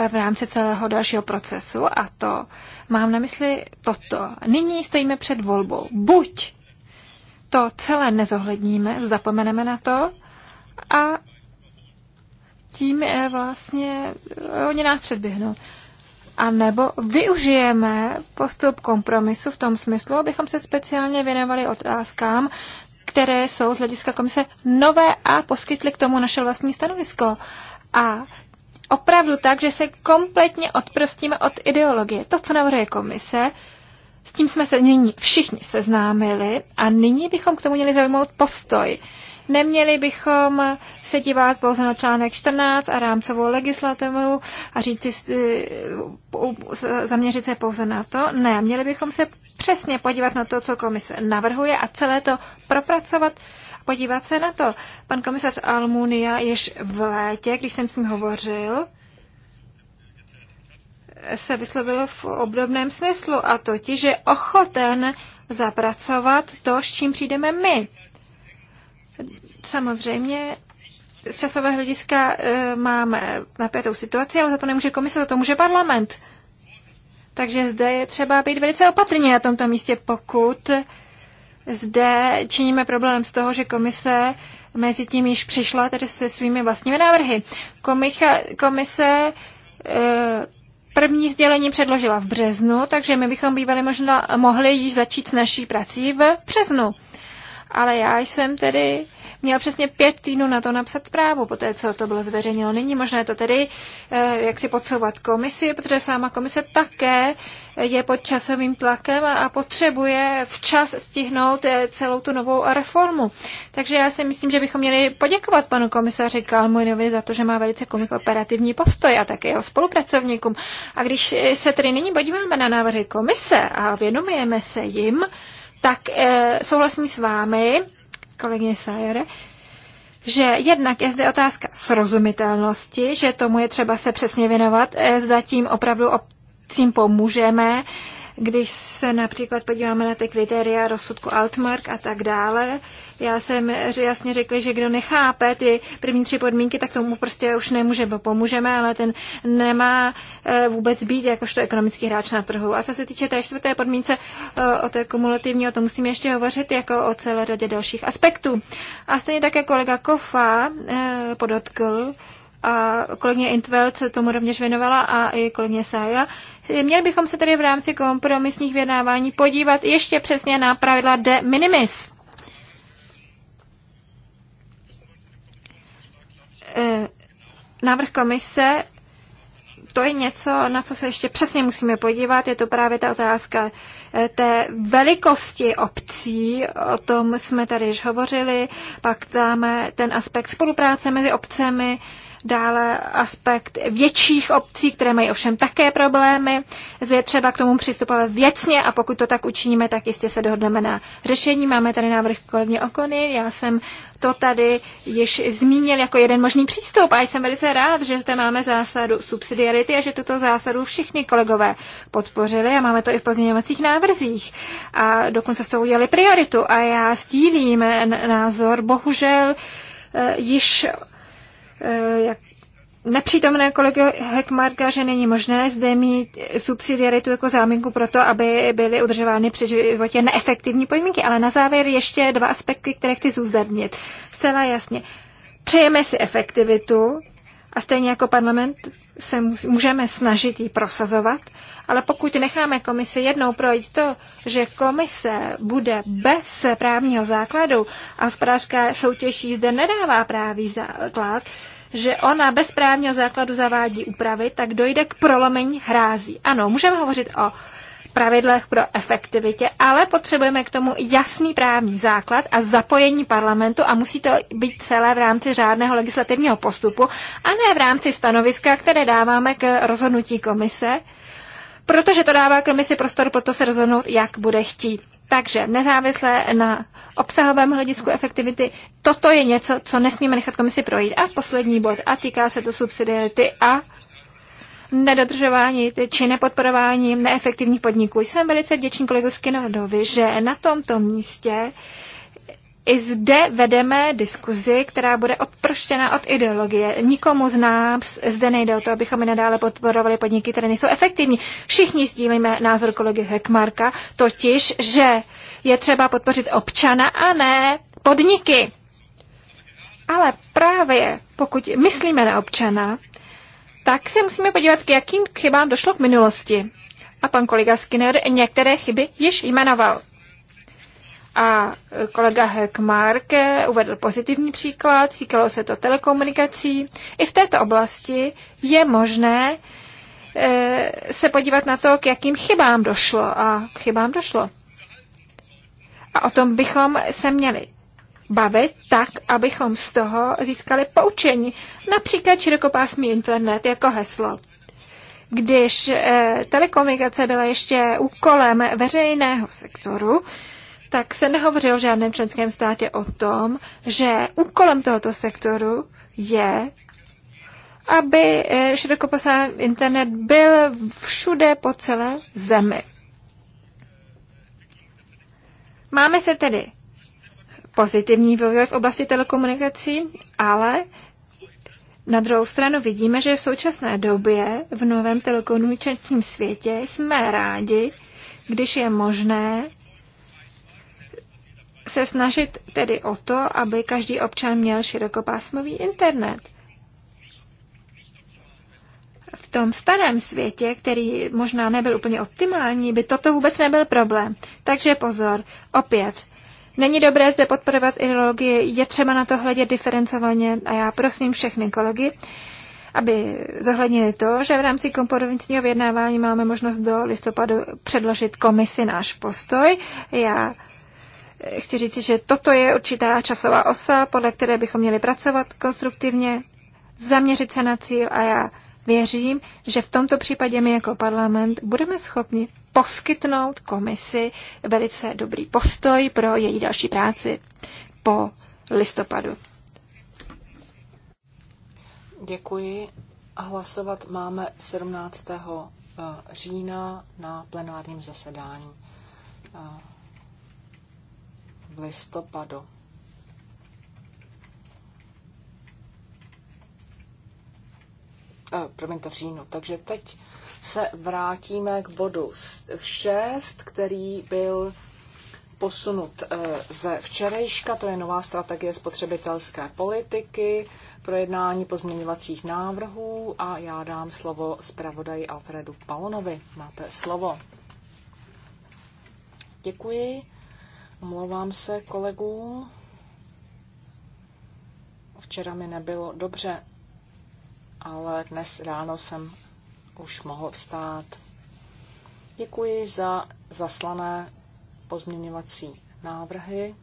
v rámci celého dalšího procesu a to mám na mysli toto. Nyní stojíme před volbou. Buď to celé nezohledníme, zapomeneme na to a tím je eh, vlastně eh, oni nás předběhnou. A nebo využijeme postup kompromisu v tom smyslu, abychom se speciálně věnovali otázkám, které jsou z hlediska komise nové a poskytli k tomu naše vlastní stanovisko. A opravdu tak, že se kompletně odprostíme od ideologie. To, co navrhuje komise, s tím jsme se nyní všichni seznámili a nyní bychom k tomu měli zaujmout postoj. Neměli bychom se dívat pouze na článek 14 a rámcovou legislativu a říci, e, zaměřit se pouze na to. Ne, měli bychom se přesně podívat na to, co komise navrhuje a celé to propracovat podívat se na to. Pan komisař Almunia již v létě, když jsem s ním hovořil, se vyslovil v obdobném smyslu a totiž je ochoten zapracovat to, s čím přijdeme my. Samozřejmě z časového hlediska e, máme napětou situaci, ale za to nemůže komise, za to může parlament. Takže zde je třeba být velice opatrně na tomto místě, pokud zde činíme problém z toho, že komise mezi tím již přišla tedy se svými vlastními návrhy. Komicha, komise e, První sdělení předložila v březnu, takže my bychom bývali možná mohli již začít s naší prací v březnu. Ale já jsem tedy měl přesně pět týdnů na to napsat právo, po té, co to bylo zveřejněno. Není možné to tedy eh, jak si podsouvat komisi, protože sama komise také je pod časovým tlakem a potřebuje včas stihnout eh, celou tu novou reformu. Takže já si myslím, že bychom měli poděkovat panu komisaři Kalmujnovi za to, že má velice komik operativní postoj a také jeho spolupracovníkům. A když eh, se tedy nyní podíváme na návrhy komise a věnujeme se jim, tak e, souhlasím s vámi, kolegyně Sajere, že jednak je zde otázka srozumitelnosti, že tomu je třeba se přesně věnovat, eh, zatím opravdu obcím pomůžeme, když se například podíváme na ty kritéria rozsudku Altmark a tak dále, já jsem jasně řekla, že kdo nechápe ty první tři podmínky, tak tomu prostě už nemůžeme, pomůžeme, ale ten nemá e, vůbec být jakožto ekonomický hráč na trhu. A co se týče té čtvrté podmínce e, o té kumulativní, o tom musím ještě hovořit jako o celé řadě dalších aspektů. A stejně také jako kolega Kofa e, podotkl, a kolegyně Intveld se tomu rovněž věnovala a i kolegyně Sája. Měli bychom se tedy v rámci kompromisních vyjednávání podívat ještě přesně na pravidla de minimis. Eh, návrh komise to je něco, na co se ještě přesně musíme podívat. Je to právě ta otázka eh, té velikosti obcí, o tom jsme tady již hovořili, pak tam ten aspekt spolupráce mezi obcemi, dále aspekt větších obcí, které mají ovšem také problémy. je třeba k tomu přistupovat věcně a pokud to tak učiníme, tak jistě se dohodneme na řešení. Máme tady návrh kolegyně Okony, já jsem to tady již zmínil jako jeden možný přístup a jsem velice rád, že zde máme zásadu subsidiarity a že tuto zásadu všichni kolegové podpořili a máme to i v pozměňovacích návrzích a dokonce z toho udělali prioritu a já stílím názor, bohužel eh, již Eh, jak nepřítomné kolegy Hekmarka, že není možné zde mít subsidiaritu jako záminku pro to, aby byly udržovány při životě neefektivní podmínky. Ale na závěr ještě dva aspekty, které chci zúzdadnit. Zcela jasně. Přejeme si efektivitu a stejně jako parlament se můžeme snažit ji prosazovat, ale pokud necháme komisi jednou projít to, že komise bude bez právního základu a hospodářská soutěž jí zde nedává právý základ, že ona bez právního základu zavádí úpravy, tak dojde k prolomení hrází. Ano, můžeme hovořit o pravidlech pro efektivitě, ale potřebujeme k tomu jasný právní základ a zapojení parlamentu a musí to být celé v rámci řádného legislativního postupu a ne v rámci stanoviska, které dáváme k rozhodnutí komise, protože to dává komisi prostor pro to se rozhodnout, jak bude chtít. Takže nezávisle na obsahovém hledisku efektivity, toto je něco, co nesmíme nechat komisi projít. A poslední bod, a týká se to subsidiarity a nedodržování či nepodporování neefektivních podniků. Jsem velice vděčný kolegu Skinodovi, že na tomto místě i zde vedeme diskuzi, která bude odproštěna od ideologie. Nikomu z nás zde nejde o to, abychom nadále podporovali podniky, které nejsou efektivní. Všichni sdílíme názor kolegy Hekmarka, totiž, že je třeba podpořit občana a ne podniky. Ale právě pokud myslíme na občana, tak se musíme podívat, k jakým chybám došlo k minulosti. A pan kolega Skinner některé chyby již jmenoval. A kolega Heckmark uvedl pozitivní příklad, týkalo se to telekomunikací. I v této oblasti je možné e, se podívat na to, k jakým chybám došlo. A k chybám došlo. A o tom bychom se měli bavit tak, abychom z toho získali poučení. Například širokopásmý internet jako heslo. Když eh, telekomunikace byla ještě úkolem veřejného sektoru, tak se nehovořilo v žádném členském státě o tom, že úkolem tohoto sektoru je, aby eh, širokopasový internet byl všude po celé zemi. Máme se tedy pozitivní vývoj v oblasti telekomunikací, ale na druhou stranu vidíme, že v současné době v novém telekomunikačním světě jsme rádi, když je možné se snažit tedy o to, aby každý občan měl širokopásmový internet. V tom starém světě, který možná nebyl úplně optimální, by toto vůbec nebyl problém. Takže pozor, opět, Není dobré zde podporovat ideologii, je třeba na to hledět diferencovaně a já prosím všechny kolegy, aby zohlednili to, že v rámci kompromisního vyjednávání máme možnost do listopadu předložit komisi náš postoj. Já chci říct, že toto je určitá časová osa, podle které bychom měli pracovat konstruktivně, zaměřit se na cíl a já věřím, že v tomto případě my jako parlament budeme schopni poskytnout komisi velice dobrý postoj pro její další práci po listopadu. Děkuji. Hlasovat máme 17. Eh, října na plenárním zasedání eh, v listopadu. Eh, promiňte, v říjnu. Takže teď se vrátíme k bodu 6, který byl posunut eh, ze včerejška, to je nová strategie spotřebitelské politiky, projednání pozměňovacích návrhů a já dám slovo zpravodaji Alfredu Palonovi. Máte slovo. Děkuji. Omlouvám se kolegům. Včera mi nebylo dobře, ale dnes ráno jsem už mohl vstát. Děkuji za zaslané pozměňovací návrhy.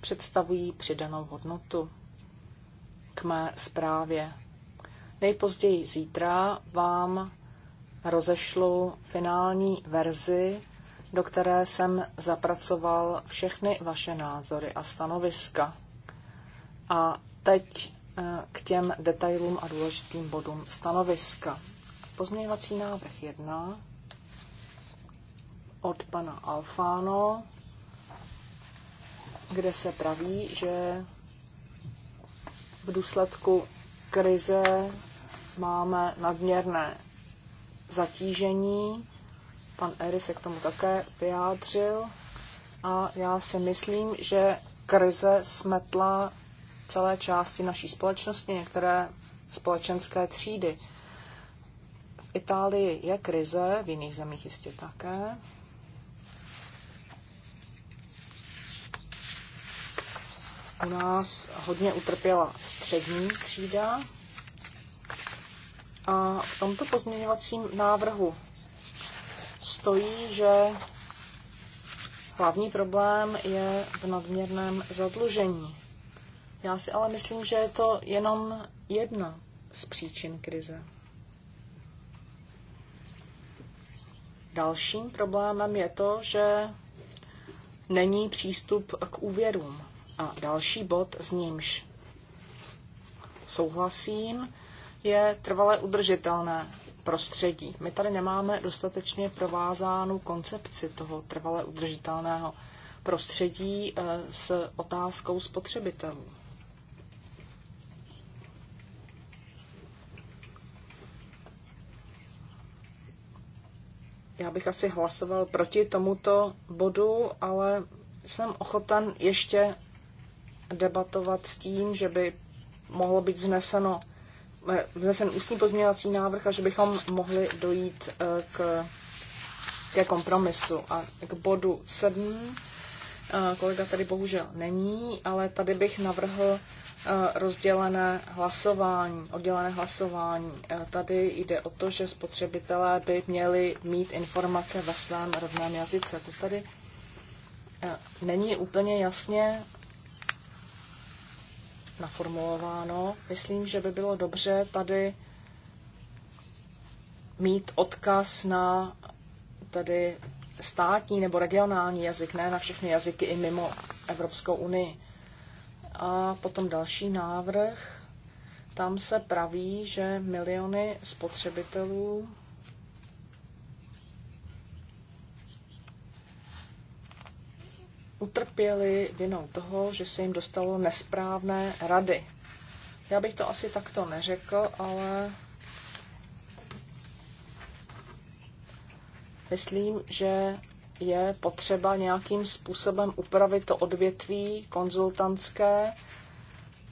Představují přidanou hodnotu k mé zprávě. Nejpozději zítra vám rozešlu finální verzi, do které jsem zapracoval všechny vaše názory a stanoviska. A teď k těm detailům a důležitým bodům stanoviska. Pozměňovací návrh 1 od pana Alfáno, kde se praví, že v důsledku krize máme nadměrné zatížení. Pan Ery se k tomu také vyjádřil. A já si myslím, že krize smetla celé části naší společnosti, některé společenské třídy. V Itálii je krize, v jiných zemích jistě také. U nás hodně utrpěla střední třída. A v tomto pozměňovacím návrhu stojí, že hlavní problém je v nadměrném zadlužení. Já si ale myslím, že je to jenom jedna z příčin krize. Dalším problémem je to, že není přístup k úvěrům. A další bod, s nímž souhlasím, je trvalé udržitelné prostředí. My tady nemáme dostatečně provázánou koncepci toho trvalé udržitelného prostředí eh, s otázkou spotřebitelů. Já bych asi hlasoval proti tomuto bodu, ale jsem ochoten ještě debatovat s tím, že by mohlo být zneseno, eh, vznesen ústní pozměňovací návrh a že bychom mohli dojít eh, k, ke kompromisu a k bodu 7. Eh, kolega tady bohužel není, ale tady bych navrhl Eh, rozdělené hlasování, oddělené hlasování. Eh, tady jde o to, že spotřebitelé by měli mít informace ve svém rovném jazyce. To tady eh, není úplně jasně naformulováno. Myslím, že by bylo dobře tady mít odkaz na tady státní nebo regionální jazyk, ne na všechny jazyky i mimo Evropskou unii. A potom další návrh. Tam se praví, že miliony spotřebitelů utrpěli vinou toho, že se jim dostalo nesprávné rady. Já bych to asi takto neřekl, ale myslím, že je potřeba nějakým způsobem upravit to odvětví konzultantské,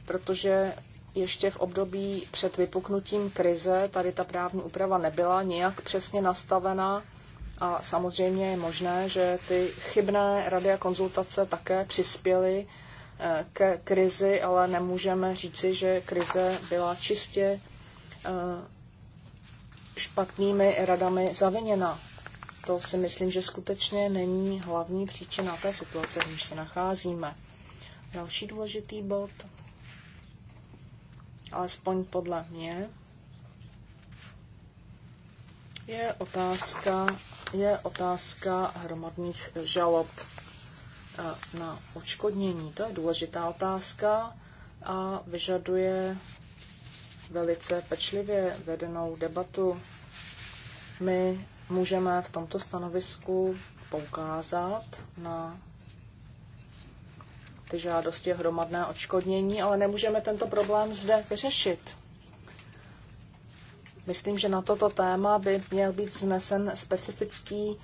protože ještě v období před vypuknutím krize tady ta právní úprava nebyla nijak přesně nastavena a samozřejmě je možné, že ty chybné rady a konzultace také přispěly eh, ke krizi, ale nemůžeme říci, že krize byla čistě eh, špatnými radami zaviněna to si myslím, že skutečně není hlavní příčina té situace, v níž se nacházíme. Další důležitý bod, alespoň podle mě, je otázka, je otázka hromadných žalob eh, na očkodnění. To je důležitá otázka a vyžaduje velice pečlivě vedenou debatu. My můžeme v tomto stanovisku poukázat na ty žádosti o hromadné odškodnění, ale nemůžeme tento problém zde vyřešit. Myslím, že na toto téma by měl být vznesen specifický e,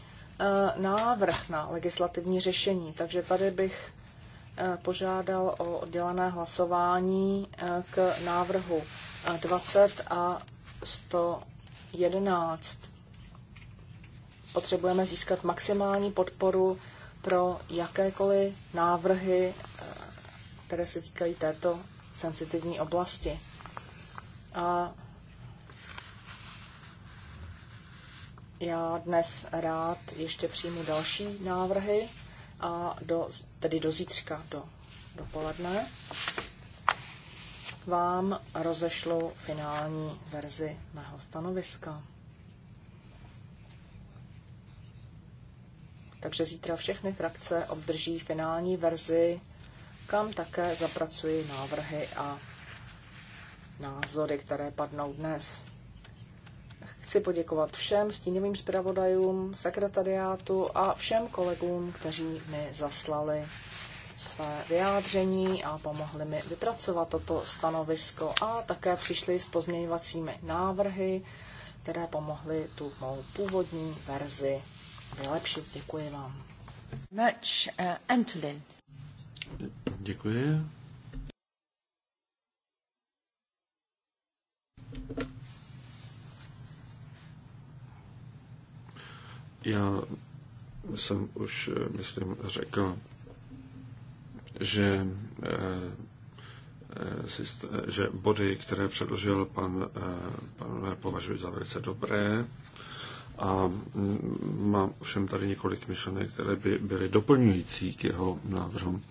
návrh na legislativní řešení. Takže tady bych e, požádal o oddělené hlasování e, k návrhu 20 a 111 potřebujeme získat maximální podporu pro jakékoliv návrhy, eh, které se týkají této sensitivní oblasti. A já dnes rád ještě přijmu další návrhy, a do, tedy do zítřka, do dopoledne, vám rozešlu finální verzi mého stanoviska. Takže zítra všechny frakce obdrží finální verzi, kam také zapracuji návrhy a názory, které padnou dnes. Chci poděkovat všem stínovým zpravodajům, sekretariátu a všem kolegům, kteří mi zaslali své vyjádření a pomohli mi vypracovat toto stanovisko a také přišli s pozměňovacími návrhy, které pomohly tu mou původní verzi vylepšit. Děkuji vám. Much, uh, eh, Antolin. Děkuji. Já jsem už, eh, myslím, řekl, že, eh, že body, které předložil pan, pan považuji za velice dobré a mám všem tady několik myšlenek, které by byly doplňující k jeho návrhům.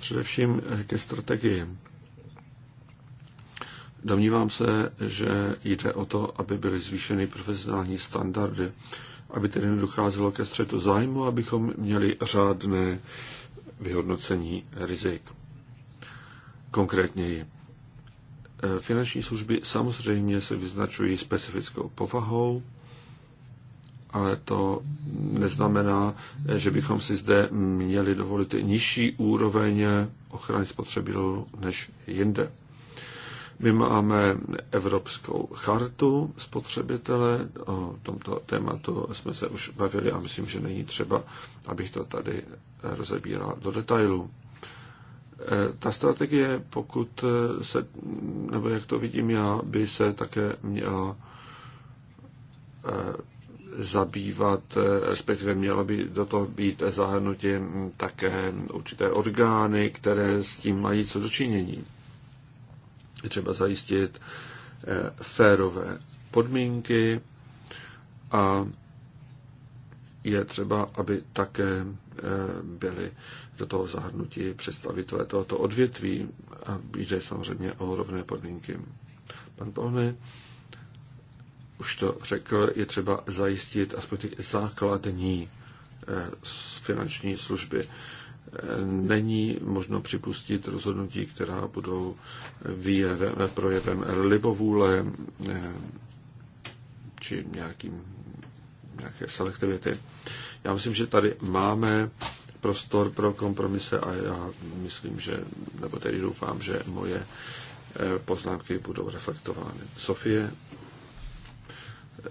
Především ke strategii. Domnívám se, že jde o to, aby byly zvýšeny profesionální standardy, aby tedy nedocházelo ke střetu zájmu, abychom měli řádné vyhodnocení rizik. Konkrétněji, finanční služby samozřejmě se vyznačují specifickou povahou, ale to neznamená, že bychom si zde měli dovolit nižší úroveň ochrany spotřebitelů než jinde. My máme Evropskou chartu spotřebitele, o tomto tématu jsme se už bavili a myslím, že není třeba, abych to tady rozebíral do detailu. Ta strategie, pokud se, nebo jak to vidím já, by se také měla eh, zabývat, respektive mělo by do toho být zahrnuti také určité orgány, které s tím mají co dočinění. Je třeba zajistit eh, férové podmínky a je třeba, aby také eh, byly do toho zahrnuti představitelé tohoto odvětví a jde samozřejmě o rovné podmínky. Pan Polny, už to řekl, je třeba zajistit aspoň ty základní eh, finanční služby. Eh, není možno připustit rozhodnutí, která budou eh, výjevem, projevem libovůle či nějakým, nějaké selektivity. Já myslím, že tady máme prostor pro kompromise a já myslím, že, nebo tedy doufám, že moje poznámky budou reflektovány. Sofie,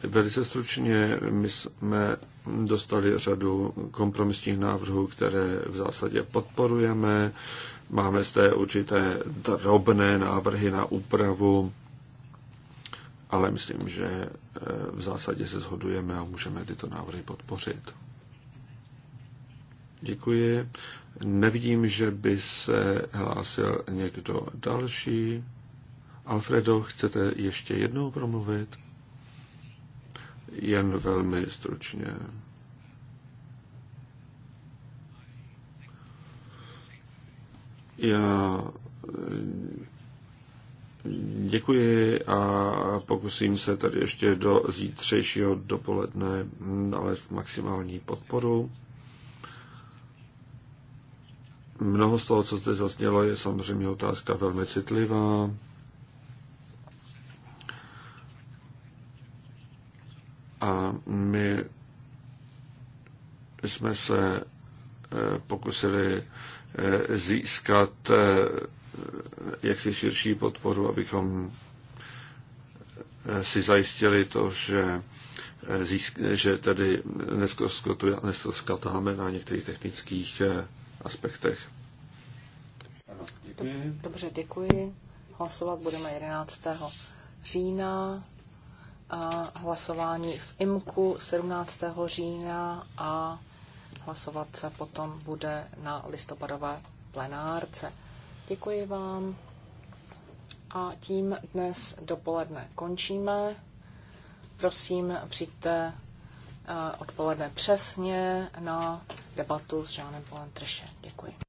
Velice stručně my jsme dostali řadu kompromisních návrhů, které v zásadě podporujeme. Máme zde určité drobné návrhy na úpravu, ale myslím, že eh, v zásadě se shodujeme a můžeme tyto návrhy podpořit. Děkuji. Nevidím, že by se hlásil někdo další. Alfredo, chcete ještě jednou promluvit? jen velmi stručně. Já děkuji a pokusím se tady ještě do zítřejšího dopoledne nalézt maximální podporu. Mnoho z toho, co zde zaznělo, je samozřejmě otázka velmi citlivá. A my jsme se eh, pokusili eh, získat eh, jaksi širší podporu, abychom si zajistili to, že, získ, že tedy neskotáme na některých technických aspektech. Děkuji. Dobře, děkuji. Hlasovat budeme 11. října hlasování v IMKU 17. října a hlasovat se potom bude na listopadové plenárce. Děkuji vám a tím dnes dopoledne končíme. Prosím, přijďte eh, odpoledne přesně na debatu s Žánem Polem Trše. Děkuji.